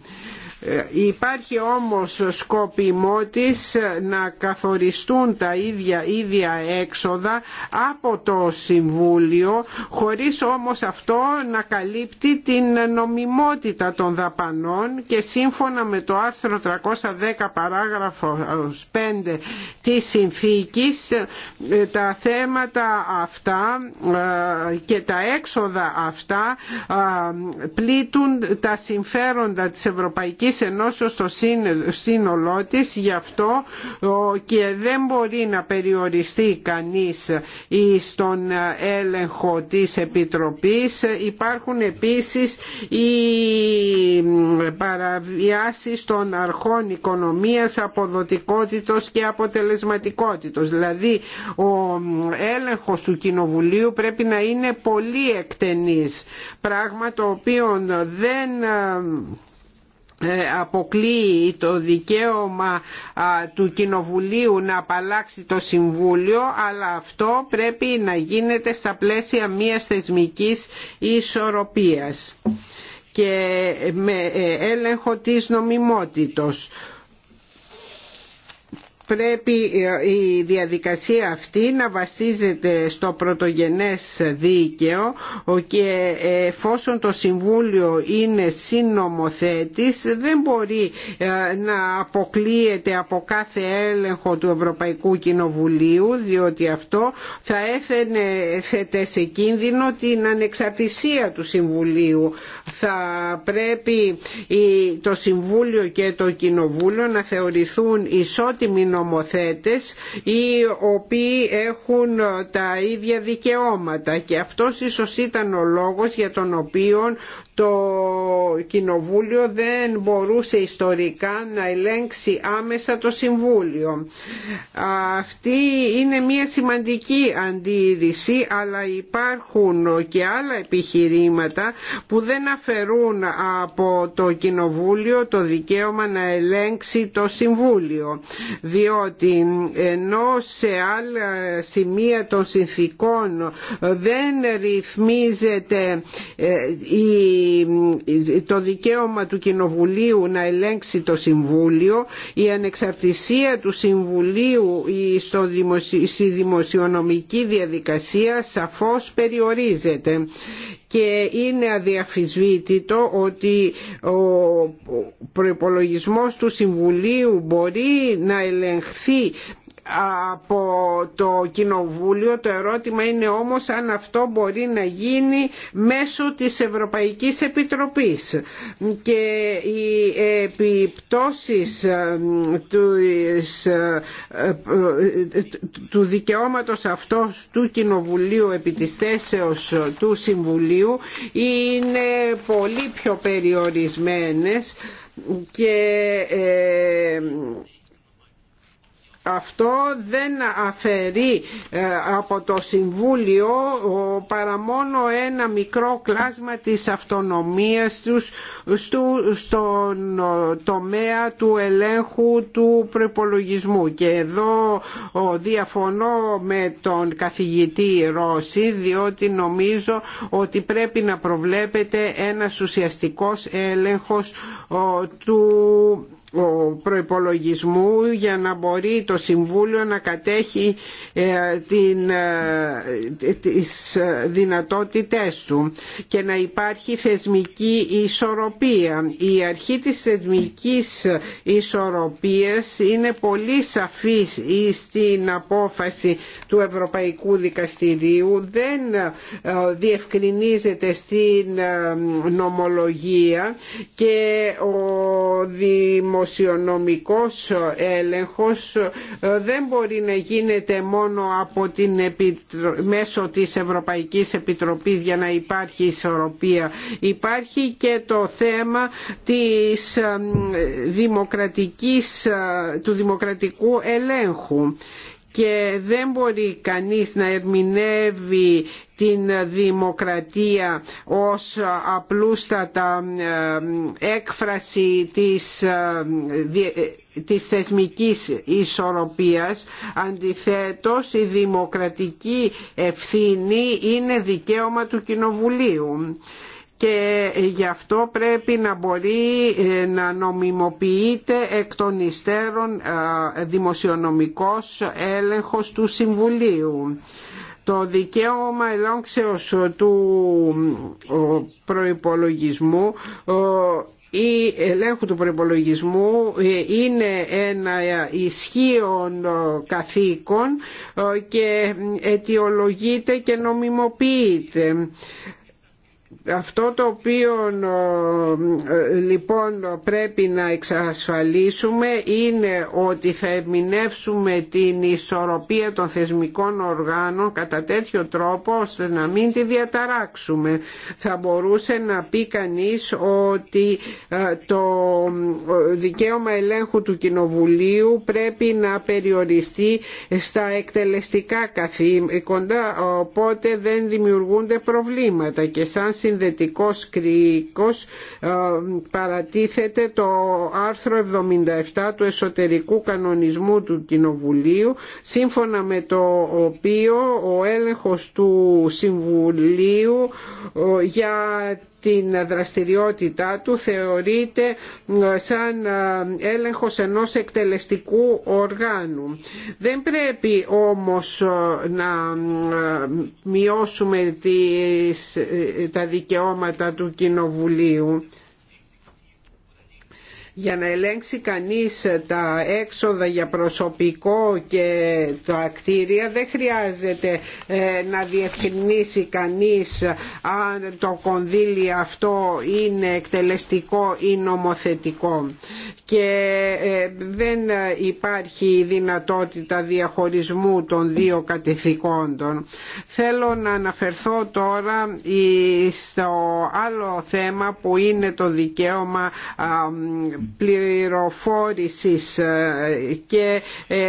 Ε, υπάρχει όμως σκόπιμό της να καθοριστούν τα ίδια ίδια έξοδα από το Συμβούλιο χωρίς όμως αυτό να καλύπτει την νομιμότητα των δαπανών και σύμφωνα με το άρθρο 310 παράγραφος 5 της συνθήκης ε, τα θέματα αυτά ε, και τα έξοδα αυτά πλήττουν τα συμφέροντα της Ευρωπαϊκής της στο σύνολό της γι' αυτό και δεν μπορεί να περιοριστεί κανείς στον ε, έλεγχο της Επιτροπής υπάρχουν επίσης οι παραβιάσεις των αρχών οικονομίας αποδοτικότητος και αποτελεσματικότητος δηλαδή ο έλεγχος του Κοινοβουλίου πρέπει να είναι πολύ εκτενής πράγμα το οποίο δεν ε, ε, αποκλείει το δικαίωμα του Κοινοβουλίου να απαλλάξει το Συμβούλιο αλλά αυτό πρέπει να γίνεται στα πλαίσια μιας θεσμικής ισορροπίας και με ε, έλεγχο της νομιμότητος πρέπει ε, η διαδικασία αυτή να βασίζεται στο πρωτογενές δίκαιο και εφόσον το Συμβούλιο είναι συνομοθέτης δεν μπορεί ε, να αποκλείεται από κάθε έλεγχο του Ευρωπαϊκού Κοινοβουλίου διότι αυτό θα έφερνε θέτε σε κίνδυνο την ανεξαρτησία του Συμβουλίου. Θα πρέπει το Συμβούλιο και το Κοινοβούλιο να θεωρηθούν ισότιμοι νομοθέτες οι οποίοι έχουν τα ίδια δικαιώματα και αυτός ίσως ήταν ο λόγος για τον οποίο το Κοινοβούλιο δεν μπορούσε ιστορικά να ελέγξει άμεσα το Συμβούλιο. Αυτή είναι μια σημαντική αντίρρηση, αλλά υπάρχουν και άλλα επιχειρήματα που δεν αφαιρούν από το Κοινοβούλιο το δικαίωμα να ελέγξει το Συμβούλιο. Διότι ενώ σε άλλα σημεία των συνθήκων δεν ρυθμίζεται ε, η το δικαίωμα του Κοινοβουλίου να ελέγξει το Συμβούλιο, η ανεξαρτησία του Συμβουλίου η στη δημοσιονομική διαδικασία σαφώς περιορίζεται και είναι αδιαφυσβήτητο ότι ο προϋπολογισμός του Συμβουλίου μπορεί να ελεγχθεί από το Κοινοβούλιο. Το ερώτημα είναι όμως αν αυτό μπορεί να γίνει μέσω της Ευρωπαϊκής Επιτροπής. Και οι επιπτώσεις ε, ε, του δικαιώματος αυτός του Κοινοβουλίου επί της θέσεως του Συμβουλίου είναι πολύ πιο περιορισμένες και ε, αυτό δεν αφαιρεί ε, από το Συμβούλιο παρά μόνο ένα μικρό κλάσμα της αυτονομίας τους στον τομέα του ελέγχου του προπολογισμού. Και εδώ διαφωνώ με τον καθηγητή Ρώση διότι νομίζω ότι πρέπει να προβλέπεται ένα ουσιαστικός έλεγχος του προϋπολογισμού για να μπορεί το Συμβούλιο να κατέχει ε, την, ε, τις δυνατότητές του και να υπάρχει θεσμική ισορροπία. Η αρχή της θεσμικής ισορροπίας είναι πολύ σαφή στην απόφαση του Ευρωπαϊκού Δικαστηρίου δεν ε, διευκρινίζεται στην νομολογία και ο δημοσιονομικός έλεγχος ε, δεν μπορεί να γίνεται μόνο από την μέσω της Ευρωπαϊκής Επιτροπής για να υπάρχει ισορροπία. Υπάρχει και το θέμα της ε, δημοκρατικής, ε, του δημοκρατικού ελέγχου και δεν μπορεί κανείς να ερμηνεύει την δημοκρατία ως απλούστατα ε, έκφραση της ε, της θεσμικής ισορροπίας αντιθέτως η δημοκρατική ευθύνη είναι δικαίωμα του Κοινοβουλίου και γι' αυτό πρέπει να μπορεί ε, να νομιμοποιείται εκ των υστέρων ε, δημοσιονομικός έλεγχος του Συμβουλίου. Το δικαίωμα ελόγξεως του προϋπολογισμού η ελέγχου του προϋπολογισμού ε, είναι ένα ισχύον καθήκον και αιτιολογείται και νομιμοποιείται. Αυτό το οποίο ε, λοιπόν πρέπει να εξασφαλίσουμε είναι ότι θα εμεινεύσουμε την ισορροπία των θεσμικών οργάνων κατά τέτοιο τρόπο ώστε να μην τη διαταράξουμε. Θα μπορούσε να πει κανείς ότι ε, το δικαίωμα ελέγχου του Κοινοβουλίου πρέπει να περιοριστεί στα εκτελεστικά καθήκοντα οπότε δεν δημιουργούνται προβλήματα και σαν συνδετικός κρίκος ε, παρατίθεται το άρθρο 77 του εσωτερικού κανονισμού του Κοινοβουλίου σύμφωνα με το οποίο ο έλεγχος του Συμβουλίου ε, για την δραστηριότητά του θεωρείται σαν έλεγχος ενός εκτελεστικού οργάνου. Δεν πρέπει όμως να μειώσουμε τις, ε, τα δικαιώματα του Κοινοβουλίου για να ελέγξει κανείς τα έξοδα για προσωπικό και τα κτίρια δεν χρειάζεται ε, να διευκρινίσει κανείς αν το κονδύλι αυτό είναι εκτελεστικό ή νομοθετικό και ε, δεν υπάρχει δυνατότητα διαχωρισμού των δύο κατηθικόντων. Θέλω να αναφερθώ τώρα στο άλλο θέμα που είναι το δικαίωμα Πληροφόρηση ε, και ε,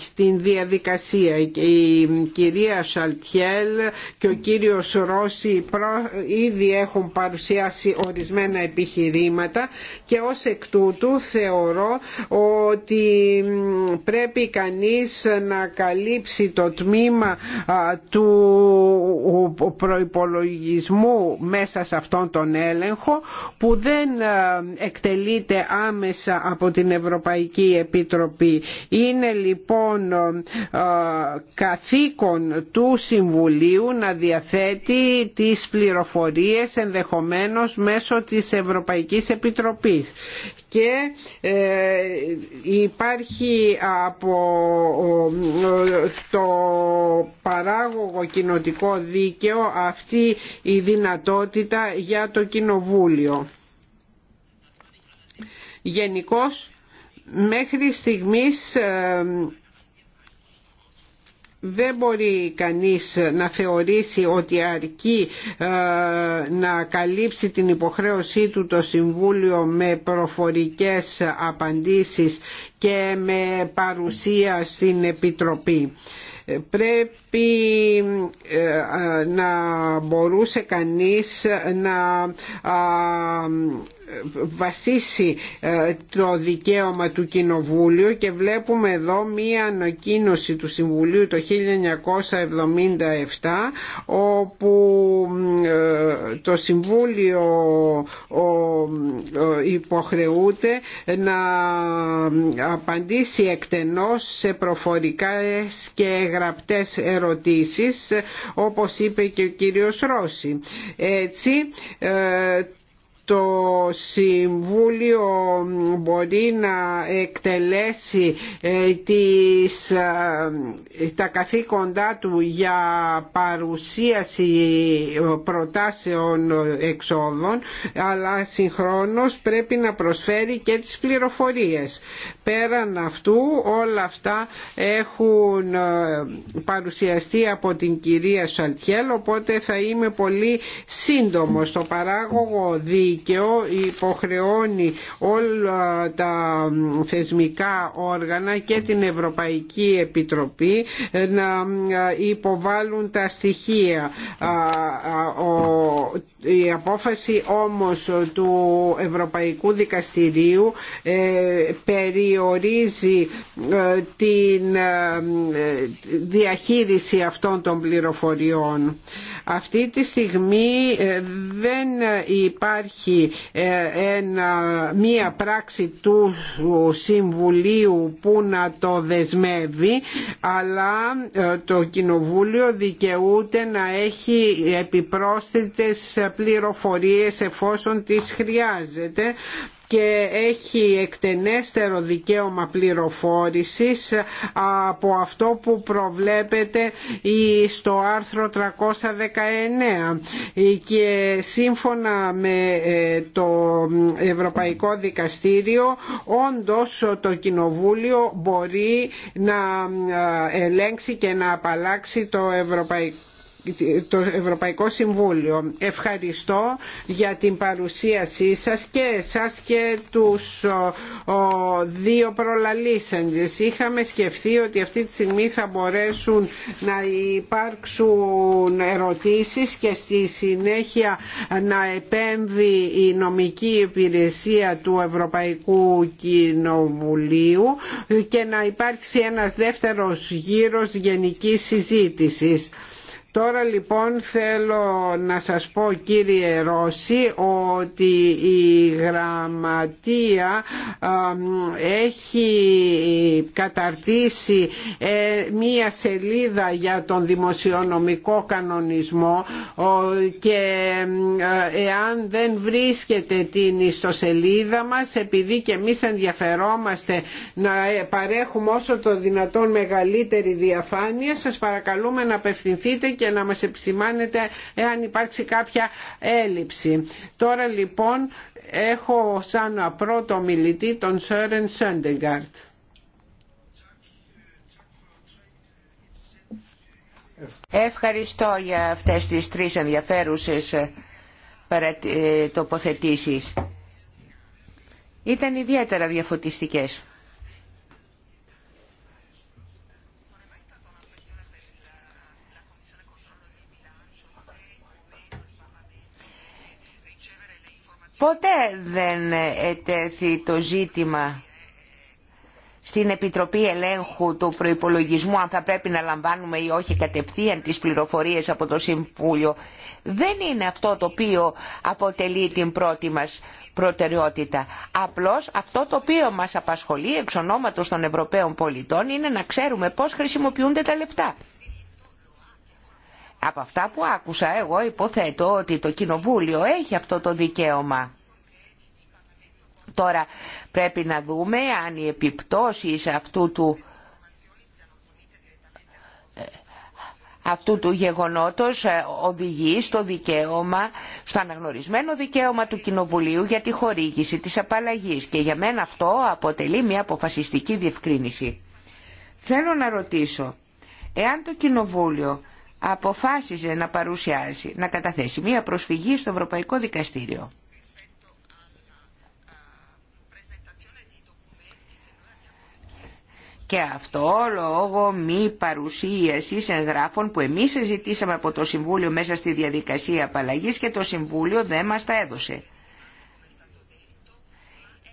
στην διαδικασία. Η κυρία Σαλτιέλ και ο κύριος Ρώση ήδη έχουν παρουσιάσει ορισμένα επιχειρήματα και ως εκ τούτου θεωρώ ότι πρέπει κανείς να καλύψει το τμήμα του προϋπολογισμού μέσα σε αυτόν τον έλεγχο που δεν εκτελεί άμεσα από την Ευρωπαϊκή Επιτροπή. Είναι λοιπόν ε, καθήκον του Συμβουλίου να διαθέτει τις πληροφορίες ενδεχομένως μέσω της Ευρωπαϊκής Επιτροπής και ε, υπάρχει από το παράγωγο κοινοτικό δίκαιο αυτή η δυνατότητα για το Κοινοβούλιο. Γενικώ μέχρι στιγμής ε, δεν μπορεί κανείς να θεωρήσει ότι αρκεί ε, να καλύψει την υποχρέωσή του το Συμβούλιο με προφορικές απαντήσεις και με παρουσία στην Επιτροπή. Πρέπει ε, ε, να μπορούσε κανείς να βασίσει ε, το δικαίωμα του Κοινοβούλιο και βλέπουμε εδώ μία ανακοίνωση του Συμβουλίου το 1977 όπου το Συμβούλιο υποχρεούται να απαντήσει εκτενώς σε προφορικά και γραπτές ερωτήσεις όπως είπε και ο κύριος Ρώση. Έτσι ε, το Συμβούλιο μπορεί να εκτελέσει ε, τις, ε, τα καθήκοντά του για παρουσίαση προτάσεων εξόδων αλλά συγχρόνως πρέπει να προσφέρει και τις πληροφορίες. Πέραν αυτού όλα αυτά έχουν ε, παρουσιαστεί από την κυρία Σαλτιέλ οπότε θα είμαι πολύ σύντομο Το παράγωγο δίκαιο υποχρεώνει όλα τα θεσμικά όργανα και την Ευρωπαϊκή Επιτροπή να υποβάλουν τα στοιχεία. Η απόφαση όμως του Ευρωπαϊκού Δικαστηρίου ε, περί περιορίζει ε, την ε, διαχείριση αυτών των πληροφοριών. Αυτή τη στιγμή ε, δεν υπάρχει μία πράξη του Συμβουλίου που να το δεσμεύει αλλά το Κοινοβούλιο δικαιούται να έχει επιπρόσθετες πληροφορίες εφόσον τις χρειάζεται και έχει εκτενέστερο δικαίωμα πληροφόρησης από αυτό που προβλέπεται στο άρθρο 319 και σύμφωνα με ε, το Ευρωπαϊκό Δικαστήριο όντως το Κοινοβούλιο μπορεί να ε, ελέγξει και να απαλλάξει το Ευρωπαϊκό το Ευρωπαϊκό Συμβούλιο. Ευχαριστώ για την παρουσίασή σας και εσάς και τους δύο προλαλήσαντες. Είχαμε σκεφτεί ότι αυτή τη στιγμή θα μπορέσουν να υπάρξουν ερωτήσεις και στη συνέχεια να επέμβει η νομική υπηρεσία του Ευρωπαϊκού Κοινοβουλίου και να υπάρξει ένας δεύτερος γύρος γενικής συζήτησης. Τώρα λοιπόν θέλω να σας πω κύριε Ρώση ότι η γραμματεία έχει καταρτήσει ε, μία σελίδα για τον δημοσιονομικό κανονισμό και ε, εάν δεν βρίσκεται την ιστοσελίδα μας επειδή και εμείς ενδιαφερόμαστε να ε, παρέχουμε όσο το δυνατόν μεγαλύτερη διαφάνεια σας παρακαλούμε να απευθυνθείτε και να μας επισημάνετε εάν υπάρξει κάποια έλλειψη. Τώρα λοιπόν έχω σαν πρώτο μιλητή τον Σόρεν Σέντεγκαρτ. Ευχαριστώ για αυτές τις τρεις ενδιαφέρουσες ε, ε, τοποθετήσεις. Ήταν ιδιαίτερα διαφωτιστικές. Ποτέ δεν ετέθη το ζήτημα στην Επιτροπή Ελέγχου του Προϋπολογισμού αν θα πρέπει να λαμβάνουμε ή όχι κατευθείαν τις πληροφορίες από το Συμβούλιο. Δεν είναι αυτό το οποίο αποτελεί την πρώτη μας προτεραιότητα. Απλώς αυτό το οποίο μας απασχολεί εξ ονόματος των Ευρωπαίων πολιτών είναι να ξέρουμε πώς χρησιμοποιούνται τα λεφτά. Από αυτά που άκουσα εγώ υποθέτω ότι το Κοινοβούλιο έχει αυτό το δικαίωμα. Τώρα πρέπει να δούμε αν οι επιπτώσεις αυτού του, αυτού του γεγονότος ε, οδηγεί στο δικαίωμα, στο αναγνωρισμένο δικαίωμα του Κοινοβουλίου για τη χορήγηση της απαλλαγής και για μένα αυτό αποτελεί μια αποφασιστική διευκρίνηση. Θέλω να ρωτήσω, εάν το Κοινοβούλιο αποφάσισε να παρουσιάσει, να καταθέσει μία προσφυγή στο Ευρωπαϊκό Δικαστήριο. Και αυτό λόγω μη παρουσίαση εγγράφων που εμεί ζητήσαμε από το Συμβούλιο μέσα στη διαδικασία απαλλαγή και το Συμβούλιο δεν μα τα έδωσε.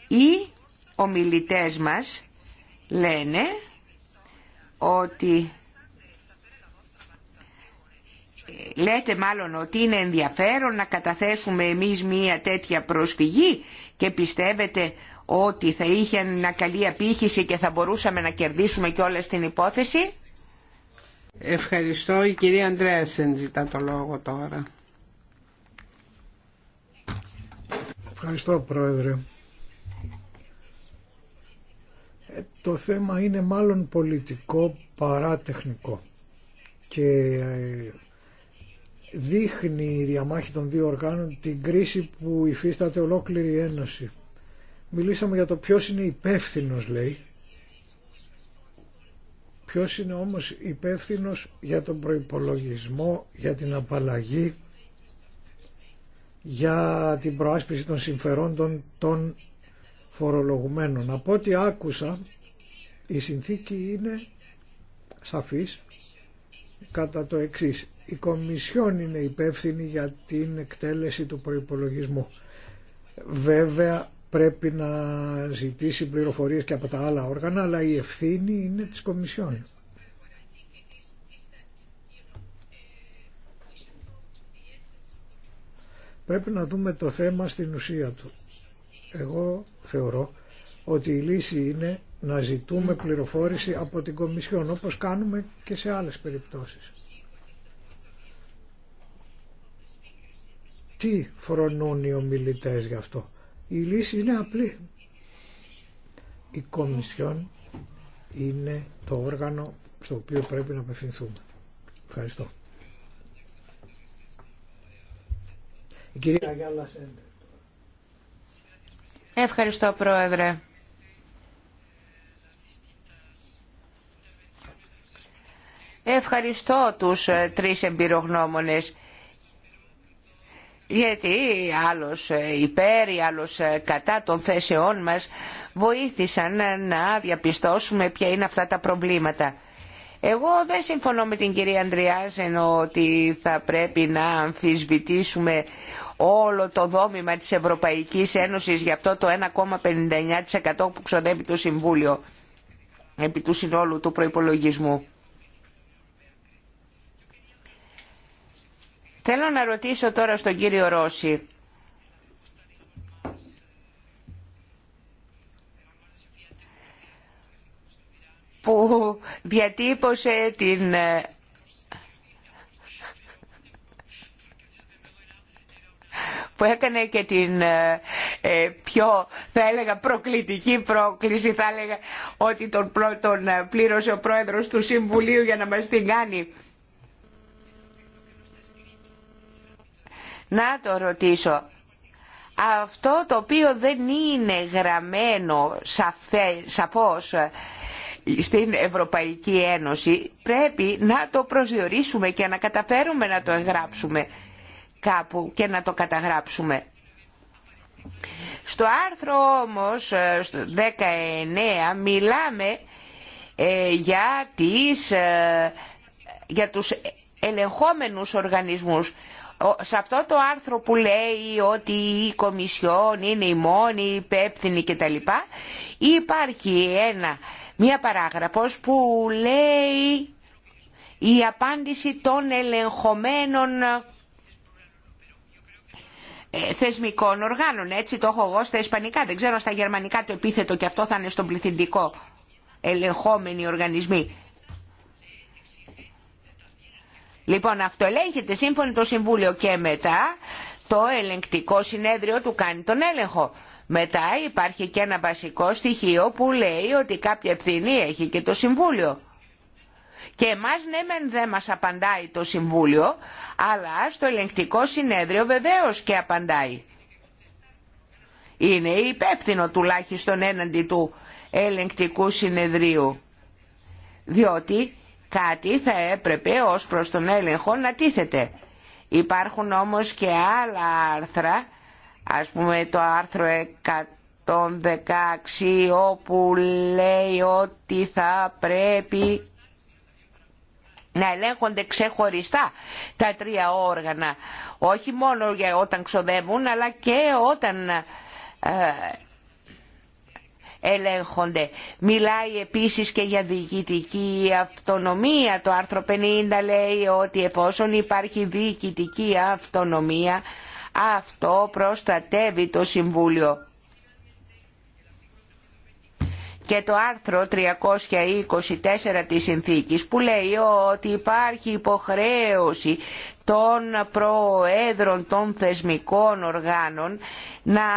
Οι ομιλητέ μα λένε ότι Λέτε μάλλον ότι είναι ενδιαφέρον να καταθέσουμε εμείς μία τέτοια προσφυγή και πιστεύετε ότι θα είχε μια καλή απήχηση και θα μπορούσαμε να κερδίσουμε και όλες την υπόθεση. Ευχαριστώ. Η κυρία Αντρέασεν ζητά το λόγο τώρα. Ευχαριστώ Πρόεδρε. Ε, το θέμα είναι μάλλον πολιτικό παρά τεχνικό και ε, δείχνει η διαμάχη των δύο οργάνων την κρίση που υφίσταται ολόκληρη η Ένωση. Μιλήσαμε για το ποιος είναι υπεύθυνος λέει. Ποιος είναι όμως υπεύθυνος για τον προϋπολογισμό, για την απαλλαγή, για την προάσπιση των συμφερόντων των φορολογουμένων. Από ό,τι άκουσα η συνθήκη είναι σαφής κατά το εξής η Κομισιόν είναι υπεύθυνη για την εκτέλεση του προϋπολογισμού. Βέβαια πρέπει να ζητήσει πληροφορίες και από τα άλλα όργανα, αλλά η ευθύνη είναι της Κομισιόν. Πρέπει να δούμε το θέμα στην ουσία του. Εγώ θεωρώ ότι η λύση είναι να ζητούμε πληροφόρηση από την Κομισιόν, όπως κάνουμε και σε άλλες περιπτώσεις. Τι φρονούν οι ομιλητές γι' αυτό. Η λύση είναι απλή. Η Κομισιόν είναι το όργανο στο οποίο πρέπει να απευθυνθούμε. Ευχαριστώ. Η Ευχαριστώ Πρόεδρε. Ευχαριστώ τους ε, τρεις εμπειρογνώμονες γιατί άλλος ε, υπέρ ή άλλος ε, κατά των θέσεών μας βοήθησαν ε, να διαπιστώσουμε ποια είναι αυτά τα προβλήματα. Εγώ δεν συμφωνώ με την κυρία Αντριάζεν ότι θα πρέπει να αμφισβητήσουμε όλο το δόμημα της Ευρωπαϊκής Ένωσης για αυτό το 1,59% που ξοδεύει το Συμβούλιο επί του συνόλου του προϋπολογισμού. Θέλω να ρωτήσω τώρα στον κύριο Ρώση. που διατύπωσε την ε, που έκανε και την ε, ε, πιο θα έλεγα προκλητική πρόκληση θα έλεγα ότι τον, τον πλήρωσε ο πρόεδρος του Συμβουλίου για να μας την κάνει Να το ρωτήσω. Αυτό το οποίο δεν είναι γραμμένο σαφέ, σαφώς ε, στην Ευρωπαϊκή Ένωση πρέπει να το προσδιορίσουμε και να καταφέρουμε να το εγγράψουμε κάπου και να το καταγράψουμε. Στο άρθρο όμως, 19, ε, μιλάμε ε, για, τις, ε, για τους ελεγχόμενους οργανισμούς σε αυτό το άρθρο που λέει ότι η Κομισιόν είναι η μόνη υπεύθυνη κτλ. Υπάρχει ένα, μία παράγραφος που λέει η απάντηση των ελεγχομένων ε, θεσμικών οργάνων. Έτσι το έχω εγώ στα ισπανικά. Δεν ξέρω στα γερμανικά το επίθετο και αυτό θα είναι στον πληθυντικό. Ελεγχόμενοι οργανισμοί. Λοιπόν, αυτό ελέγχεται σύμφωνα το Συμβούλιο και μετά το ελεγκτικό συνέδριο του κάνει τον έλεγχο. Μετά υπάρχει και ένα βασικό στοιχείο που λέει ότι κάποια ευθύνη έχει και το Συμβούλιο. Και εμάς ναι μεν δεν μας απαντάει το Συμβούλιο, αλλά στο ελεγκτικό συνέδριο βεβαίως και απαντάει. Είναι υπεύθυνο τουλάχιστον έναντι του ελεγκτικού συνεδρίου. Διότι κάτι θα έπρεπε ως προς τον έλεγχο να τίθεται. Υπάρχουν όμως και άλλα άρθρα, ας πούμε το άρθρο 116 όπου λέει ότι θα πρέπει να ελέγχονται ξεχωριστά τα τρία όργανα, όχι μόνο για όταν ξοδεύουν αλλά και όταν ε, ελέγχονται. Μιλάει επίσης και για διοικητική αυτονομία. Το άρθρο 50 λέει ότι εφόσον υπάρχει διοικητική αυτονομία, αυτό προστατεύει το Συμβούλιο. Και το άρθρο 324 της Συνθήκης που λέει ότι υπάρχει υποχρέωση των προέδρων των θεσμικών οργάνων να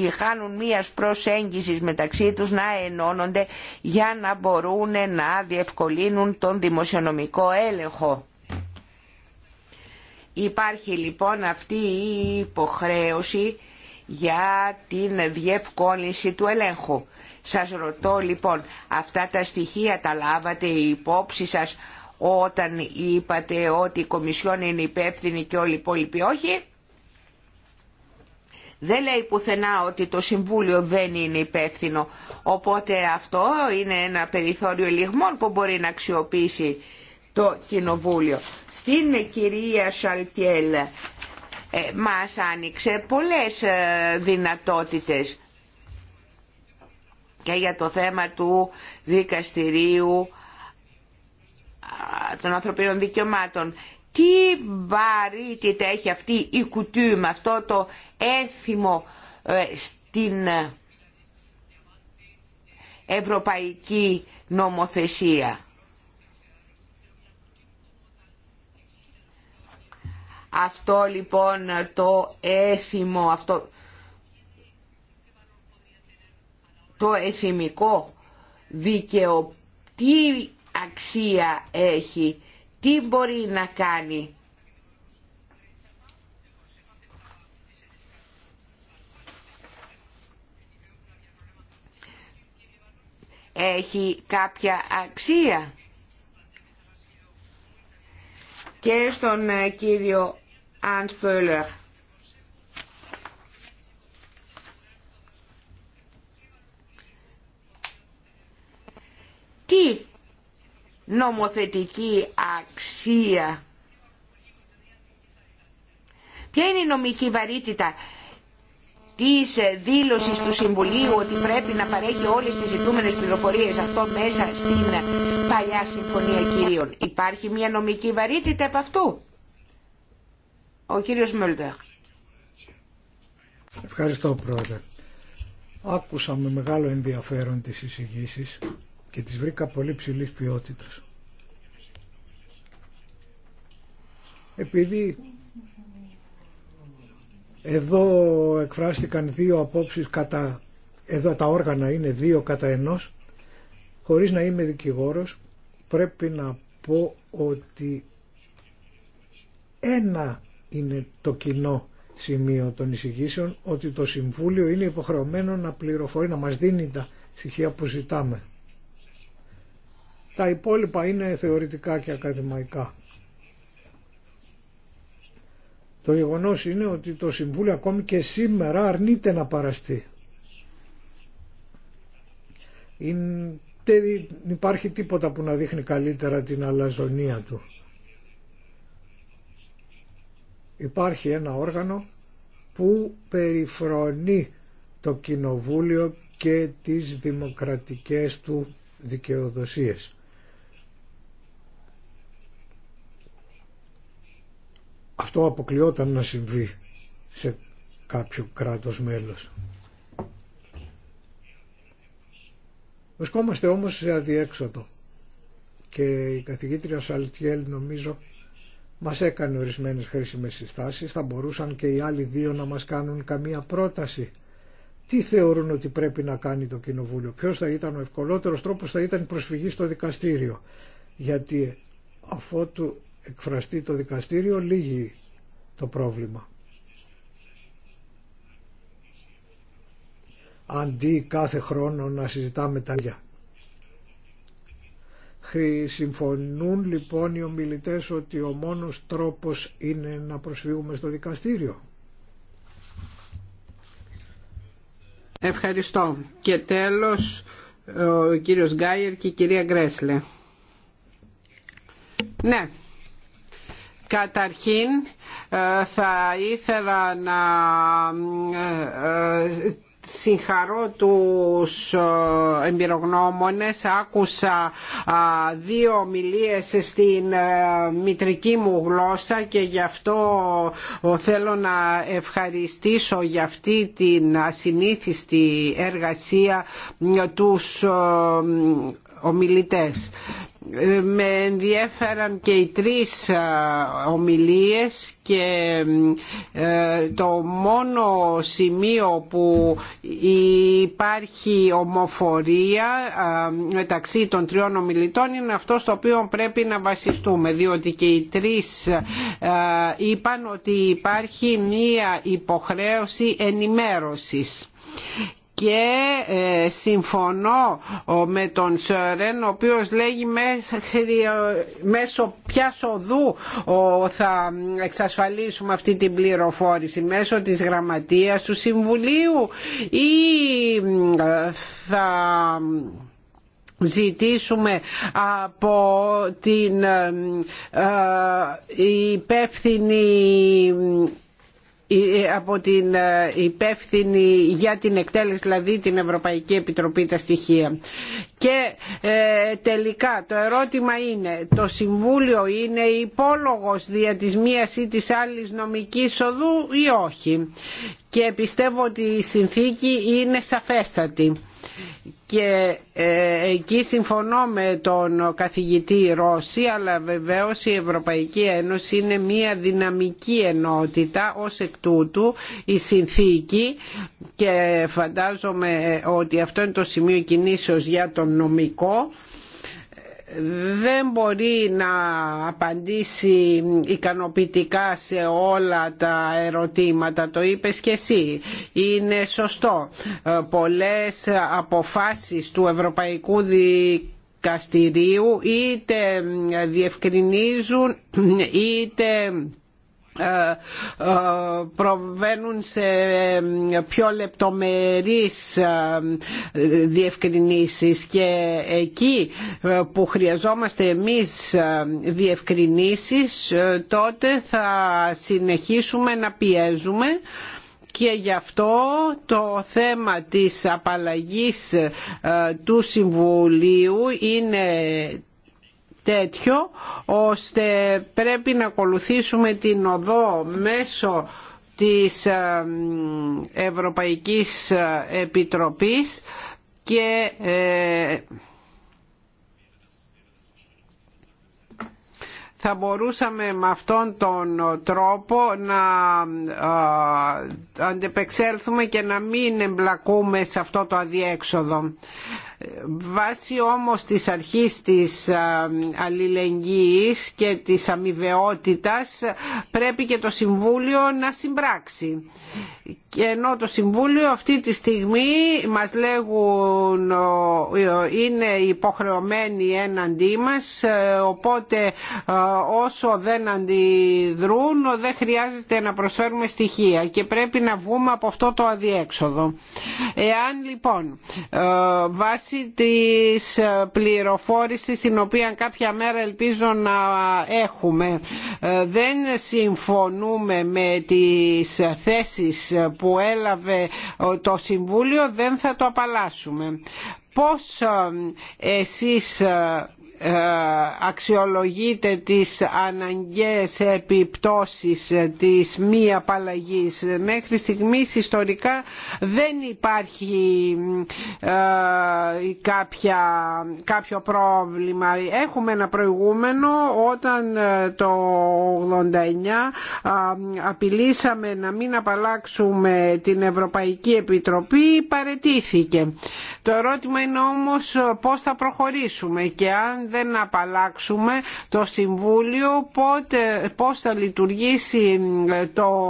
ή χάνουν μίας προσέγγισης μεταξύ τους να ενώνονται για να μπορούν να διευκολύνουν τον δημοσιονομικό έλεγχο. Υπάρχει λοιπόν αυτή η υποχρέωση για την διευκόλυνση του ελέγχου. Σας ρωτώ λοιπόν, αυτά τα στοιχεία τα λάβατε υπόψη σας όταν είπατε ότι η Κομισιόν είναι υπεύθυνη και όλοι οι υπόλοιποι όχι. Δεν λέει πουθενά ότι το Συμβούλιο δεν είναι υπεύθυνο. Οπότε αυτό είναι ένα περιθώριο λιγμών που μπορεί να αξιοποιήσει το Κοινοβούλιο. Στην κυρία Σαλτιέλ ε, μας άνοιξε πολλές ε, δυνατότητες και για το θέμα του δικαστηρίου των ανθρωπίνων δικαιωμάτων τι βαρύτητα έχει αυτή η κουτί με αυτό το έθιμο ε, στην ευρωπαϊκή νομοθεσία. Αυτό λοιπόν το έθιμο, αυτό το εθιμικό δίκαιο, τι αξία έχει τι μπορεί να κάνει. Έχει κάποια αξία. Και στον ε, κύριο Αντ Τι νομοθετική αξία. Ποια είναι η νομική βαρύτητα της δήλωσης του Συμβουλίου ότι πρέπει να παρέχει όλες τις ζητούμενες πληροφορίες αυτό μέσα στην παλιά Συμφωνία Κυρίων. Υπάρχει μια νομική βαρύτητα από αυτού. Ο κύριος Μέλτερ. Ευχαριστώ πρόεδρε. Άκουσα με μεγάλο ενδιαφέρον τις εισηγήσεις και τις βρήκα πολύ ψηλής ποιότητας. Επειδή εδώ εκφράστηκαν δύο απόψεις κατά, εδώ τα όργανα είναι δύο κατά ενός, χωρίς να είμαι δικηγόρος πρέπει να πω ότι ένα είναι το κοινό σημείο των εισηγήσεων ότι το Συμβούλιο είναι υποχρεωμένο να πληροφορεί, να μας δίνει τα στοιχεία που ζητάμε. Τα υπόλοιπα είναι θεωρητικά και ακαδημαϊκά. Το γεγονός είναι ότι το Συμβούλιο ακόμη και σήμερα αρνείται να παραστεί. δεν υπάρχει τίποτα που να δείχνει καλύτερα την αλαζονία του. Υπάρχει ένα όργανο που περιφρονεί το Κοινοβούλιο και τις δημοκρατικές του δικαιοδοσίες. αυτό αποκλειόταν να συμβεί σε κάποιο κράτος μέλος. Βρισκόμαστε όμως σε αδιέξοδο και η καθηγήτρια Σαλτιέλ νομίζω μας έκανε ορισμένες χρήσιμες συστάσεις, θα μπορούσαν και οι άλλοι δύο να μας κάνουν καμία πρόταση. Τι θεωρούν ότι πρέπει να κάνει το Κοινοβούλιο, ποιος θα ήταν ο ευκολότερος τρόπος θα ήταν η προσφυγή στο δικαστήριο. Γιατί αφότου εκφραστεί το δικαστήριο λύγει το πρόβλημα. Αντί κάθε χρόνο να συζητάμε τα ίδια. Συμφωνούν λοιπόν οι ομιλητές ότι ο μόνος τρόπος είναι να προσφύγουμε στο δικαστήριο. Ευχαριστώ. Και τέλος ο κύριος Γκάιερ και η κυρία Γκρέσλε. Ναι. Καταρχήν ε, θα ήθελα να ε, συγχαρώ τους ε, εμπειρογνώμονες άκουσα δύο ομιλίες στην μητρική μου γλώσσα και γι' αυτό θέλω να ευχαριστήσω για αυτή την ασυνήθιστη εργασία τους ομιλητές με ενδιέφεραν και οι τρεις ομιλίες και ε, το μόνο σημείο που υπάρχει ομοφορία μεταξύ των τριών ομιλητών είναι αυτό στο οποίο πρέπει να βασιστούμε διότι και οι τρεις είπαν ότι υπάρχει μία υποχρέωση ενημέρωσης και ε, συμφωνώ με τον Σερεν ο οποίος λέγει ε, μέσω ποιας οδού θα εξασφαλίσουμε αυτή την πληροφόρηση μέσω της γραμματείας του Συμβουλίου ή ε, θα ζητήσουμε από την υπεύθυνη ε, από την ε, υπεύθυνη για την εκτέλεση, δηλαδή την Ευρωπαϊκή Επιτροπή τα στοιχεία. Και ε, τελικά το ερώτημα είναι, το Συμβούλιο είναι υπόλογος δια της μίας ή της άλλης νομικής οδού ή όχι. Και πιστεύω ότι η συνθήκη είναι σαφέστατη και ε, εκεί συμφωνώ με τον καθηγητή Ρώση αλλά βεβαίως η Ευρωπαϊκή Ένωση είναι μια δυναμική ενότητα ως εκ τούτου η συνθήκη και φαντάζομαι ότι αυτό είναι το σημείο κινήσεως για τον νομικό δεν μπορεί να απαντήσει ικανοποιητικά σε όλα τα ερωτήματα, το είπες και εσύ. Είναι σωστό. Ε, πολλές αποφάσεις του Ευρωπαϊκού Δικαστηρίου είτε διευκρινίζουν είτε ε, ε, προβαίνουν σε ε, πιο λεπτομερείς διευκρινήσεις και εκεί που χρειαζόμαστε εμείς διευκρινήσεις τότε θα συνεχίσουμε να πιέζουμε και γι' αυτό το θέμα της απαλλαγής του Συμβουλίου είναι τέτοιο ώστε πρέπει να ακολουθήσουμε την οδό μέσω της ε, Ευρωπαϊκής ε, Επιτροπής και ε, θα μπορούσαμε με αυτόν τον τρόπο να αντεπεξέλθουμε και να μην εμπλακούμε σε αυτό το αδιέξοδο. Βάσει όμως της αρχής της αλληλεγγύης και της αμοιβαιότητας πρέπει και το Συμβούλιο να συμπράξει. Και ενώ το Συμβούλιο αυτή τη στιγμή μας λέγουν είναι υποχρεωμένοι έναντί μας ε, οπότε ε, όσο δεν αντιδρούν δεν χρειάζεται να προσφέρουμε στοιχεία και πρέπει να βγούμε από αυτό το αδιέξοδο. Εάν λοιπόν ε, βάσει βάση της ε, την οποία κάποια μέρα ελπίζω να έχουμε. Ε, δεν συμφωνούμε με τις θέσεις που έλαβε ε, το Συμβούλιο, δεν θα το απαλλάσσουμε. Πώς εσείς ε, αξιολογείται τις αναγκαίες επιπτώσεις της μη απαλλαγής. Μέχρι στιγμής ιστορικά δεν υπάρχει ε, κάποια, κάποιο πρόβλημα. Έχουμε ένα προηγούμενο όταν ε, το 89 απειλήσαμε να μην απαλλάξουμε την Ευρωπαϊκή Επιτροπή παρετήθηκε. Το ερώτημα είναι όμως πώς θα προχωρήσουμε και αν δεν απαλλάξουμε το Συμβούλιο πότε, πώς θα λειτουργήσει ε, το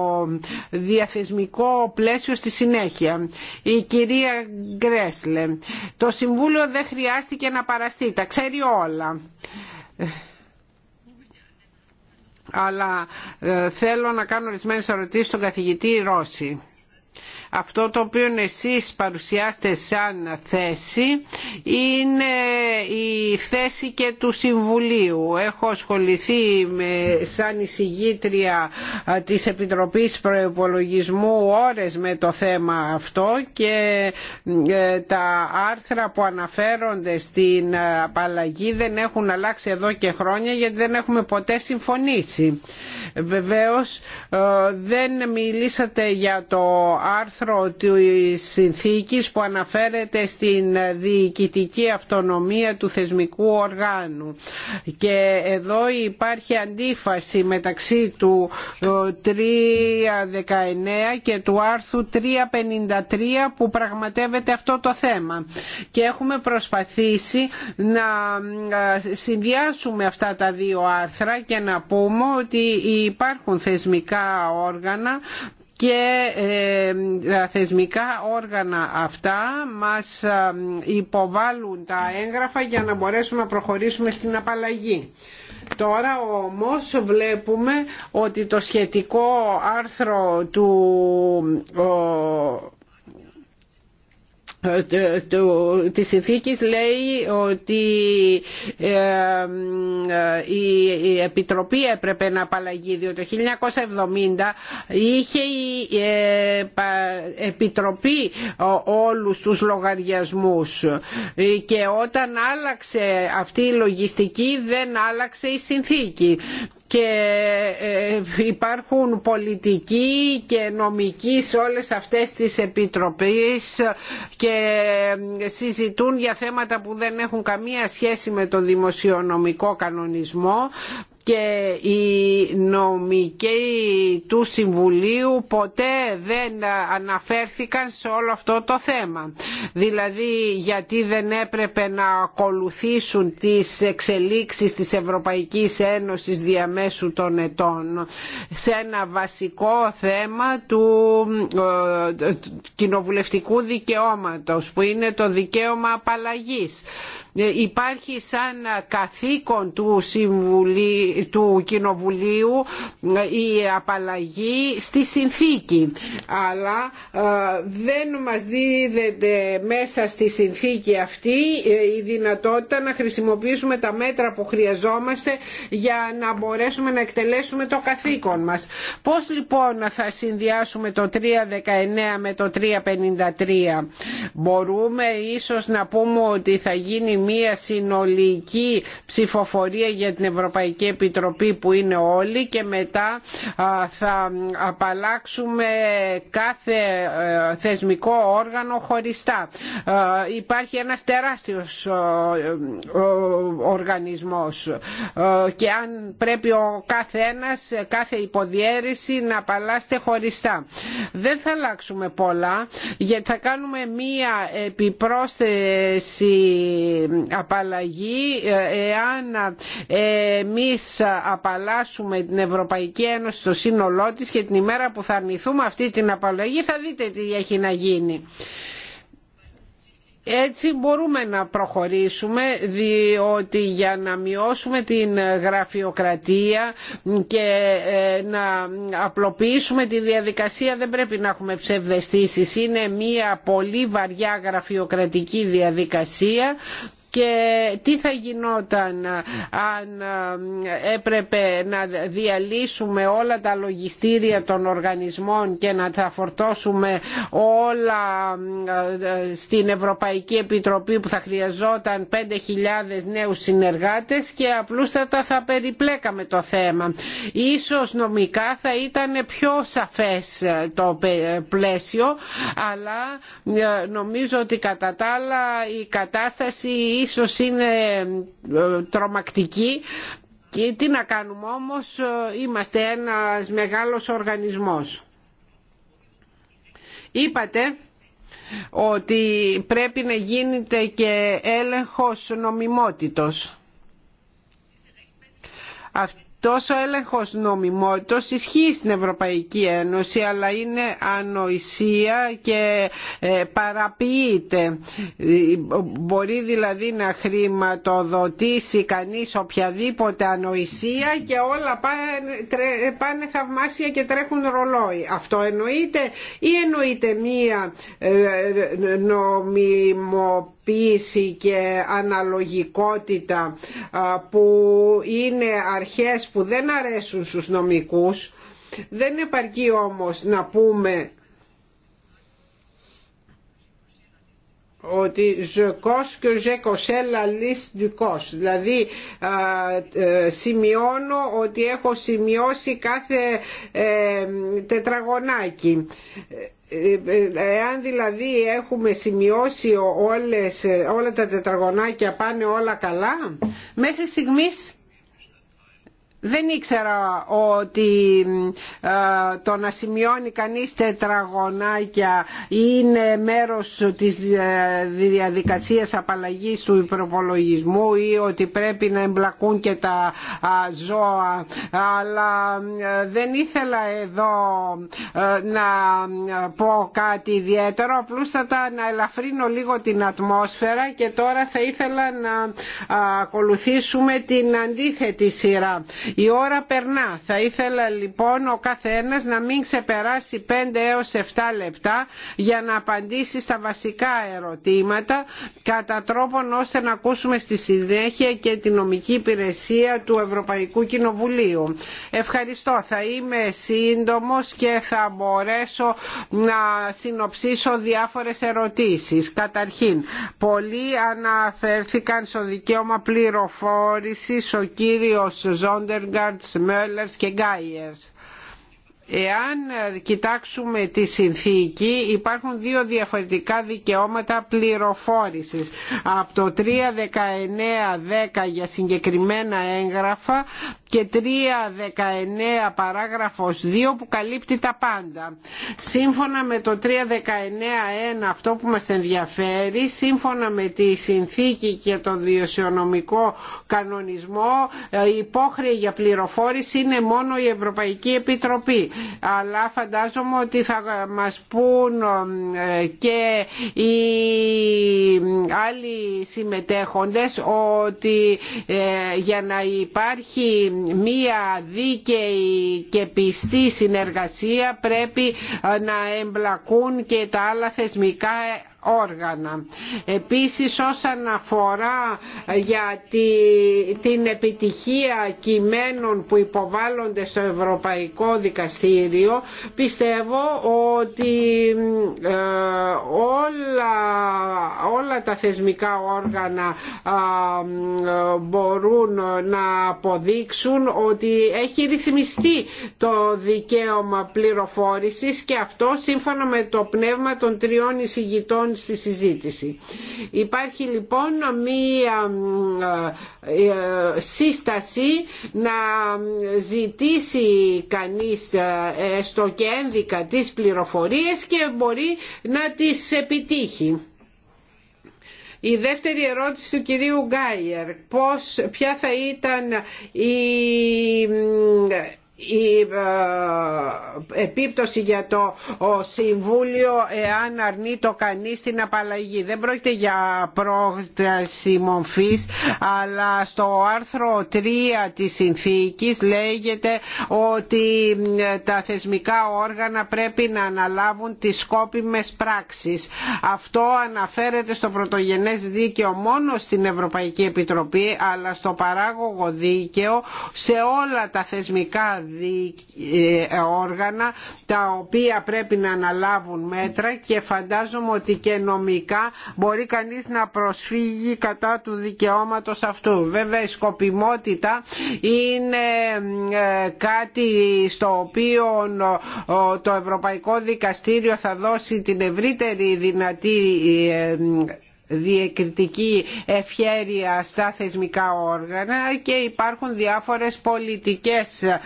διαθεσμικό πλαίσιο στη συνέχεια. Η κυρία Γκρέσλε, το Συμβούλιο δεν χρειάστηκε να παραστεί, τα ξέρει όλα αλλά ε, θέλω να κάνω ορισμένε ερωτήσει στον καθηγητή Ρώση. Αυτό το οποίο εσείς παρουσιάστε σαν θέση είναι η θέση και του Συμβουλίου. Έχω ασχοληθεί με, σαν εισηγήτρια της Επιτροπής προεπολογισμού ώρες με το θέμα αυτό και ε, τα άρθρα που αναφέρονται στην απαλλαγή δεν έχουν αλλάξει εδώ και χρόνια γιατί δεν έχουμε ποτέ συμφωνήσει. Βεβαίως ε, δεν μιλήσατε για το άρθρο άρθρο της συνθήκης που αναφέρεται στην διοικητική αυτονομία του θεσμικού οργάνου και εδώ υπάρχει αντίφαση μεταξύ του 319 ε, και του άρθρου 353 που πραγματεύεται αυτό το θέμα και έχουμε προσπαθήσει να ε, συνδυάσουμε αυτά τα δύο άρθρα και να πούμε ότι υπάρχουν θεσμικά όργανα και ε, τα θεσμικά όργανα αυτά μας ε, υποβάλλουν τα έγγραφα για να μπορέσουμε να προχωρήσουμε στην απαλλαγή. Τώρα όμως βλέπουμε ότι το σχετικό άρθρο του ε, Τη συνθήκη λέει ότι ε, ε, η Επιτροπή έπρεπε να απαλλαγεί διότι το 1970 είχε η Επιτροπή όλους τους λογαριασμούς και όταν άλλαξε αυτή η λογιστική δεν άλλαξε η συνθήκη και ε, υπάρχουν πολιτικοί και νομικοί σε όλες αυτές τις επιτροπές και ε, συζητούν για θέματα που δεν έχουν καμία σχέση με το δημοσιονομικό κανονισμό και οι νομικοί του Συμβουλίου ποτέ δεν αναφέρθηκαν σε όλο αυτό το θέμα. Δηλαδή γιατί δεν έπρεπε να ακολουθήσουν τις εξελίξεις της Ευρωπαϊκής Ένωσης διαμέσου των ετών σε ένα βασικό θέμα του ε, κοινοβουλευτικού δικαιώματος που είναι το δικαίωμα απαλλαγής ε, υπάρχει σαν καθήκον του, Συμβουλίου, του Κοινοβουλίου ε, η απαλλαγή στη συνθήκη αλλά ε, δεν μας δίδεται μέσα στη συνθήκη αυτή η δυνατότητα να χρησιμοποιήσουμε τα μέτρα που χρειαζόμαστε για να μπορέσουμε να εκτελέσουμε το καθήκον μας. Πώς λοιπόν θα συνδυάσουμε το 319 με το 353 μπορούμε ίσως να πούμε ότι θα γίνει μια συνολική ψηφοφορία για την Ευρωπαϊκή Επιτροπή που είναι όλοι και μετά θα απαλλάξουμε κάθε ε, θεσμικό όργανο χωριστά. Υπάρχει ένας τεράστιος οργανισμός και αν πρέπει ο κάθε ένας, κάθε υποδιέρηση να απαλλάστε χωριστά. Δεν θα αλλάξουμε πολλά γιατί θα κάνουμε μία επιπρόσθεση απαλλαγή ε, εάν ε, εμεί απαλλάσσουμε την Ευρωπαϊκή Ένωση στο σύνολό τη και την ημέρα που θα αρνηθούμε αυτή την απαλλαγή θα δείτε τι έχει να γίνει. Έτσι μπορούμε να προχωρήσουμε διότι για να μειώσουμε την γραφειοκρατία και ε, να απλοποιήσουμε τη διαδικασία δεν πρέπει να έχουμε ψευδεστήσεις. Είναι μια πολύ βαριά γραφειοκρατική διαδικασία και τι θα γινόταν αν έπρεπε να διαλύσουμε όλα τα λογιστήρια των οργανισμών και να τα φορτώσουμε όλα ε, στην Ευρωπαϊκή Επιτροπή που θα χρειαζόταν 5.000 νέους συνεργάτες και απλούστατα θα περιπλέκαμε το θέμα. Ίσως νομικά θα ήταν πιο σαφές ε, το ε, πλαίσιο αλλά νομίζω ότι κατά η κατάσταση ίσως είναι ε, τρομακτική και τι να κάνουμε όμως ε, είμαστε ένας μεγάλος οργανισμός. Είπατε ότι πρέπει να γίνεται και έλεγχος νομιμότητος. Αυτή τόσο έλεγχος νομιμότητος ισχύει στην Ευρωπαϊκή Ένωση αλλά είναι ανοησία και ε, παραποιείται. Μπορεί δηλαδή να χρηματοδοτήσει κανείς οποιαδήποτε ανοησία και όλα πάνε, πάνε θαυμάσια και τρέχουν ρολόι. Αυτό εννοείται ή εννοείται μία ε, ε, νομιμοποίηση και αναλογικότητα που είναι αρχές που δεν αρέσουν στους νομικούς δεν επαρκεί όμως να πούμε ότι coché και «Ζεκοσέλα του δικός». Δηλαδή ε, σημειώνω ότι έχω σημειώσει κάθε ε, τετραγωνάκι. Ε, εάν δηλαδή έχουμε σημειώσει όλες, όλα τα τετραγωνάκια πάνε όλα καλά, μέχρι στιγμής δεν ήξερα ότι ε, το να σημειώνει κανείς τετραγωνάκια είναι μέρος της ε, διαδικασίας απαλλαγής του υπροπολογισμού ή ότι πρέπει να εμπλακούν και τα ζώα αλλά ε, δεν ήθελα εδώ να πω κάτι ιδιαίτερο απλούστατα να ελαφρύνω λίγο την ατμόσφαιρα και τώρα θα ήθελα να ακολουθήσουμε την αντίθετη σειρά η ώρα περνά. Θα ήθελα λοιπόν ο καθένας να μην ξεπεράσει 5 έως 7 λεπτά για να απαντήσει στα βασικά ερωτήματα κατά τρόπον ώστε να ακούσουμε στη συνέχεια και την νομική υπηρεσία του Ευρωπαϊκού Κοινοβουλίου. Ευχαριστώ. Θα είμαι σύντομος και θα μπορέσω να συνοψίσω διάφορες ερωτήσεις. Καταρχήν, πολλοί αναφέρθηκαν στο δικαίωμα πληροφόρησης. Ο κύριος Ζόντερ Λόκεργκαρτ, Μέλλερ και Γκάιερ. Εάν κοιτάξουμε τη συνθήκη υπάρχουν δύο διαφορετικά δικαιώματα πληροφόρησης από το 3.19.10 για συγκεκριμένα έγγραφα και 3.19 παράγραφος 2 που καλύπτει τα πάντα. Σύμφωνα με το 3.19.1 αυτό που μας ενδιαφέρει, σύμφωνα με τη συνθήκη και το διοσιονομικό κανονισμό, η ε, υπόχρεη για πληροφόρηση είναι μόνο η Ευρωπαϊκή Επιτροπή αλλά φαντάζομαι ότι θα μας πούν ε, και οι άλλοι συμμετέχοντες ότι ε, για να υπάρχει μία δίκαιη και πιστή συνεργασία πρέπει ε, να εμπλακούν και τα άλλα θεσμικά όργανα. Επίσης όσον αφορά για την επιτυχία κειμένων που υποβάλλονται στο Ευρωπαϊκό Δικαστήριο πιστεύω ότι ε, όλα, τα θεσμικά όργανα μπορούν να αποδείξουν ότι έχει ρυθμιστεί το δικαίωμα πληροφόρησης και αυτό σύμφωνα με το πνεύμα των τριών εισηγητών Λοιπόν στη συζήτηση. Υπάρχει λοιπόν μία ε, ε, σύσταση να ζητήσει κανείς ε, στο και ένδικα τις πληροφορίες και μπορεί να τις επιτύχει. Η δεύτερη ερώτηση του κυρίου Γκάιερ, πώς, ποια θα ήταν η η ε, επίπτωση για το Συμβούλιο εάν αρνεί το κανείς την απαλλαγή. Δεν πρόκειται για πρόταση μορφή, αλλά στο άρθρο 3 της συνθήκης λέγεται ότι τα θεσμικά όργανα πρέπει να αναλάβουν τις σκόπιμες πράξεις. Αυτό αναφέρεται στο πρωτογενές δίκαιο μόνο στην Ευρωπαϊκή Επιτροπή, αλλά στο παράγωγο δίκαιο σε όλα τα θεσμικά Δηλαδή, ε, όργανα τα οποία πρέπει να αναλάβουν μέτρα και φαντάζομαι ότι και νομικά μπορεί κανείς να προσφύγει κατά του δικαιώματος αυτού. Βέβαια η σκοπιμότητα είναι ε, κάτι στο οποίο ε, το Ευρωπαϊκό Δικαστήριο θα δώσει την ευρύτερη δυνατή διεκριτική ευχέρεια στα θεσμικά όργανα και υπάρχουν διάφορες πολιτικές ε,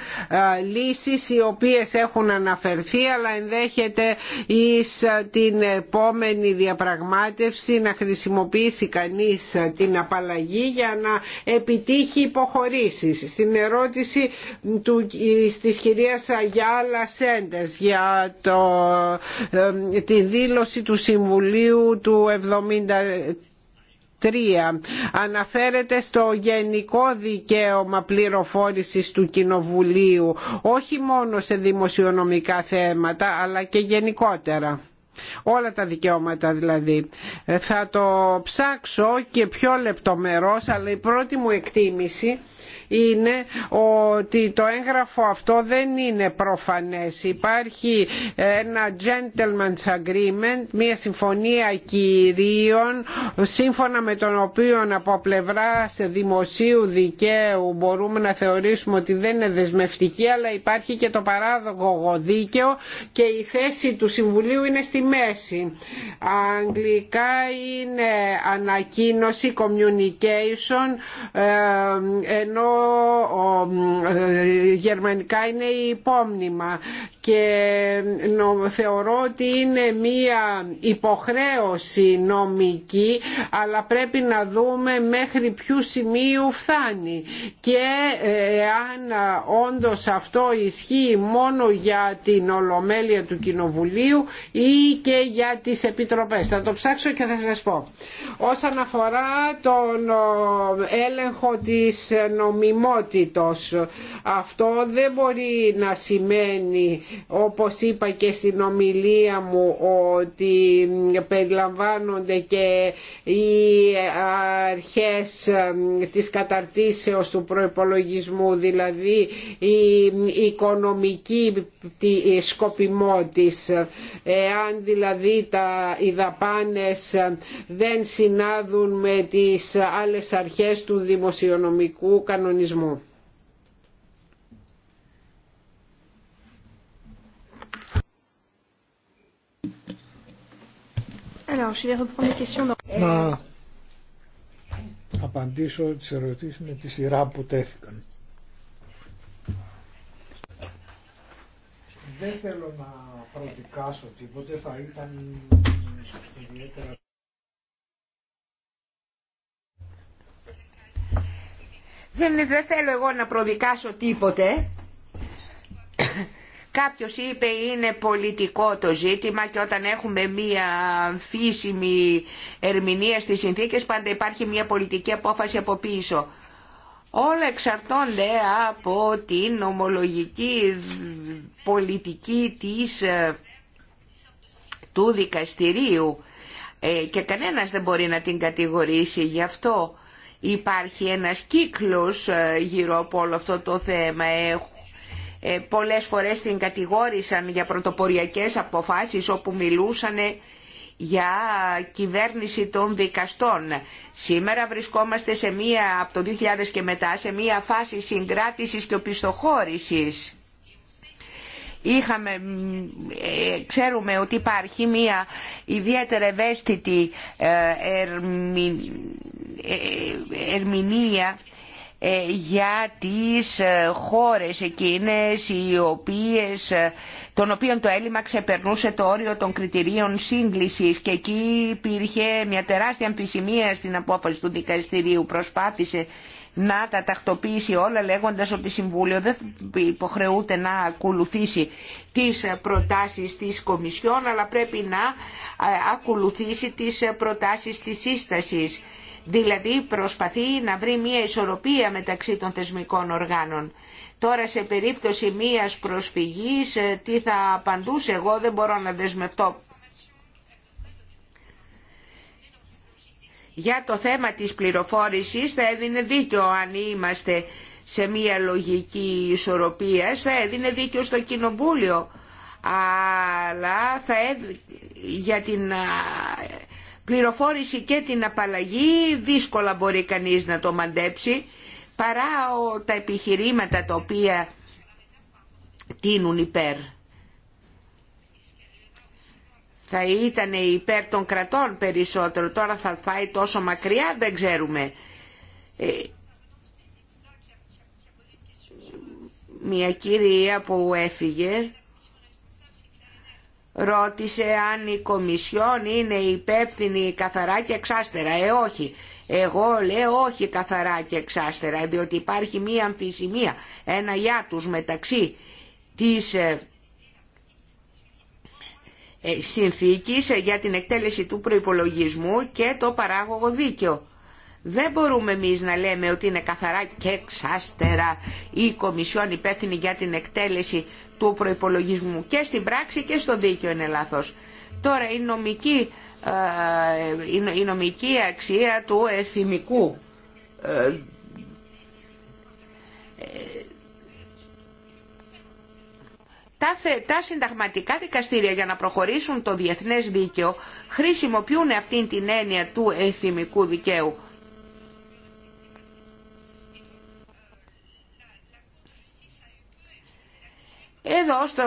λύσεις οι οποίες έχουν αναφερθεί αλλά ενδέχεται εις ε, την επόμενη διαπραγμάτευση να χρησιμοποιήσει κανείς ε, την απαλλαγή για να επιτύχει υποχωρήσεις. Στην ερώτηση του, της κυρίας Αγιάλα Σέντερς για το, τη δήλωση του Συμβουλίου του 70 αναφέρεται στο γενικό δικαίωμα πληροφόρησης του Κοινοβουλίου όχι μόνο σε δημοσιονομικά θέματα αλλά και γενικότερα όλα τα δικαιώματα δηλαδή θα το ψάξω και πιο λεπτομερώς αλλά η πρώτη μου εκτίμηση είναι ότι το έγγραφο αυτό δεν είναι προφανές. Υπάρχει ένα gentleman's agreement, μια συμφωνία κυρίων σύμφωνα με τον οποίο από πλευρά σε δημοσίου δικαίου μπορούμε να θεωρήσουμε ότι δεν είναι δεσμευτική αλλά υπάρχει και το παράδογο δίκαιο και η θέση του Συμβουλίου είναι στη μέση. Αγγλικά είναι ανακοίνωση, communication ε, ενώ ε, γερμανικά είναι υπόμνημα και θεωρώ ότι είναι μία υποχρέωση νομική αλλά πρέπει να δούμε μέχρι ποιου σημείου φτάνει και αν ε, όντως αυτό ισχύει μόνο για την Ολομέλεια του Κοινοβουλίου ή και για τις Επιτροπές. Θα το ψάξω και θα σας πω. Όσον αφορά τον έλεγχο της νομιμότητος αυτό δεν μπορεί να σημαίνει όπως είπα και στην ομιλία μου ότι περιλαμβάνονται και οι αρχές της καταρτήσεως του προϋπολογισμού δηλαδή η οικονομική σκοπιμό της εάν δηλαδή τα, οι δεν συνάδουν με τις άλλες αρχές του δημοσιονομικού κανονισμού. Να απαντήσω τις ερωτήσεις με τη σειρά που τέθηκαν. Δεν θέλω να προδικάσω τίποτε, θα ήταν ιδιαίτερα Δεν, δεν θέλω εγώ να προδικάσω τίποτε. Κάποιος είπε είναι πολιτικό το ζήτημα και όταν έχουμε μία αμφίσιμη ερμηνεία στις συνθήκες πάντα υπάρχει μία πολιτική απόφαση από πίσω. Όλα εξαρτώνται από την ομολογική πολιτική της, ε, του δικαστηρίου ε, και κανένας δεν μπορεί να την κατηγορήσει γι' αυτό. Υπάρχει ένας κύκλος ε, γύρω από όλο αυτό το θέμα. Ε, πολλές φορές την κατηγόρησαν για πρωτοποριακές αποφάσεις όπου μιλούσαν για κυβέρνηση των δικαστών. Σήμερα βρισκόμαστε σε μία, από το 2000 και μετά σε μία φάση συγκράτησης και οπισθοχώρησης. Είχαμε, ε, ξέρουμε ότι υπάρχει μία ιδιαίτερα ευαίσθητη ε, ερμηνεία ε, για τις ε, χώρες εκείνες οι οποίες, ε, των οποίων το έλλειμμα ξεπερνούσε το όριο των κριτηρίων σύγκλησης και εκεί υπήρχε μια τεράστια αμφισημία στην απόφαση του δικαστηρίου. Προσπάθησε να τα τακτοποιήσει όλα λέγοντας ότι το Συμβούλιο δεν υποχρεούται να ακολουθήσει τις προτάσεις της Κομισιόν αλλά πρέπει να ακολουθήσει τις προτάσεις της σύστασης Δηλαδή προσπαθεί να βρει μια ισορροπία μεταξύ των θεσμικών οργάνων. Τώρα σε περίπτωση μίας προσφυγής ε, τι θα απαντούσε εγώ δεν μπορώ να δεσμευτώ. Για το θέμα της πληροφόρησης θα έδινε δίκιο αν είμαστε σε μια λογική ισορροπία, θα έδινε δίκιο στο κοινοβούλιο αλλά θα για την πληροφόρηση και την απαλλαγή δύσκολα μπορεί κανείς να το μαντέψει παρά τα επιχειρήματα τα οποία τίνουν υπέρ. Θα ήταν υπέρ των κρατών περισσότερο, τώρα θα φάει τόσο μακριά, δεν ξέρουμε. Ε, μια κυρία που έφυγε Ρώτησε αν η Κομισιόν είναι υπεύθυνη καθαρά και εξάστερα. Ε, όχι. Εγώ λέω όχι καθαρά και εξάστερα, διότι υπάρχει μία αμφισημία, ένα τους μεταξύ της ε, ε, συνθήκης για την εκτέλεση του προϋπολογισμού και το παράγωγο δίκαιο. Δεν μπορούμε εμεί να λέμε ότι είναι καθαρά και εξάστερα η Κομισιόν υπεύθυνη για την εκτέλεση του προϋπολογισμού και στην πράξη και στο δίκαιο είναι λάθος. Τώρα η νομική, ε, η νομική αξία του εθιμικού ε, τα συνταγματικά δικαστήρια για να προχωρήσουν το διεθνές δίκαιο χρησιμοποιούν αυτήν την έννοια του εθιμικού δικαίου. Εδώ στο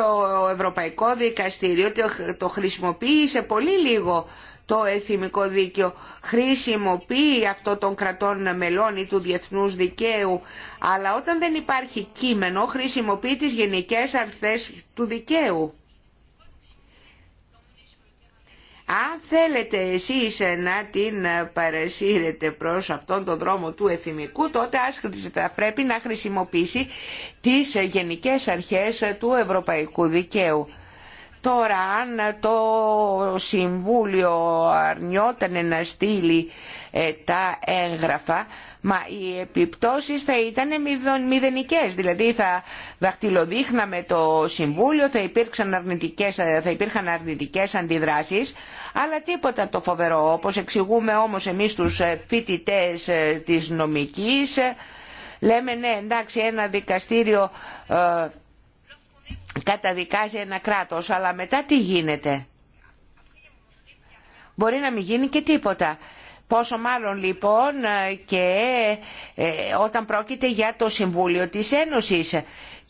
Ευρωπαϊκό Δικαστήριο το χρησιμοποίησε πολύ λίγο το εθνικό δίκαιο. Χρησιμοποιεί αυτό των κρατών μελών ή του διεθνούς δικαίου, αλλά όταν δεν υπάρχει κείμενο χρησιμοποιεί τις γενικές αρθές του δικαίου. Αν θέλετε εσείς να την παρασύρετε προς αυτόν τον δρόμο του εφημικού, τότε θα πρέπει να χρησιμοποιήσει τις γενικές αρχές του ευρωπαϊκού δικαίου. Τώρα αν το Συμβούλιο αρνιόταν να στείλει ε, τα έγγραφα, μα οι επιπτώσεις θα ήταν μηδενικές, δηλαδή θα δαχτυλοδείχναμε το Συμβούλιο, θα, αρνητικές, υπήρχαν αρνητικές αντιδράσεις, αλλά τίποτα το φοβερό. Όπως εξηγούμε όμως εμείς τους ε, φοιτητέ ε, της νομικής, ε, λέμε ναι εντάξει ένα δικαστήριο καταδικάζει ένα κράτος, αλλά μετά τι γίνεται. Μπορεί να μην γίνει και τίποτα. Πόσο μάλλον λοιπόν ε, και ε, όταν πρόκειται για το Συμβούλιο της Ένωσης.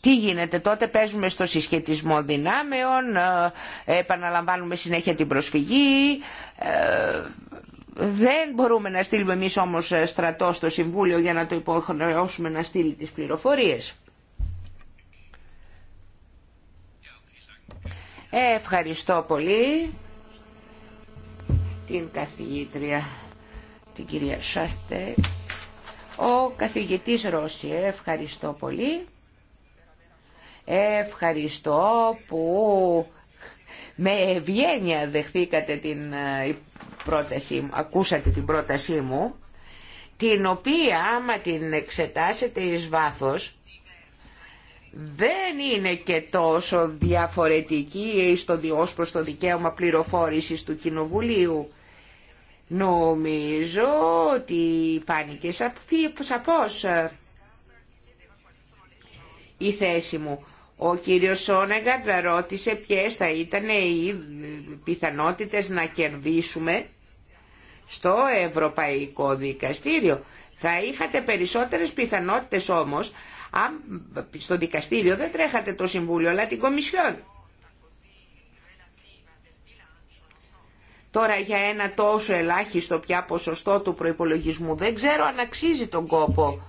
Τι γίνεται τότε, παίζουμε στο συσχετισμό δυνάμεων, ε, επαναλαμβάνουμε συνέχεια την προσφυγή. Δεν μπορούμε να στείλουμε εμείς όμως στρατό στο Συμβούλιο για να το υποχρεώσουμε να στείλει τις πληροφορίες. Ευχαριστώ πολύ την καθηγήτρια την κυρία Σάστε, ο καθηγητής Ρώση. Ευχαριστώ πολύ. Ευχαριστώ που με ευγένεια δεχθήκατε την ε, πρότασή μου, ακούσατε την πρότασή μου, την οποία άμα την εξετάσετε εις βάθος, δεν είναι και τόσο διαφορετική στο προς το δικαίωμα πληροφόρησης του Κοινοβουλίου Νομίζω ότι φάνηκε σαφώς η θέση μου. Ο κύριος Σόνεγκαρ ρώτησε ποιες θα ήταν οι πιθανότητες να κερδίσουμε στο Ευρωπαϊκό Δικαστήριο. Θα είχατε περισσότερες πιθανότητες όμως αν στο δικαστήριο δεν τρέχατε το Συμβούλιο αλλά την Κομισιόν. Τώρα για ένα τόσο ελάχιστο πια ποσοστό του προϋπολογισμού δεν ξέρω αν αξίζει τον κόπο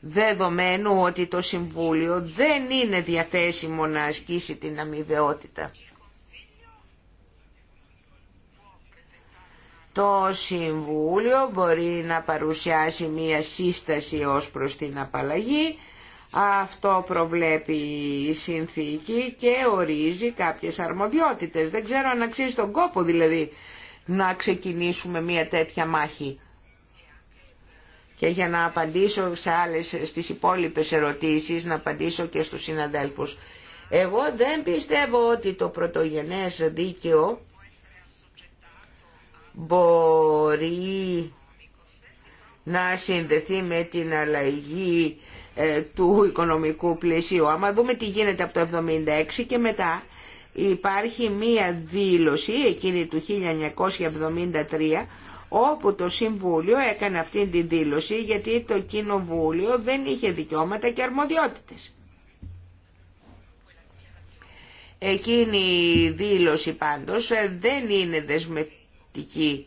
δεδομένου ότι το Συμβούλιο δεν είναι διαθέσιμο να ασκήσει την αμοιβαιότητα. Το Συμβούλιο μπορεί να παρουσιάσει μία σύσταση ως προς την απαλλαγή αυτό προβλέπει η συνθήκη και ορίζει κάποιες αρμοδιότητες. Δεν ξέρω αν αξίζει τον κόπο δηλαδή να ξεκινήσουμε μια τέτοια μάχη. Και για να απαντήσω σε άλλες, στις υπόλοιπες ερωτήσεις, να απαντήσω και στους συναδέλφους. Εγώ δεν πιστεύω ότι το πρωτογενές δίκαιο μπορεί να συνδεθεί με την αλλαγή ε, του οικονομικού πλαισίου. Άμα δούμε τι γίνεται από το 1976 και μετά υπάρχει μία δήλωση εκείνη του 1973 όπου το Συμβούλιο έκανε αυτή τη δήλωση γιατί το Κοινοβούλιο δεν είχε δικαιώματα και αρμοδιότητες. Εκείνη η δήλωση πάντως ε, δεν είναι δεσμευτική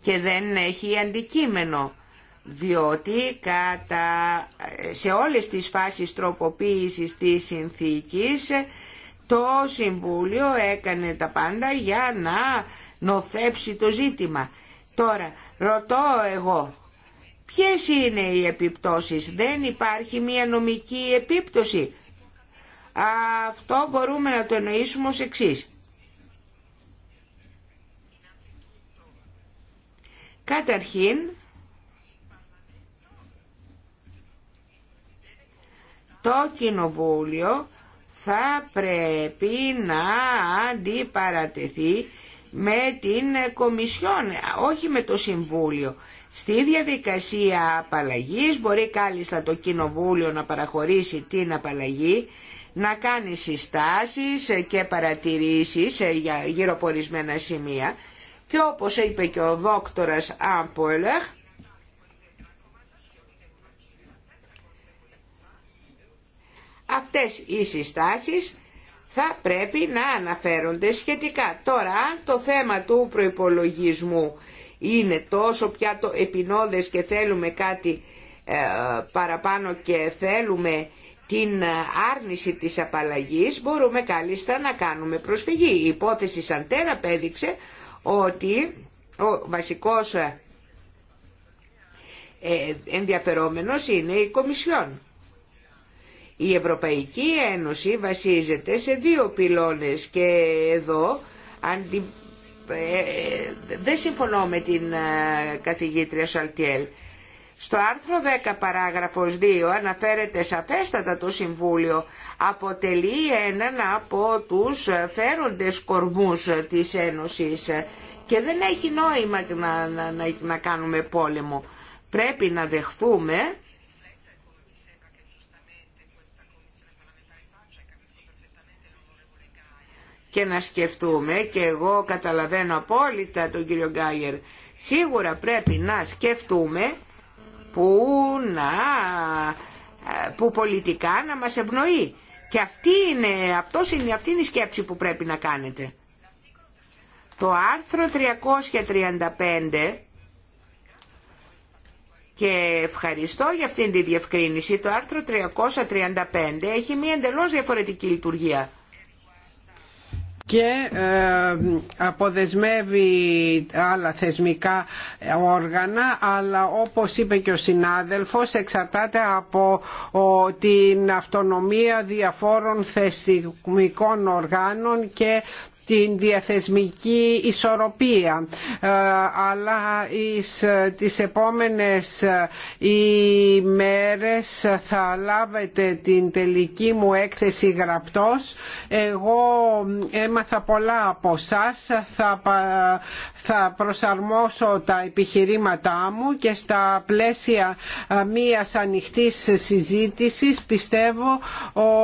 και δεν έχει αντικείμενο διότι κατά, σε όλες τις φάσεις τροποποίησης της συνθήκης το Συμβούλιο έκανε τα πάντα για να νοθεύσει το ζήτημα. Τώρα, ρωτώ εγώ, ποιες είναι οι επιπτώσεις, δεν υπάρχει μια νομική επίπτωση. Αυτό μπορούμε να το εννοήσουμε ως εξής. Καταρχήν, το κοινοβούλιο θα πρέπει να αντιπαρατεθεί με την Κομισιόν, όχι με το Συμβούλιο. Στη διαδικασία απαλλαγής μπορεί κάλλιστα το Κοινοβούλιο να παραχωρήσει την απαλλαγή, να κάνει συστάσεις και παρατηρήσεις για γύρω σημεία και όπως είπε και ο δόκτορας Άμπολεχ, Αυτές οι συστάσεις θα πρέπει να αναφέρονται σχετικά. Τώρα, αν το θέμα του προϋπολογισμού είναι τόσο πια το επινόδες και θέλουμε κάτι ε, παραπάνω και θέλουμε την άρνηση της απαλλαγής, μπορούμε κάλλιστα να κάνουμε προσφυγή. Η υπόθεση Σαντέρα πέδειξε ότι ο βασικός ε, ενδιαφερόμενος είναι η Κομισιόν. Η Ευρωπαϊκή Ένωση βασίζεται σε δύο πυλώνες και εδώ ε, ε, δεν συμφωνώ με την ε, καθηγήτρια Σαλτιέλ. Στο άρθρο 10 παράγραφος 2 αναφέρεται σαφέστατα το Συμβούλιο αποτελεί έναν από τους φέροντες κορμούς της Ένωσης και δεν έχει νόημα να, να, να κάνουμε πόλεμο. Πρέπει να δεχθούμε και να σκεφτούμε και εγώ καταλαβαίνω απόλυτα τον κύριο Γκάγερ σίγουρα πρέπει να σκεφτούμε που, να, που πολιτικά να μας ευνοεί και αυτή είναι, αυτός είναι, αυτή η σκέψη που πρέπει να κάνετε το άρθρο 335 και ευχαριστώ για αυτήν τη διευκρίνηση το άρθρο 335 έχει μια εντελώς διαφορετική λειτουργία και ε, αποδεσμεύει άλλα θεσμικά όργανα αλλά όπως είπε και ο συνάδελφος εξαρτάται από την αυτονομία διαφόρων θεσμικών οργάνων και την διαθεσμική ισορροπία ε, αλλά εις ε, τις επόμενες ημέρες ε, θα λάβετε την τελική μου έκθεση γραπτός εγώ έμαθα πολλά από σας θα, θα προσαρμόσω τα επιχειρήματά μου και στα πλαίσια μίας ανοιχτής συζήτησης πιστεύω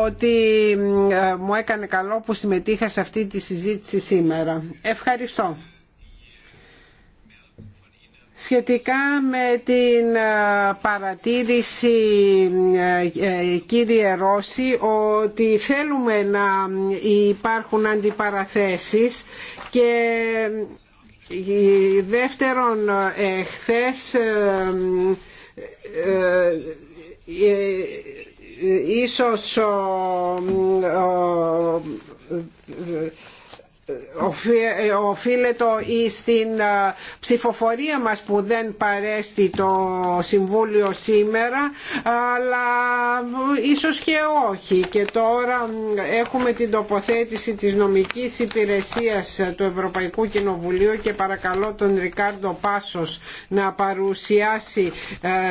ότι μου έκανε καλό που συμμετείχα σε αυτή τη συζήτηση συζήτηση σήμερα. Ευχαριστώ. Σχετικά με την ε, παρατήρηση ε, ε, κύριε Ρώση ότι θέλουμε να υπάρχουν αντιπαραθέσεις και δεύτερον χθες ίσως ε, οφείλεται στην ε, ψηφοφορία μας που δεν παρέστη το Συμβούλιο σήμερα αλλά ε, ίσως και όχι και τώρα έχουμε την τοποθέτηση της νομικής υπηρεσίας του Ευρωπαϊκού Κοινοβουλίου και παρακαλώ τον Ρικάρντο Πάσος να παρουσιάσει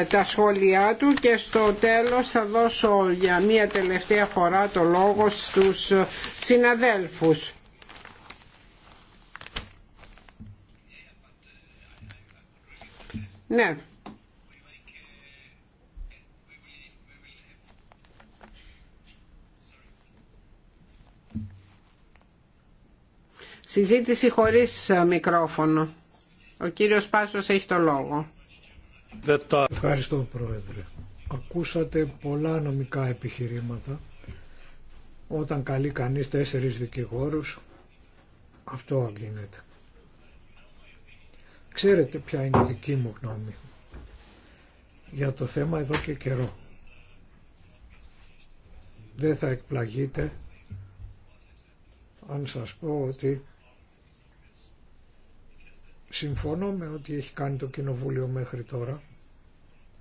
τα σχόλιά του και στο τέλος θα δώσω για μία τελευταία φορά το λόγο στους συναδέλφους. Ναι. Συζήτηση χωρίς ε, μικρόφωνο. Ο κύριος Πάσος έχει το λόγο. Ευχαριστώ Πρόεδρε. Ακούσατε πολλά νομικά επιχειρήματα. Όταν καλεί κανείς τέσσερις δικηγόρους, αυτό γίνεται. Ξέρετε ποια είναι η δική μου γνώμη για το θέμα εδώ και καιρό. Δεν θα εκπλαγείτε αν σας πω ότι συμφωνώ με ό,τι έχει κάνει το Κοινοβούλιο μέχρι τώρα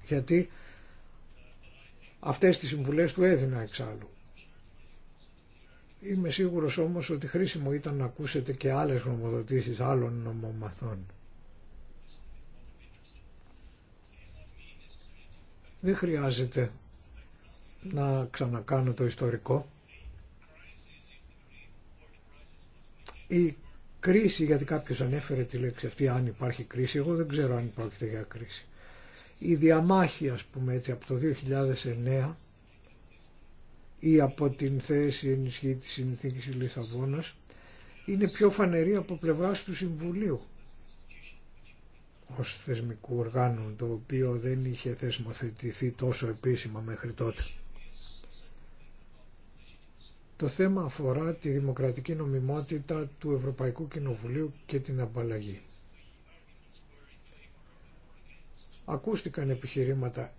γιατί αυτές τις συμβουλές του έδινα εξάλλου. Είμαι σίγουρος όμως ότι χρήσιμο ήταν να ακούσετε και άλλες γνωμοδοτήσεις άλλων νομομαθών. Δεν χρειάζεται να ξανακάνω το ιστορικό. Η κρίση, γιατί κάποιος ανέφερε τη λέξη αυτή, αν υπάρχει κρίση, εγώ δεν ξέρω αν υπάρχει για κρίση. Η διαμάχη, ας πούμε έτσι, από το 2009 ή από την θέση ενισχύ της συνθήκης Λισαβόνας είναι πιο φανερή από πλευράς του Συμβουλίου ως θεσμικού οργάνου, το οποίο δεν είχε θεσμοθετηθεί τόσο επίσημα μέχρι τότε. Το θέμα αφορά τη δημοκρατική νομιμότητα του Ευρωπαϊκού Κοινοβουλίου και την απαλλαγή. Ακούστηκαν επιχειρήματα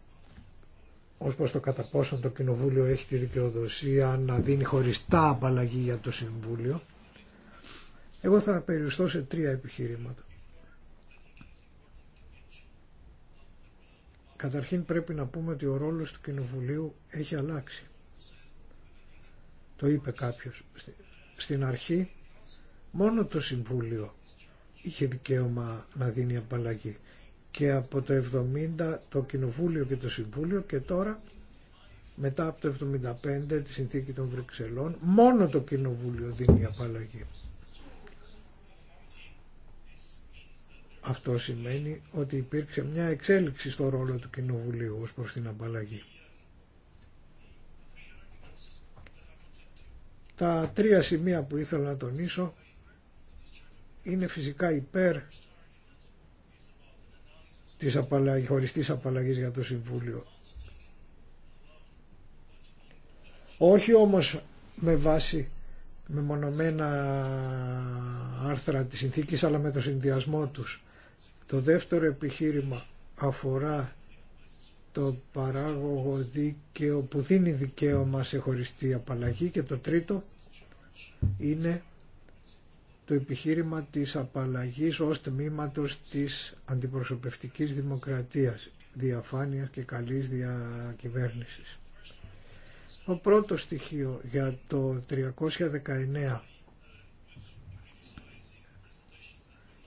ως προς το κατά το Κοινοβούλιο έχει τη δικαιοδοσία να δίνει χωριστά απαλλαγή για το Συμβούλιο. Εγώ θα περιουστώ σε τρία επιχειρήματα. Καταρχήν πρέπει να πούμε ότι ο ρόλος του Κοινοβουλίου έχει αλλάξει. Το είπε κάποιος. Στην αρχή μόνο το Συμβούλιο είχε δικαίωμα να δίνει απαλλαγή και από το 70 το Κοινοβούλιο και το Συμβούλιο και τώρα μετά από το 75 τη συνθήκη των Βρυξελών μόνο το Κοινοβούλιο δίνει απαλλαγή. Αυτό σημαίνει ότι υπήρξε μια εξέλιξη στο ρόλο του Κοινοβουλίου ως προς την απαλλαγή. Τα τρία σημεία που ήθελα να τονίσω είναι φυσικά υπέρ της απαλλαγής, χωριστής απαλλαγής για το Συμβούλιο. Όχι όμως με βάση με μονομένα άρθρα της συνθήκης αλλά με το συνδυασμό τους. Το δεύτερο επιχείρημα αφορά το παράγωγο δίκαιο που δίνει δικαίωμα σε χωριστή απαλλαγή και το τρίτο είναι το επιχείρημα της απαλλαγής ως τμήματος της αντιπροσωπευτικής δημοκρατίας, διαφάνειας και καλής διακυβέρνησης. Το πρώτο στοιχείο για το 319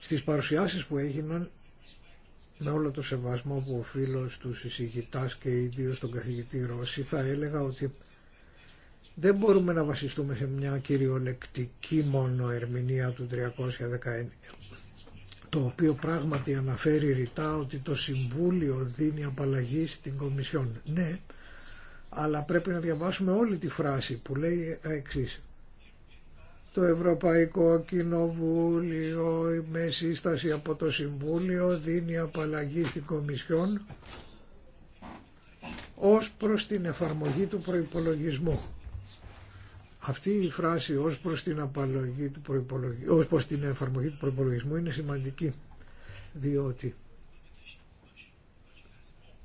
Στις παρουσιάσεις που έγιναν, με όλο το σεβασμό που οφείλω στους εισηγητάς και ιδίως τον καθηγητή Ρώση, θα έλεγα ότι δεν μπορούμε να βασιστούμε σε μια κυριολεκτική μόνο ερμηνεία του 319 το οποίο πράγματι αναφέρει ρητά ότι το Συμβούλιο δίνει απαλλαγή στην Κομισιόν. Ναι, αλλά πρέπει να διαβάσουμε όλη τη φράση που λέει εξή το Ευρωπαϊκό Κοινοβούλιο με σύσταση από το Συμβούλιο δίνει απαλλαγή στην Κομισιόν ως προς την εφαρμογή του προϋπολογισμού. Αυτή η φράση ως προς την, απαλλαγή του ως προς την εφαρμογή του προϋπολογισμού είναι σημαντική διότι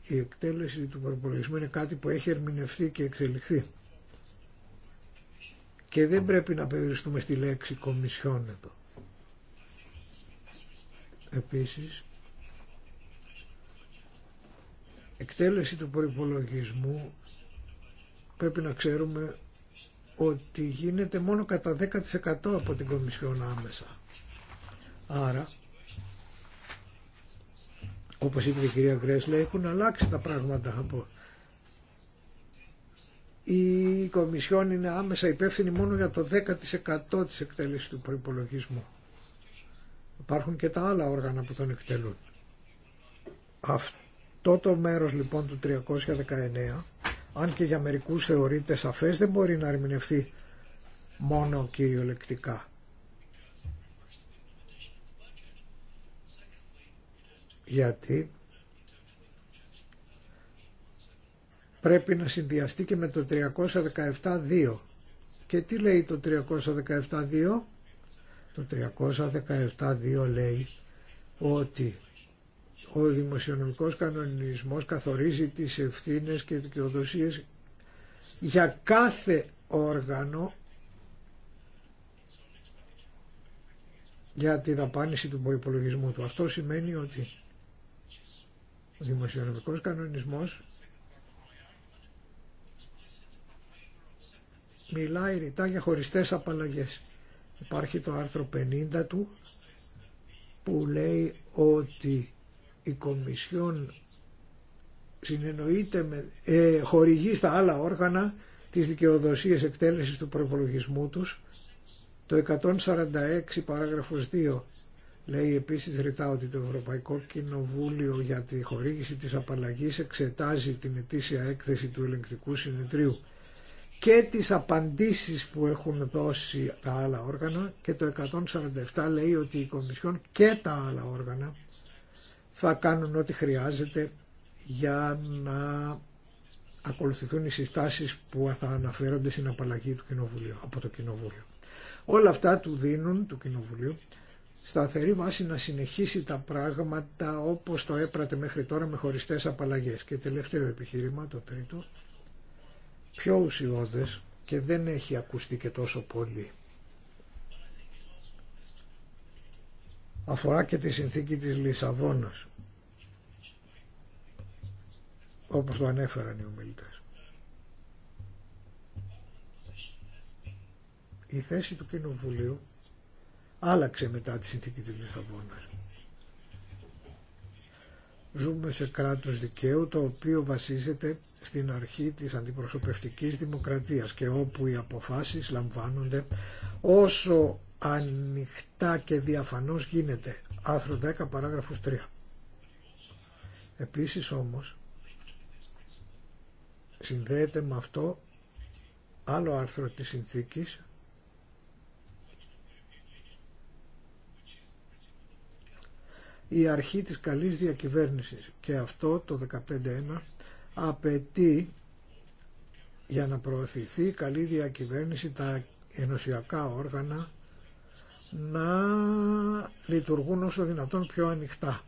η εκτέλεση του προϋπολογισμού είναι κάτι που έχει ερμηνευθεί και εξελιχθεί. Και δεν πρέπει να περιοριστούμε στη λέξη κομισιόν εδώ. Επίσης, εκτέλεση του προϋπολογισμού πρέπει να ξέρουμε ότι γίνεται μόνο κατά 10% από την Κομισιόν άμεσα. Άρα, όπως είπε η κυρία Γκρέσλε, έχουν αλλάξει τα πράγματα από η Κομισιόν είναι άμεσα υπεύθυνη μόνο για το 10% της εκτέλεσης του προϋπολογισμού. Υπάρχουν και τα άλλα όργανα που τον εκτελούν. Αυτό το μέρος λοιπόν του 319, αν και για μερικούς θεωρείται σαφές, δεν μπορεί να ερμηνευτεί μόνο κυριολεκτικά. Γιατί πρέπει να συνδυαστεί και με το 317.2. Και τι λέει το 317.2? Το 317.2 λέει ότι ο δημοσιονομικός κανονισμός καθορίζει τις ευθύνες και δικαιοδοσίες για κάθε όργανο για τη δαπάνηση του υπολογισμού του. Αυτό σημαίνει ότι ο δημοσιονομικός κανονισμός μιλάει ρητά για χωριστές απαλλαγές. Υπάρχει το άρθρο 50 του που λέει ότι η Κομισιόν συνεννοείται με, ε, χορηγεί στα άλλα όργανα τις δικαιοδοσίες εκτέλεσης του προπολογισμού τους. Το 146 παράγραφος 2 λέει επίσης ρητά ότι το Ευρωπαϊκό Κοινοβούλιο για τη χορήγηση της απαλλαγής εξετάζει την ετήσια έκθεση του ελεγκτικού συνεδρίου και τις απαντήσεις που έχουν δώσει τα άλλα όργανα και το 147 λέει ότι η Κομισιόν και τα άλλα όργανα θα κάνουν ό,τι χρειάζεται για να ακολουθηθούν οι συστάσεις που θα αναφέρονται στην απαλλαγή του Κοινοβουλίου, από το Κοινοβούλιο. Όλα αυτά του δίνουν, του Κοινοβουλίου, σταθερή βάση να συνεχίσει τα πράγματα όπως το έπρατε μέχρι τώρα με χωριστές απαλλαγές. Και τελευταίο επιχείρημα, το τρίτο, πιο ουσιώδες και δεν έχει ακουστεί και τόσο πολύ. Αφορά και τη συνθήκη της Λισαβόνας, όπως το ανέφεραν οι ομιλητές. Η θέση του Κοινοβουλίου άλλαξε μετά τη συνθήκη της Λισαβόνας. Ζούμε σε κράτος δικαίου το οποίο βασίζεται στην αρχή της αντιπροσωπευτικής δημοκρατίας και όπου οι αποφάσεις λαμβάνονται όσο ανοιχτά και διαφανώς γίνεται. Άρθρο 10 παράγραφος 3. Επίσης όμως συνδέεται με αυτό άλλο άρθρο της συνθήκης η αρχή της καλής διακυβέρνησης και αυτό το 15.1 απαιτεί για να προωθηθεί καλή διακυβέρνηση τα ενωσιακά όργανα να λειτουργούν όσο δυνατόν πιο ανοιχτά.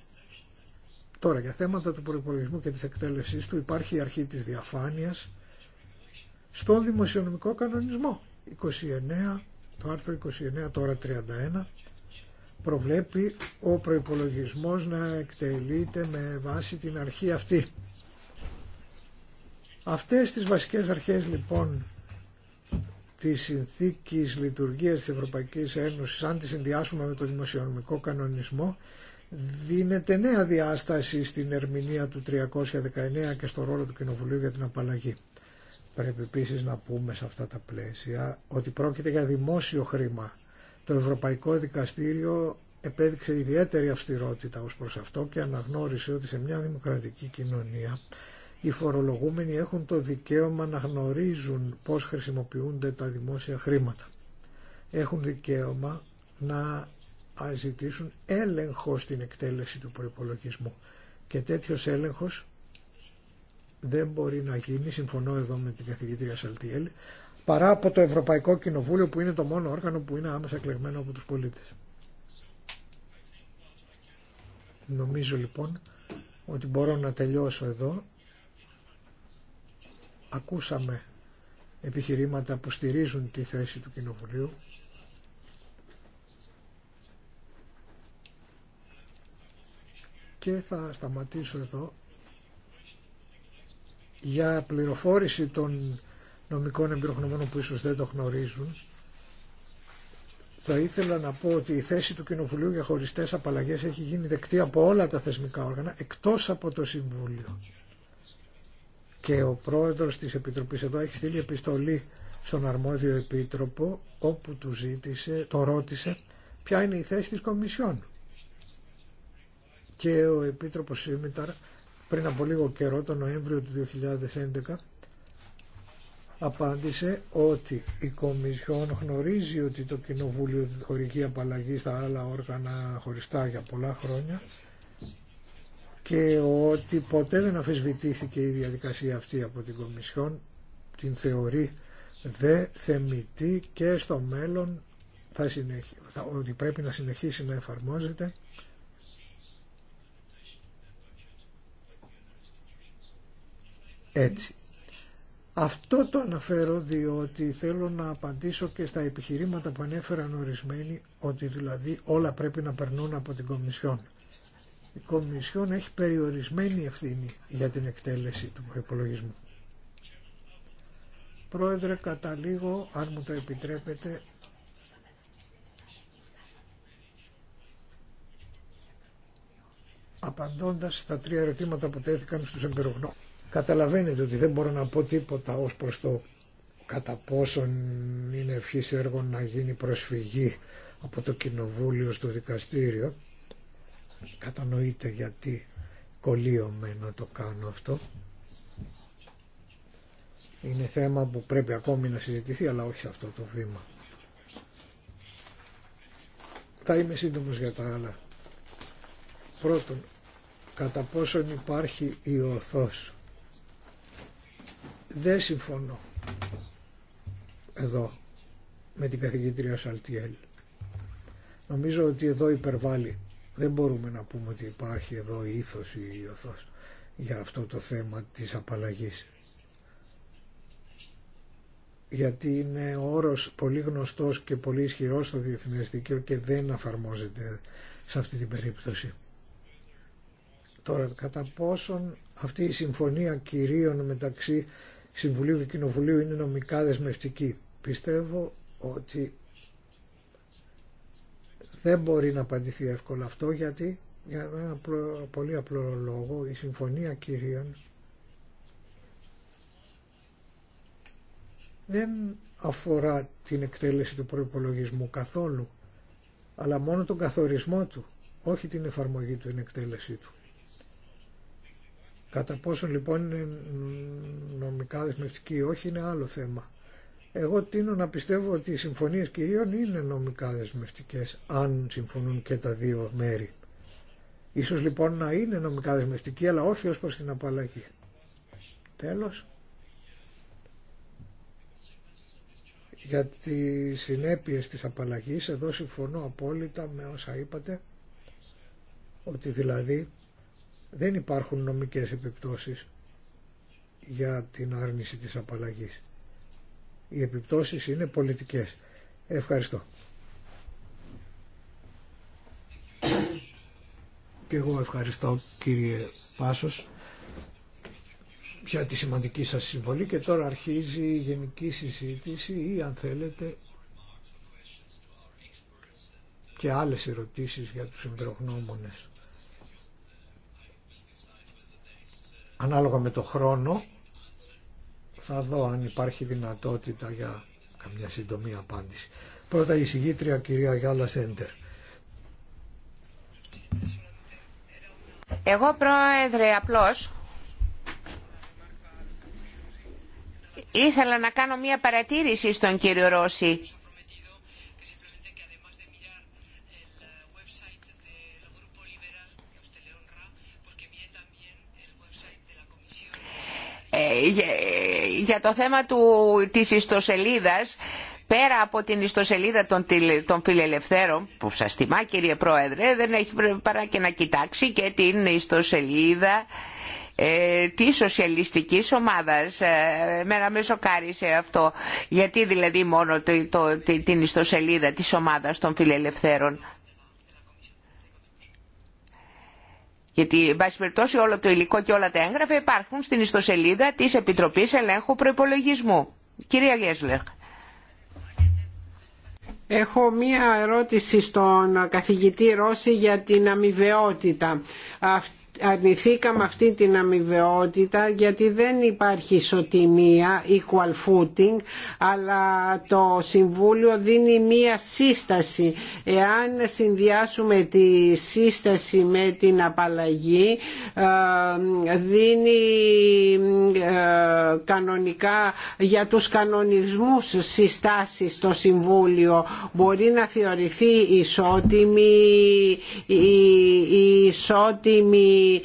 Τώρα για θέματα του προπολογισμού και της εκτέλεσής του υπάρχει η αρχή της διαφάνειας στον δημοσιονομικό κανονισμό 29, το άρθρο 29 τώρα 31 προβλέπει ο προϋπολογισμός να εκτελείται με βάση την αρχή αυτή. Αυτές τις βασικές αρχές λοιπόν της συνθήκης λειτουργίας της Ευρωπαϊκής Ένωσης, αν τις συνδυάσουμε με το δημοσιονομικό κανονισμό, δίνεται νέα διάσταση στην ερμηνεία του 319 και στο ρόλο του Κοινοβουλίου για την απαλλαγή. Πρέπει επίση να πούμε σε αυτά τα πλαίσια ότι πρόκειται για δημόσιο χρήμα το Ευρωπαϊκό Δικαστήριο επέδειξε ιδιαίτερη αυστηρότητα ως προς αυτό και αναγνώρισε ότι σε μια δημοκρατική κοινωνία οι φορολογούμενοι έχουν το δικαίωμα να γνωρίζουν πώς χρησιμοποιούνται τα δημόσια χρήματα. Έχουν δικαίωμα να ζητήσουν έλεγχο στην εκτέλεση του προϋπολογισμού. Και τέτοιος έλεγχος δεν μπορεί να γίνει, συμφωνώ εδώ με την καθηγήτρια Σαλτιέλη, παρά από το Ευρωπαϊκό Κοινοβούλιο που είναι το μόνο όργανο που είναι άμεσα εκλεγμένο από τους πολίτες. Νομίζω λοιπόν ότι μπορώ να τελειώσω εδώ. Ακούσαμε επιχειρήματα που στηρίζουν τη θέση του Κοινοβουλίου. Και θα σταματήσω εδώ για πληροφόρηση των νομικών εμπειροχνωμόνων που ίσως δεν το γνωρίζουν, θα ήθελα να πω ότι η θέση του Κοινοβουλίου για χωριστές απαλλαγές έχει γίνει δεκτή από όλα τα θεσμικά όργανα, εκτός από το Συμβούλιο. Και ο πρόεδρος της Επιτροπής εδώ έχει στείλει επιστολή στον αρμόδιο επίτροπο, όπου του ζήτησε, το ρώτησε, ποια είναι η θέση της Κομισιόν. Και ο Επίτροπος Σίμηταρ πριν από λίγο καιρό, τον Νοέμβριο του 2011, απάντησε ότι η Κομισιόν γνωρίζει ότι το Κοινοβούλιο χορηγεί απαλλαγή στα άλλα όργανα χωριστά για πολλά χρόνια και ότι ποτέ δεν αφισβητήθηκε η διαδικασία αυτή από την Κομισιόν, την θεωρεί δε θεμητή και στο μέλλον θα συνεχί... ότι πρέπει να συνεχίσει να εφαρμόζεται έτσι. Αυτό το αναφέρω διότι θέλω να απαντήσω και στα επιχειρήματα που ανέφεραν ορισμένοι ότι δηλαδή όλα πρέπει να περνούν από την Κομισιόν. Η Κομισιόν έχει περιορισμένη ευθύνη για την εκτέλεση του προπολογισμού. Πρόεδρε, καταλήγω, αν μου το επιτρέπετε, απαντώντας στα τρία ερωτήματα που τέθηκαν στους εμπειρογνώμους. Καταλαβαίνετε ότι δεν μπορώ να πω τίποτα ως προς το κατά πόσον είναι ευχή έργων να γίνει προσφυγή από το κοινοβούλιο στο δικαστήριο. Κατανοείτε γιατί κολλείομαι να το κάνω αυτό. Είναι θέμα που πρέπει ακόμη να συζητηθεί, αλλά όχι σε αυτό το βήμα. Θα είμαι σύντομος για τα άλλα. Πρώτον, κατά πόσον υπάρχει η οθός. Δεν συμφωνώ εδώ με την καθηγήτρια Σαλτιέλ. Νομίζω ότι εδώ υπερβάλλει. Δεν μπορούμε να πούμε ότι υπάρχει εδώ ήθος ή ιωθός για αυτό το θέμα της απαλλαγής. Γιατί είναι όρος πολύ γνωστός και πολύ ισχυρός στο διεθνές δικαίωμα και δεν αφαρμόζεται σε αυτή την περίπτωση. Τώρα, κατά πόσον αυτή η συμφωνία κυρίων μεταξύ Συμβουλίου και Κοινοβουλίου είναι νομικά δεσμευτική. Πιστεύω ότι δεν μπορεί να απαντηθεί εύκολα αυτό γιατί για ένα πολύ απλό λόγο η συμφωνία κυρίων δεν αφορά την εκτέλεση του προϋπολογισμού καθόλου αλλά μόνο τον καθορισμό του όχι την εφαρμογή του, την εκτέλεσή του. Κατά πόσο λοιπόν είναι νομικά δεσμευτική ή όχι είναι άλλο θέμα. Εγώ τίνω να πιστεύω ότι οι συμφωνίες κυρίων είναι νομικά δεσμευτικές αν συμφωνούν και τα δύο μέρη. Ίσως λοιπόν να είναι νομικά δεσμευτική αλλά όχι ως προς την απαλλαγή. Τέλος. Για τις συνέπειες της απαλλαγής εδώ συμφωνώ απόλυτα με όσα είπατε ότι δηλαδή δεν υπάρχουν νομικές επιπτώσεις για την άρνηση της απαλλαγής. Οι επιπτώσεις είναι πολιτικές. Ευχαριστώ. Και εγώ ευχαριστώ κύριε Πάσος για τη σημαντική σας συμβολή και τώρα αρχίζει η γενική συζήτηση ή αν θέλετε και άλλες ερωτήσεις για τους εμπειρογνώμονες. ανάλογα με το χρόνο θα δω αν υπάρχει δυνατότητα για καμιά συντομή απάντηση. Πρώτα η συγγήτρια κυρία Γιάλα Σέντερ. Εγώ πρόεδρε απλώς ήθελα να κάνω μια παρατήρηση στον κύριο Ρώση Ε, για το θέμα του, της ιστοσελίδας πέρα από την ιστοσελίδα των, φιλελευθέρων που σας θυμά, κύριε Πρόεδρε δεν έχει παρά και να κοιτάξει και την ιστοσελίδα ε, της σοσιαλιστικής ομάδας. Ε, με σοκάρισε αυτό. Γιατί δηλαδή μόνο το, την ιστοσελίδα τη ομάδα των φιλελευθέρων. Γιατί, εν πάση περιπτώσει, όλο το υλικό και όλα τα έγγραφα υπάρχουν στην ιστοσελίδα της Επιτροπής Ελέγχου Προϋπολογισμού. Κυρία Γέσλερ. Έχω μία ερώτηση στον καθηγητή Ρώση για την αμοιβαιότητα αρνηθήκαμε αυτή την αμοιβαιότητα γιατί δεν υπάρχει ισοτιμία, equal footing, αλλά το Συμβούλιο δίνει μία σύσταση. Εάν συνδυάσουμε τη σύσταση με την απαλλαγή, ε, δίνει ε, κανονικά για τους κανονισμούς συστάσεις στο Συμβούλιο. Μπορεί να θεωρηθεί ισότιμη, η ισότιμη ε,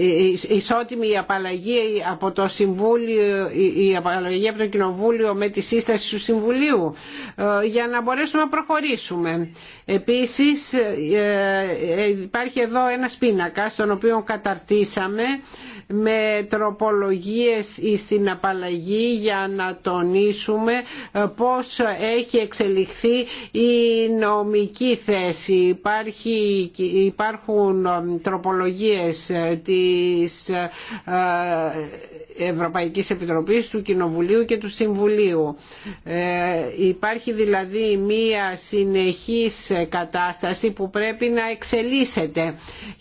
ε, η ισότιμη απαλλαγή από το Συμβούλιο, η απαλλαγή από το Κοινοβούλιο με τη σύσταση του Συμβουλίου ε, για να μπορέσουμε να προχωρήσουμε. Επίσης υπάρχει εδώ ένας πίνακας στον οποίο καταρτήσαμε με τροπολογίες στην απαλλαγή για να τονίσουμε ε, πώς έχει εξελιχθεί η νομική θέση. Υπάρχει, υπάρχουν ε, τροπολογίες ε, της Ευρωπαϊκής Επιτροπής, του Κοινοβουλίου και του Συμβουλίου. Ε, υπάρχει δηλαδή μία συνεχής κατάσταση που πρέπει να εξελίσσεται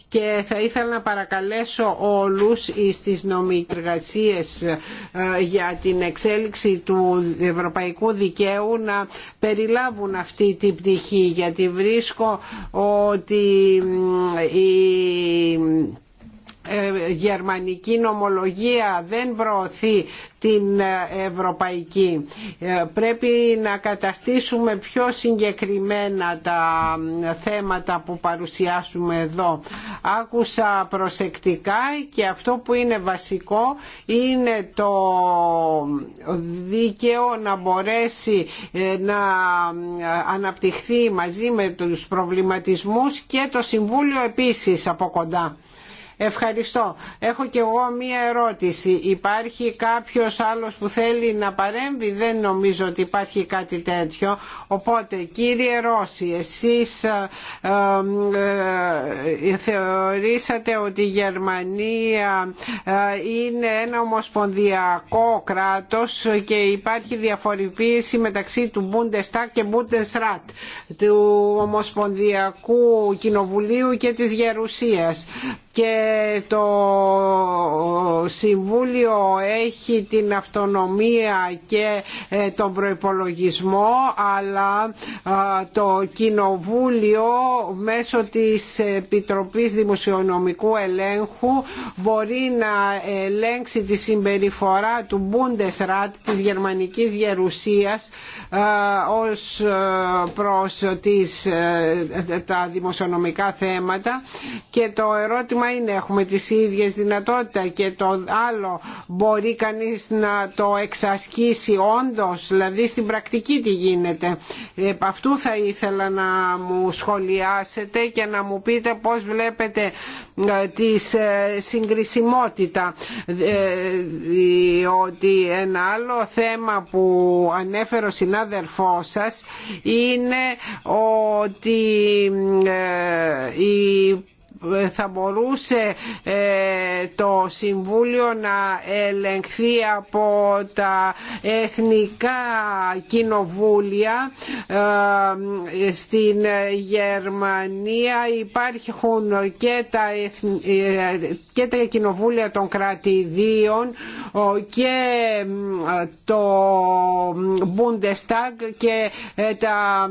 και θα ήθελα να παρακαλέσω όλους στις τις εργασίε ε, για την εξέλιξη του ευρωπαϊκού δικαίου να περιλάβουν αυτή την πτυχή γιατί βρίσκω ότι η ε, γερμανική νομολογία δεν προωθεί την ε, ευρωπαϊκή. Ε, πρέπει να καταστήσουμε πιο συγκεκριμένα τα θέματα που παρουσιάσουμε εδώ. Άκουσα προσεκτικά και αυτό που είναι βασικό είναι το δίκαιο να μπορέσει να αναπτυχθεί μαζί με τους προβληματισμούς και το Συμβούλιο επίσης από κοντά. Ευχαριστώ. Έχω και εγώ μία ερώτηση. Υπάρχει κάποιος άλλος που θέλει να παρέμβει. Δεν νομίζω ότι υπάρχει κάτι τέτοιο. Οπότε κύριε Ρώση, εσείς ε, ε, ε, θεωρήσατε ότι η Γερμανία είναι ένα ομοσπονδιακό κράτος και υπάρχει με μεταξύ του Bundestag και Bundesrat του Ομοσπονδιακού Κοινοβουλίου και της Γερουσίας και το Συμβούλιο έχει την αυτονομία και ε, τον προϋπολογισμό αλλά ε, το Κοινοβούλιο μέσω της Επιτροπής Δημοσιονομικού Ελέγχου μπορεί να ελέγξει τη συμπεριφορά του Bundesrat της Γερμανικής Γερουσίας ε, ως προς τις, τα δημοσιονομικά θέματα και το ερώτημα είναι, έχουμε τις ίδιες δυνατότητα και το άλλο μπορεί κανείς να το εξασκήσει όντως, δηλαδή στην πρακτική τι γίνεται. Επ' αυτού θα ήθελα να μου σχολιάσετε και να μου πείτε πώς βλέπετε ε, τη ε, συγκρισιμότητα ε, ότι ένα άλλο θέμα που ανέφερε ο συνάδελφός σας είναι ότι η θα μπορούσε ε, το Συμβούλιο να ελεγχθεί από τα εθνικά κοινοβούλια ε, στην Γερμανία υπάρχουν και τα, ε, και τα κοινοβούλια των κρατηδίων και το Bundestag και τα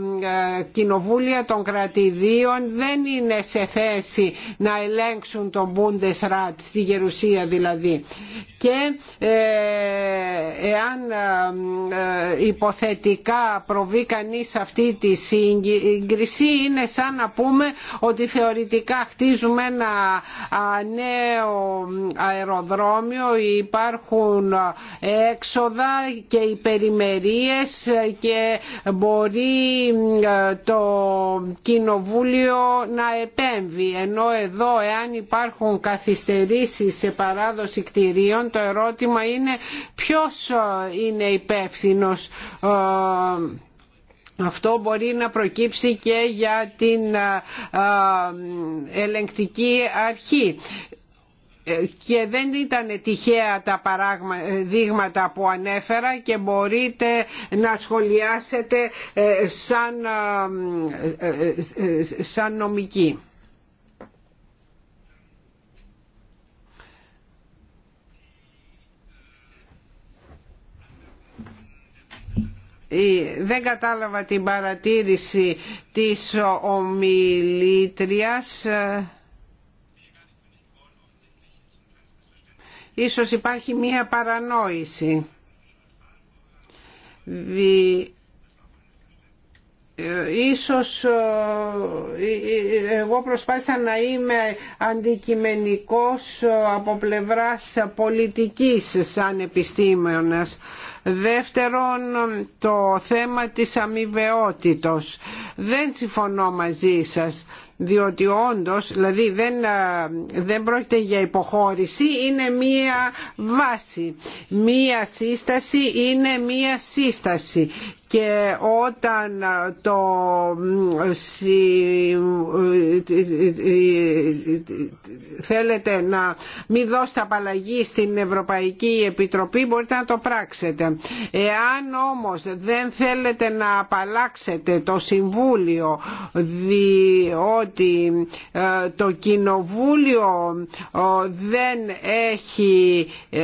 κοινοβούλια των κρατηδίων δεν είναι σε θέση να ελέγξουν τον Bundesrat στη Γερουσία δηλαδή και ε, εάν ε, ε, υποθετικά προβεί κανεί αυτή τη σύγκριση είναι σαν να πούμε ότι θεωρητικά χτίζουμε ένα νέο αεροδρόμιο υπάρχουν έξοδα και υπερημερίες και μπορεί το κοινοβούλιο να επέμβει ενώ εδώ εάν υπάρχουν καθυστερήσεις σε παράδοση κτηρίων το ερώτημα είναι ποιος ε, είναι υπεύθυνος ε, αυτό μπορεί να προκύψει και για την ε, ελεγκτική αρχή και δεν ήταν τυχαία τα δείγματα που ανέφερα και μπορείτε να σχολιάσετε σαν, σαν νομική. δεν κατάλαβα την παρατήρηση της ομιλήτριας. Ίσως υπάρχει μία παρανόηση ίσως ε, ε, ε, εγώ προσπάθησα να είμαι αντικειμενικός από πλευράς πολιτικής σαν επιστήμονας. Δεύτερον, το θέμα της αμοιβαιότητος. Δεν συμφωνώ μαζί σας διότι όντως, δηλαδή δεν, δεν πρόκειται για υποχώρηση, είναι μία βάση. Μία σύσταση είναι μία σύσταση και όταν το, θέλετε να μην δώσετε απαλλαγή στην Ευρωπαϊκή Επιτροπή μπορείτε να το πράξετε. Εάν όμως δεν θέλετε να απαλλάξετε το Συμβούλιο διότι ε, το Κοινοβούλιο ε, δεν έχει ε,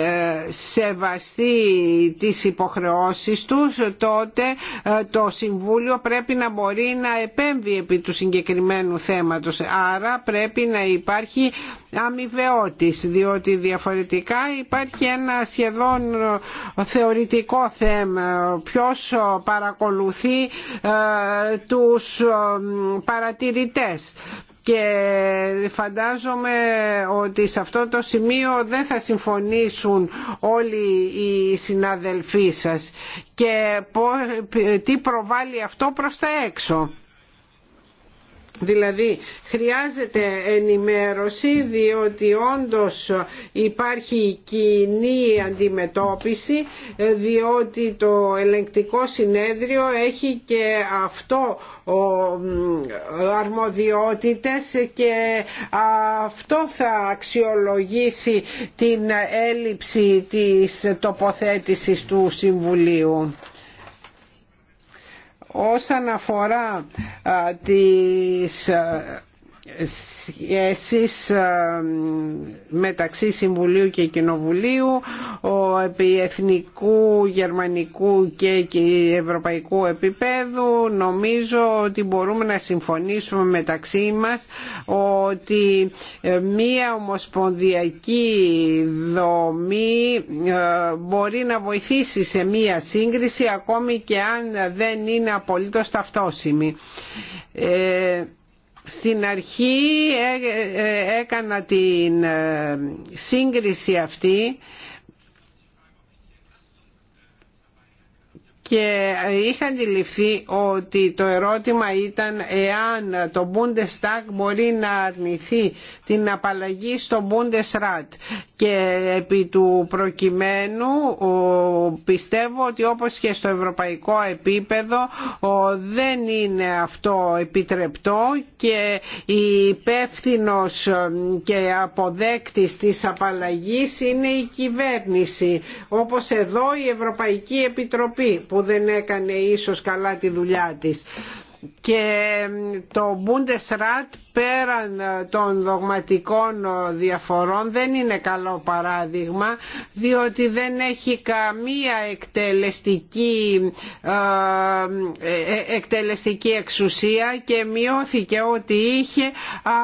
σεβαστεί τις υποχρεώσεις τους τότε το Συμβούλιο πρέπει να μπορεί να επέμβει επί του συγκεκριμένου θέματος. Άρα πρέπει να υπάρχει αμοιβαιότης διότι διαφορετικά υπάρχει ένα σχεδόν θεωρητικό θέμα ποιος παρακολουθεί ε, τους ε, παρατηρητές και φαντάζομαι ότι σε αυτό το σημείο δεν θα συμφωνήσουν όλοι οι συναδελφοί σας και τι προβάλλει αυτό προς τα έξω. Δηλαδή χρειάζεται ενημέρωση διότι όντως υπάρχει κοινή αντιμετώπιση διότι το ελεγκτικό συνέδριο έχει και αυτό αρμοδιότητες και αυτό θα αξιολογήσει την έλλειψη της τοποθέτησης του Συμβουλίου όσον αφορά τις σχέσεις ε, μεταξύ Συμβουλίου και Κοινοβουλίου ο επιεθνικού, γερμανικού και ευρωπαϊκού επίπεδου νομίζω ότι μπορούμε να συμφωνήσουμε μεταξύ μας ότι ε, μία ομοσπονδιακή δομή ε, μπορεί να βοηθήσει σε μία σύγκριση ακόμη και αν δεν είναι απολύτως ταυτόσιμη. Ε, στην αρχή ε, ε, ε, έκανα την σύγκριση αυτή και είχα αντιληφθεί ότι το ερώτημα ήταν εάν το Bundestag μπορεί να αρνηθεί την απαλλαγή στο Bundesrat και επί του προκειμένου πιστεύω ότι όπως και στο ευρωπαϊκό επίπεδο δεν είναι αυτό επιτρεπτό και η υπεύθυνο ε, και αποδέκτης της απαλλαγής είναι η κυβέρνηση όπως εδώ η Ευρωπαϊκή Επιτροπή που δεν έκανε ίσως καλά τη δουλειά της και το Bundesrat πέραν ε, των δογματικών ε, διαφορών δεν είναι καλό παράδειγμα διότι δεν έχει καμία εκτελεστική, ε, εκτελεστική εξουσία και μειώθηκε ό,τι είχε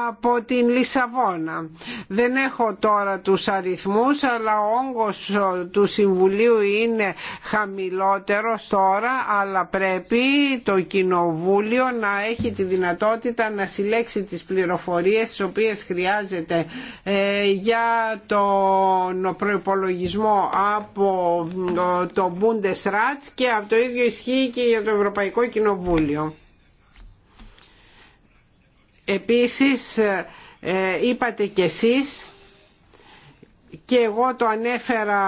από την Λισαβόνα. Δεν έχω τώρα τους αριθμούς αλλά ο όγκος του Συμβουλίου είναι χαμηλότερος τώρα αλλά πρέπει το Κοινοβούλιο να έχει τη δυνατότητα να συλλέξει τις πληροφορίες τις οποίες χρειάζεται ε, για τον προϋπολογισμό από ε, το Bundesrat και από το ίδιο ισχύει και για το Ευρωπαϊκό Κοινοβούλιο. Επίσης ε, είπατε κι εσείς και εγώ το ανέφερα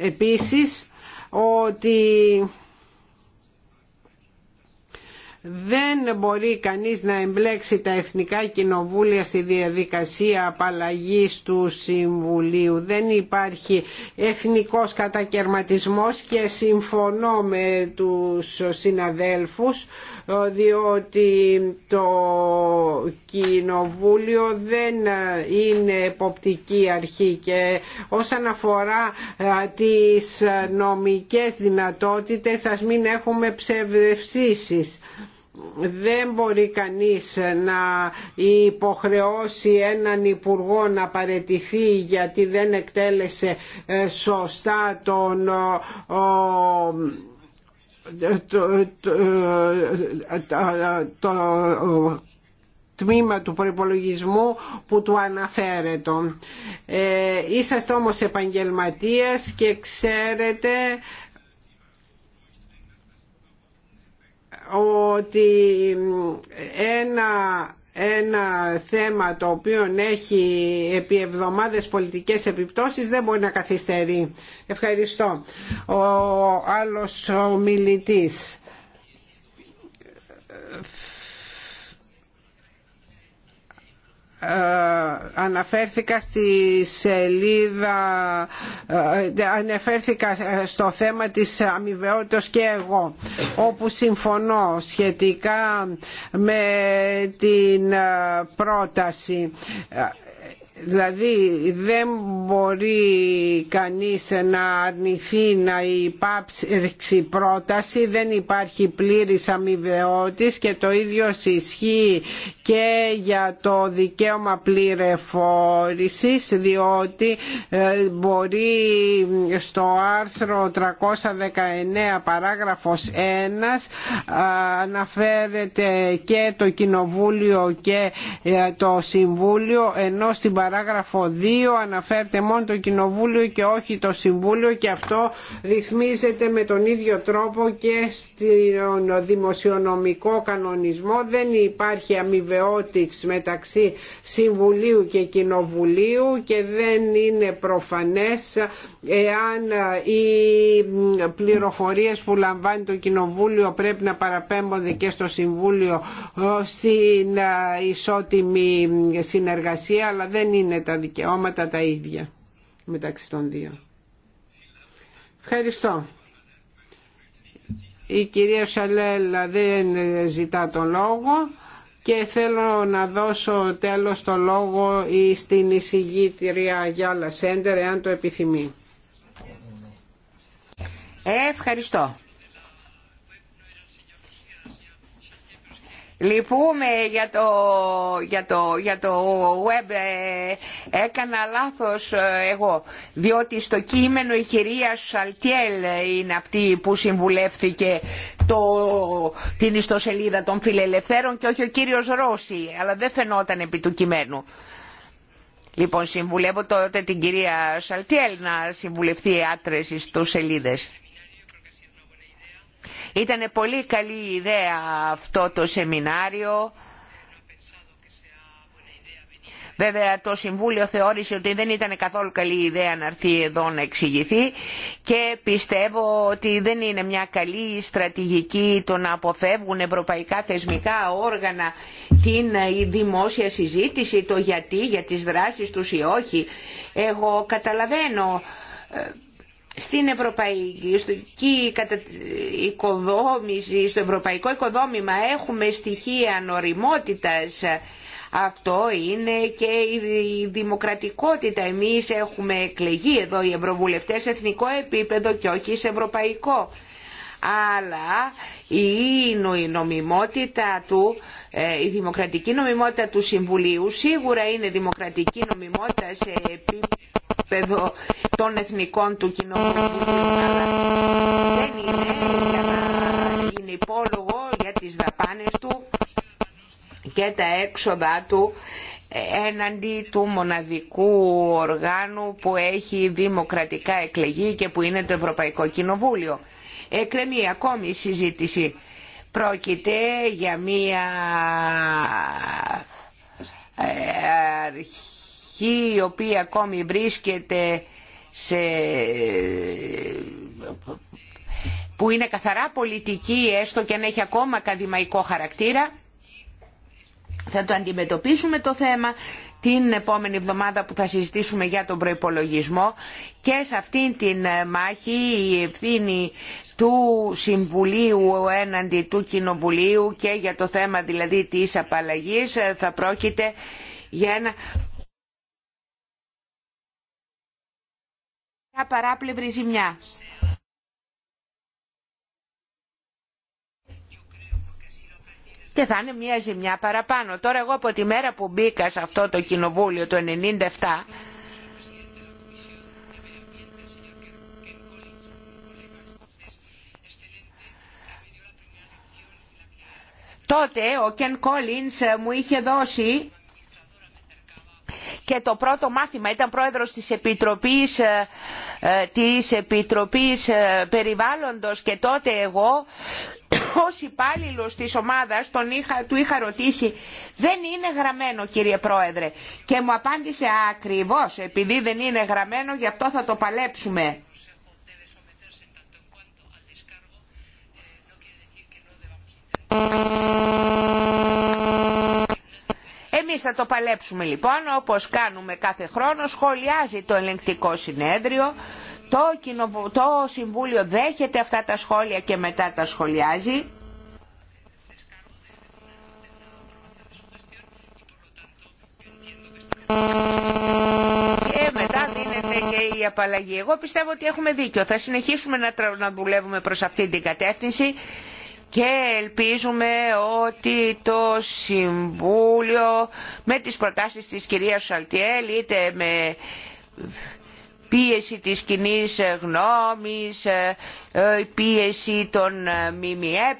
επίσης ότι δεν μπορεί κανείς να εμπλέξει τα εθνικά κοινοβούλια στη διαδικασία απαλλαγής του Συμβουλίου. Δεν υπάρχει εθνικός κατακαιρματισμός και συμφωνώ με τους συναδέλφους ε, διότι το Κοινοβούλιο δεν είναι εποπτική αρχή και όσον αφορά ε, τις νομικές δυνατότητες ας μην έχουμε ψευδευσίσεις δεν μπορεί κανείς να υποχρεώσει έναν υπουργό να παρετηθεί γιατί δεν εκτέλεσε ε, σωστά τον το, τμήμα του προπολογισμού που του αναφέρεται. Ε, είσαστε όμως επαγγελματίας και ξέρετε ότι ένα ένα θέμα το οποίο έχει επί εβδομάδες πολιτικές επιπτώσεις δεν μπορεί να καθυστερεί. Ευχαριστώ. Ο άλλος Ε, αναφέρθηκα στη σελίδα ε, αναφέρθηκα στο θέμα της αμοιβαιότητας και εγώ όπου συμφωνώ σχετικά με την ε, πρόταση Δηλαδή δεν μπορεί κανείς να αρνηθεί να υπάρξει πρόταση, δεν υπάρχει πλήρης αμοιβαιότης και το ίδιο ισχύει και για το δικαίωμα πληρεφόρησης διότι ε, μπορεί στο άρθρο 319 παράγραφος 1 αναφέρεται και το Κοινοβούλιο και ε, το Συμβούλιο ενώ στην παράγραφο 2 αναφέρεται μόνο το Κοινοβούλιο και όχι το Συμβούλιο και αυτό ρυθμίζεται με τον ίδιο τρόπο και στον δημοσιονομικό κανονισμό. Δεν υπάρχει αμοιβαιότηξη μεταξύ Συμβουλίου και Κοινοβουλίου και δεν είναι προφανές εάν οι πληροφορίες που λαμβάνει το Κοινοβούλιο πρέπει να παραπέμπονται και στο Συμβούλιο στην ισότιμη συνεργασία αλλά δεν είναι τα δικαιώματα τα ίδια μεταξύ των δύο. Ευχαριστώ. Η κυρία Σαλέλα δεν ζητά τον λόγο και θέλω να δώσω τέλος το λόγο στην εισηγήτρια Γιάλα Σέντερ εάν το επιθυμεί. Ε, ευχαριστώ. Λυπούμε για το, για το, για το web, ε, έκανα λάθος ε, εγώ, διότι στο κείμενο η κυρία Σαλτιέλ είναι αυτή που συμβουλεύθηκε το, την ιστοσελίδα των φιλελευθέρων και όχι ο κύριος Ρώση, αλλά δεν φαινόταν επί του κειμένου. Λοιπόν, συμβουλεύω τότε την κυρία Σαλτιέλ να συμβουλευτεί άτρες ιστοσελίδες. Ήταν πολύ καλή ιδέα αυτό το σεμινάριο. Βέβαια το Συμβούλιο θεώρησε ότι δεν ήταν καθόλου καλή ιδέα να έρθει εδώ να εξηγηθεί και πιστεύω ότι δεν είναι μια καλή στρατηγική το να αποφεύγουν ευρωπαϊκά θεσμικά όργανα την ε, δημόσια συζήτηση, το γιατί, για τις δράσεις τους ή όχι. Εγώ καταλαβαίνω ε, στην ευρωπαϊκή στο ευρωπαϊκό οικοδόμημα έχουμε στοιχεία νοριμότητας. Αυτό είναι και η δημοκρατικότητα. Εμείς έχουμε εκλεγεί εδώ οι ευρωβουλευτές σε εθνικό επίπεδο και όχι σε ευρωπαϊκό. Αλλά η νομιμότητα του, ε, η δημοκρατική νομιμότητα του Συμβουλίου σίγουρα είναι δημοκρατική νομιμότητα σε επίπεδο επίπεδο των εθνικών του κοινοβουλίου δεν είναι για να υπόλογο για τις δαπάνες του και τα έξοδα του έναντι του μοναδικού οργάνου που έχει δημοκρατικά εκλεγεί και που είναι το Ευρωπαϊκό Κοινοβούλιο. Εκκρεμεί ακόμη η συζήτηση. Πρόκειται για μία ε, αρχή η οποία ακόμη βρίσκεται σε... που είναι καθαρά πολιτική έστω και αν έχει ακόμα ακαδημαϊκό χαρακτήρα θα το αντιμετωπίσουμε το θέμα την επόμενη εβδομάδα που θα συζητήσουμε για τον προϋπολογισμό και σε αυτήν την μάχη η ευθύνη του Συμβουλίου έναντι του Κοινοβουλίου και για το θέμα δηλαδή της απαλλαγής θα πρόκειται για ένα παράπλευρη ζημιά. Και θα είναι μια ζημιά παραπάνω. Τώρα εγώ από τη μέρα που μπήκα σε αυτό το κοινοβούλιο το 1997, τότε ο Κεν Κόλινς μου είχε δώσει και το πρώτο μάθημα ήταν πρόεδρος της Επιτροπής, ε, ε, της Επιτροπής ε, Περιβάλλοντος και τότε εγώ ως υπάλληλο της ομάδας τον είχα, του είχα ρωτήσει δεν είναι γραμμένο κύριε πρόεδρε και μου απάντησε ακριβώς επειδή δεν είναι γραμμένο γι' αυτό θα το παλέψουμε. Εμείς θα το παλέψουμε λοιπόν όπως κάνουμε κάθε χρόνο, σχολιάζει το ελεγκτικό συνέδριο, το, κοινοβου... Συμβούλιο δέχεται αυτά τα σχόλια και μετά τα σχολιάζει. Και μετά δίνεται και η απαλλαγή. Εγώ πιστεύω ότι έχουμε δίκιο. Θα συνεχίσουμε να δουλεύουμε προς αυτή την κατεύθυνση και ελπίζουμε ότι το Συμβούλιο με τις προτάσεις της κυρίας Σαλτιέλ είτε με πίεση της κοινή γνώμης, ε, ε, η πίεση των ε, ΜΜΕ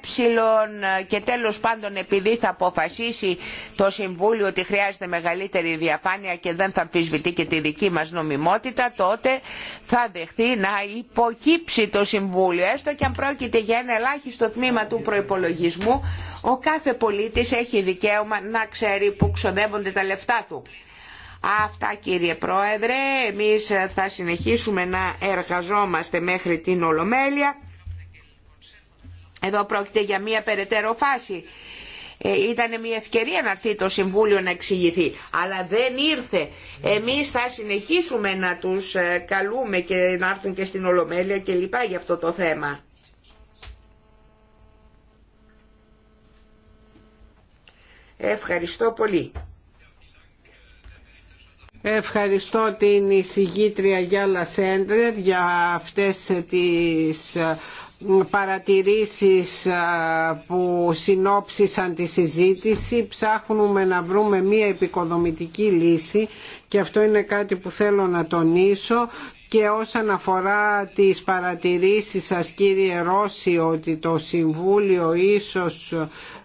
και τέλος πάντων επειδή θα αποφασίσει το Συμβούλιο ότι χρειάζεται μεγαλύτερη διαφάνεια και δεν θα αμφισβητεί και τη δική μας νομιμότητα τότε θα δεχθεί να υποκύψει το Συμβούλιο έστω και αν πρόκειται για ένα ελάχιστο τμήμα του προϋπολογισμού ο κάθε πολίτης έχει δικαίωμα να ξέρει που ξοδεύονται τα λεφτά του. Αυτά κύριε Πρόεδρε, εμείς θα συνεχίσουμε να εργαζόμαστε μέχρι την Ολομέλεια. Εδώ πρόκειται για μια περαιτέρω φάση. Ε, ήταν μια ευκαιρία να έρθει το Συμβούλιο να εξηγηθεί, αλλά δεν ήρθε. Εμείς θα συνεχίσουμε να τους ε, καλούμε και να έρθουν και στην Ολομέλεια και λοιπά για αυτό το θέμα. Ευχαριστώ πολύ. Ευχαριστώ την εισηγήτρια Γιάλα Σέντερ για αυτές τις ε, παρατηρήσεις ε, που συνόψισαν τη συζήτηση. Ψάχνουμε να βρούμε μία επικοδομητική λύση και αυτό είναι κάτι που θέλω να τονίσω και όσον αφορά τις παρατηρήσεις σας κύριε Ρώση ότι το Συμβούλιο ίσως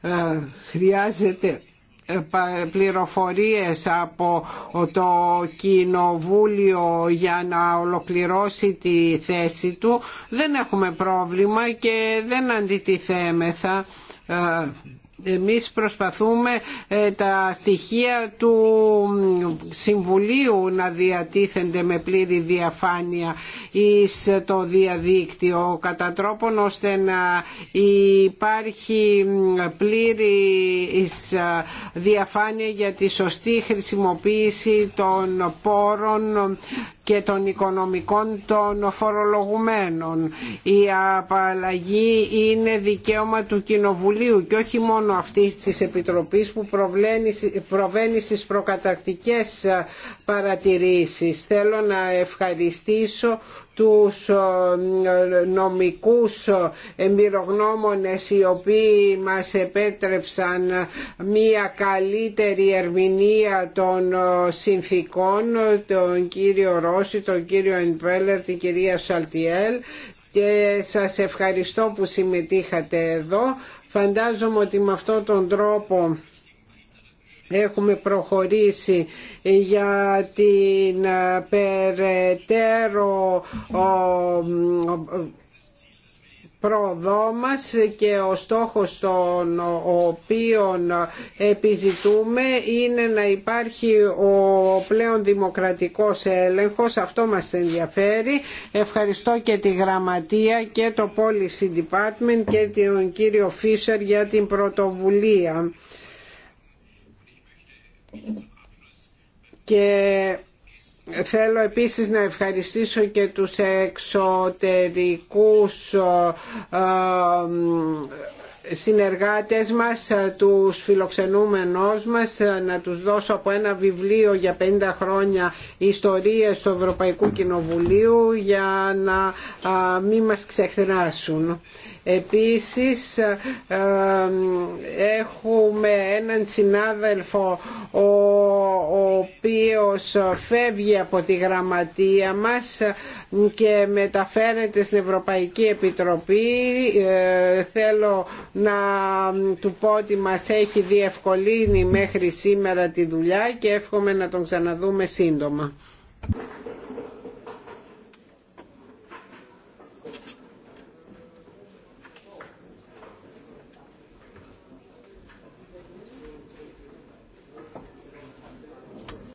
ε, χρειάζεται ε, πληροφορίες από το Κοινοβούλιο για να ολοκληρώσει τη θέση του δεν έχουμε πρόβλημα και δεν αντιτιθέμεθα ε, εμείς προσπαθούμε ε, τα στοιχεία του Συμβουλίου να διατίθενται με πλήρη διαφάνεια εις το διαδίκτυο κατά τρόπον ώστε να υπάρχει πλήρη διαφάνεια για τη σωστή χρησιμοποίηση των πόρων και των οικονομικών των φορολογουμένων. Η απαλλαγή είναι δικαίωμα του Κοινοβουλίου και όχι μόνο αυτής της Επιτροπής που προβαίνει στις προκαταρκτικές ε, παρατηρήσεις. Θέλω να ευχαριστήσω τους ε, νομικούς εμπειρογνώμονες οι οποίοι μας επέτρεψαν μια καλύτερη ερμηνεία των ε, συνθήκων τον κύριο Ρώση, τον κύριο Εντβέλερ, την κυρία Σαλτιέλ και σας ευχαριστώ που συμμετείχατε εδώ. Φαντάζομαι ότι με αυτόν τον τρόπο έχουμε προχωρήσει για την ε, περαιτέρω πρόοδό μας και ο στόχος τον οποίων επιζητούμε είναι να υπάρχει ο πλέον δημοκρατικός έλεγχος. Αυτό μας ενδιαφέρει. Ευχαριστώ και τη Γραμματεία και το Policy Department και τον κύριο Φίσερ για την πρωτοβουλία και Θέλω επίσης να ευχαριστήσω και τους εξωτερικούς ε, ε, συνεργάτες μας, ε, τους φιλοξενούμενους μας, να τους δώσω από ένα βιβλίο για 50 χρόνια ιστορίες του Ευρωπαϊκού Κοινοβουλίου για να μην μας ξεχνάσουν. Επίσης ε, ε, έχουμε έναν συνάδελφο ο, ο οποίος φεύγει από τη γραμματεία μας και μεταφέρεται στην Ευρωπαϊκή Επιτροπή. Ε, θέλω να του πω ότι μας έχει διευκολύνει μέχρι σήμερα τη δουλειά και εύχομαι να τον ξαναδούμε σύντομα.